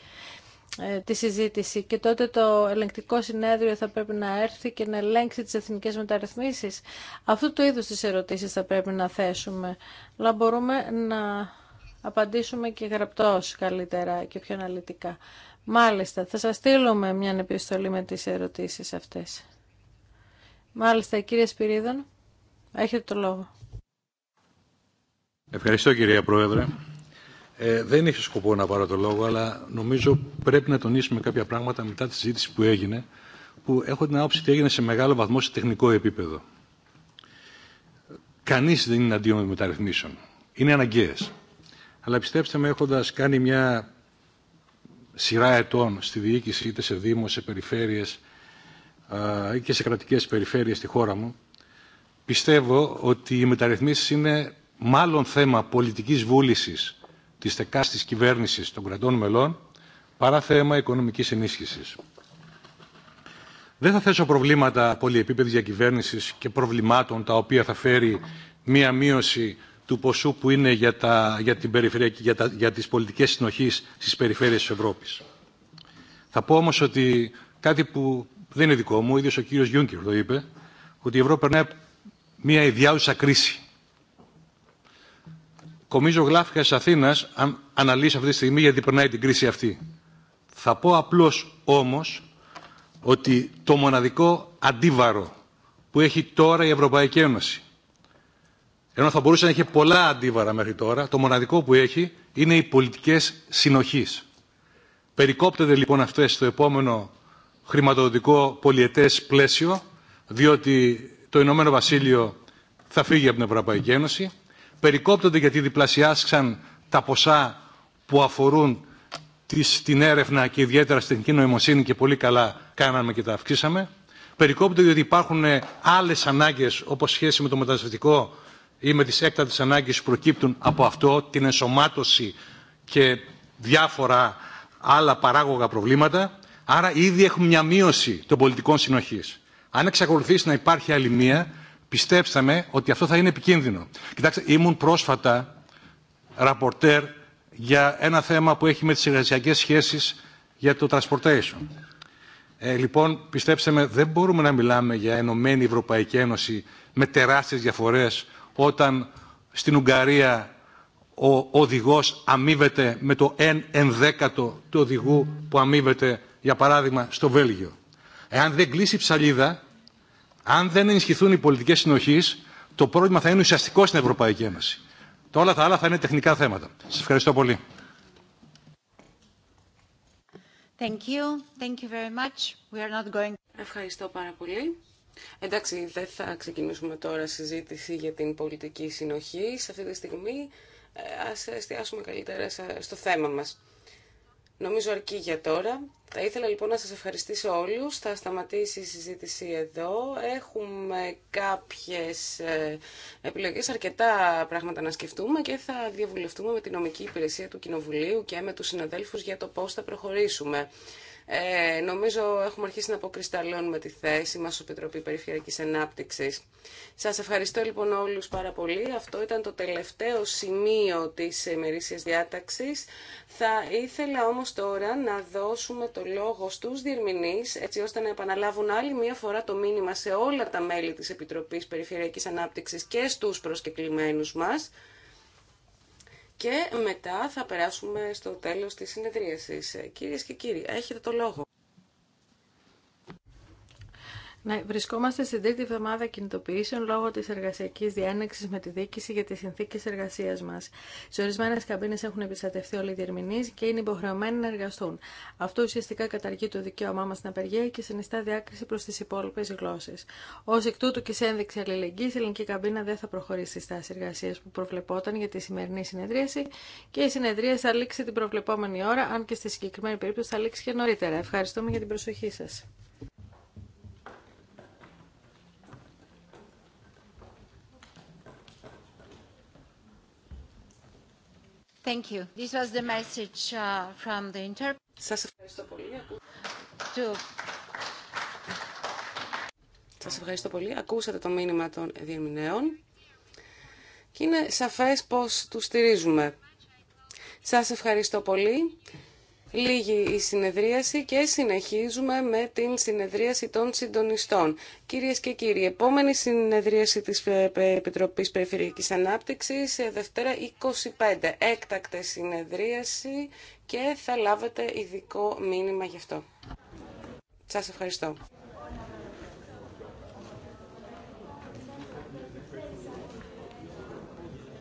ε, τη συζήτηση και τότε το ελεγκτικό συνέδριο θα πρέπει να έρθει και να ελέγξει τις εθνικές μεταρρυθμίσεις. Αυτού του είδους τις ερωτήσεις θα πρέπει να θέσουμε, αλλά μπορούμε να απαντήσουμε και γραπτός καλύτερα και πιο αναλυτικά. Μάλιστα, θα σας στείλουμε μια επιστολή με τις ερωτήσεις αυτές. Μάλιστα, κύριε Σπυρίδων, έχετε το λόγο. Ευχαριστώ, κυρία Πρόεδρε. Ε, δεν είχε σκοπό να πάρω το λόγο, αλλά νομίζω πρέπει να τονίσουμε κάποια πράγματα μετά τη συζήτηση που έγινε, που έχω την άποψη ότι έγινε σε μεγάλο βαθμό σε τεχνικό επίπεδο. Κανεί δεν είναι αντίον των μεταρρυθμίσεων. Είναι αναγκαίε. Αλλά πιστέψτε με, έχοντα κάνει μια σειρά ετών στη διοίκηση, είτε σε Δήμο, σε περιφέρειες, και σε κρατικές περιφέρειες στη χώρα μου, πιστεύω ότι οι μεταρρυθμίσεις είναι μάλλον θέμα πολιτικής βούλησης της τεκάστης κυβέρνησης των κρατών μελών παρά θέμα οικονομικής ενίσχυσης. Δεν θα θέσω προβλήματα πολυεπίπεδης διακυβέρνησης και προβλημάτων τα οποία θα φέρει μία μείωση του ποσού που είναι για, τα, για, την για, τα, για τις πολιτικές στις περιφέρειες της Ευρώπης. Θα πω όμως ότι κάτι που δεν είναι δικό μου, ο ίδιος ο κύριος Γιούνκερ το είπε, ότι η Ευρώπη περνάει μια ιδιάουσα κρίση. Κομίζω γλάφικα της Αθήνας, αν αναλύσει αυτή τη στιγμή γιατί περνάει την κρίση αυτή. Θα πω απλώς όμως ότι το μοναδικό αντίβαρο που έχει τώρα η Ευρωπαϊκή Ένωση, ενώ θα μπορούσε να έχει πολλά αντίβαρα μέχρι τώρα, το μοναδικό που έχει είναι οι πολιτικές συνοχής. Περικόπτεται λοιπόν αυτές στο επόμενο χρηματοδοτικό πολιετές πλαίσιο, διότι το Ηνωμένο Βασίλειο θα φύγει από την Ευρωπαϊκή Ένωση. Περικόπτονται γιατί διπλασιάστηκαν τα ποσά που αφορούν την έρευνα και ιδιαίτερα στην τεχνική νοημοσύνη και πολύ καλά κάναμε και τα αυξήσαμε. Περικόπτονται διότι υπάρχουν άλλε ανάγκε, όπω σχέση με το μεταναστευτικό ή με τι έκτατε ανάγκε που προκύπτουν από αυτό, την ενσωμάτωση και διάφορα άλλα παράγωγα προβλήματα. Άρα ήδη έχουμε μια μείωση των πολιτικών συνοχή. Αν εξακολουθήσει να υπάρχει άλλη μία, πιστέψτε με ότι αυτό θα είναι επικίνδυνο. Κοιτάξτε, ήμουν πρόσφατα ραπορτέρ για ένα θέμα που έχει με τις εργασιακές σχέσεις για το transportation. Ε, λοιπόν, πιστέψτε με, δεν μπορούμε να μιλάμε για ενωμένη Ευρωπαϊκή Ένωση με τεράστιες διαφορές όταν στην Ουγγαρία ο οδηγός αμείβεται με το 1 ενδέκατο του οδηγού που αμείβεται για παράδειγμα, στο Βέλγιο. Εάν δεν κλείσει η ψαλίδα, αν δεν ενισχυθούν οι πολιτικέ συνοχή, το πρόβλημα θα είναι ουσιαστικό στην Ευρωπαϊκή Ένωση. Τα όλα τα άλλα θα είναι τεχνικά θέματα. Σα ευχαριστώ πολύ. Thank you. Thank you very much. We are not going... Ευχαριστώ πάρα πολύ. Εντάξει, δεν θα ξεκινήσουμε τώρα συζήτηση για την πολιτική συνοχή. Σε αυτή τη στιγμή ε, ας εστιάσουμε καλύτερα στο θέμα μας. Νομίζω αρκεί για τώρα. Θα ήθελα λοιπόν να σας ευχαριστήσω όλους. Θα σταματήσει η συζήτηση εδώ. Έχουμε κάποιες ε, επιλογές, αρκετά πράγματα να σκεφτούμε και θα διαβουλευτούμε με την νομική υπηρεσία του Κοινοβουλίου και με τους συναδέλφους για το πώς θα προχωρήσουμε. Ε, νομίζω έχουμε αρχίσει να αποκρισταλώνουμε τη θέση μας ως Επιτροπή Περιφερειακής Ανάπτυξης. Σας ευχαριστώ λοιπόν όλους πάρα πολύ. Αυτό ήταν το τελευταίο σημείο της ημερήσιας διάταξης. Θα ήθελα όμως τώρα να δώσουμε το λόγο στους διερμηνείς έτσι ώστε να επαναλάβουν άλλη μία φορά το μήνυμα σε όλα τα μέλη της Επιτροπής Περιφερειακής Ανάπτυξης και στους προσκεκλημένους μας και μετά θα περάσουμε στο τέλος της συνεδρίασης. Κυρίες και κύριοι, έχετε το λόγο. Ναι, βρισκόμαστε στην τρίτη εβδομάδα κινητοποιήσεων λόγω τη εργασιακή διένεξη με τη διοίκηση για τι συνθήκε εργασία μα. Σε ορισμένε καμπίνε έχουν επιστατευτεί όλοι οι διερμηνεί και είναι υποχρεωμένοι να εργαστούν. Αυτό ουσιαστικά καταργεί το δικαίωμά μα στην απεργία και συνιστά διάκριση προ τι υπόλοιπε γλώσσε. Ω εκ τούτου και σε ένδειξη αλληλεγγύη, η ελληνική καμπίνα δεν θα προχωρήσει στη στάση εργασία που προβλεπόταν για τη σημερινή συνεδρίαση και η συνεδρία θα λήξει την προβλεπόμενη ώρα, αν και στη συγκεκριμένη περίπτωση θα λήξει και νωρίτερα. Ευχαριστούμε για την προσοχή σα. Thank you. This was the message uh, from the inter... Σας ευχαριστώ πολύ. To... Σας ευχαριστώ πολύ. Ακούσατε το μήνυμα των διερμηνέων και είναι σαφές πως τους στηρίζουμε. Σας ευχαριστώ πολύ. Λίγη η συνεδρίαση και συνεχίζουμε με την συνεδρίαση των συντονιστών. Κυρίες και κύριοι, επόμενη συνεδρίαση της ε, Επιτροπής Περιφερειακής Ανάπτυξης, ε, Δευτέρα 25, έκτακτη συνεδρίαση και θα λάβετε ειδικό μήνυμα γι' αυτό. Σας ευχαριστώ.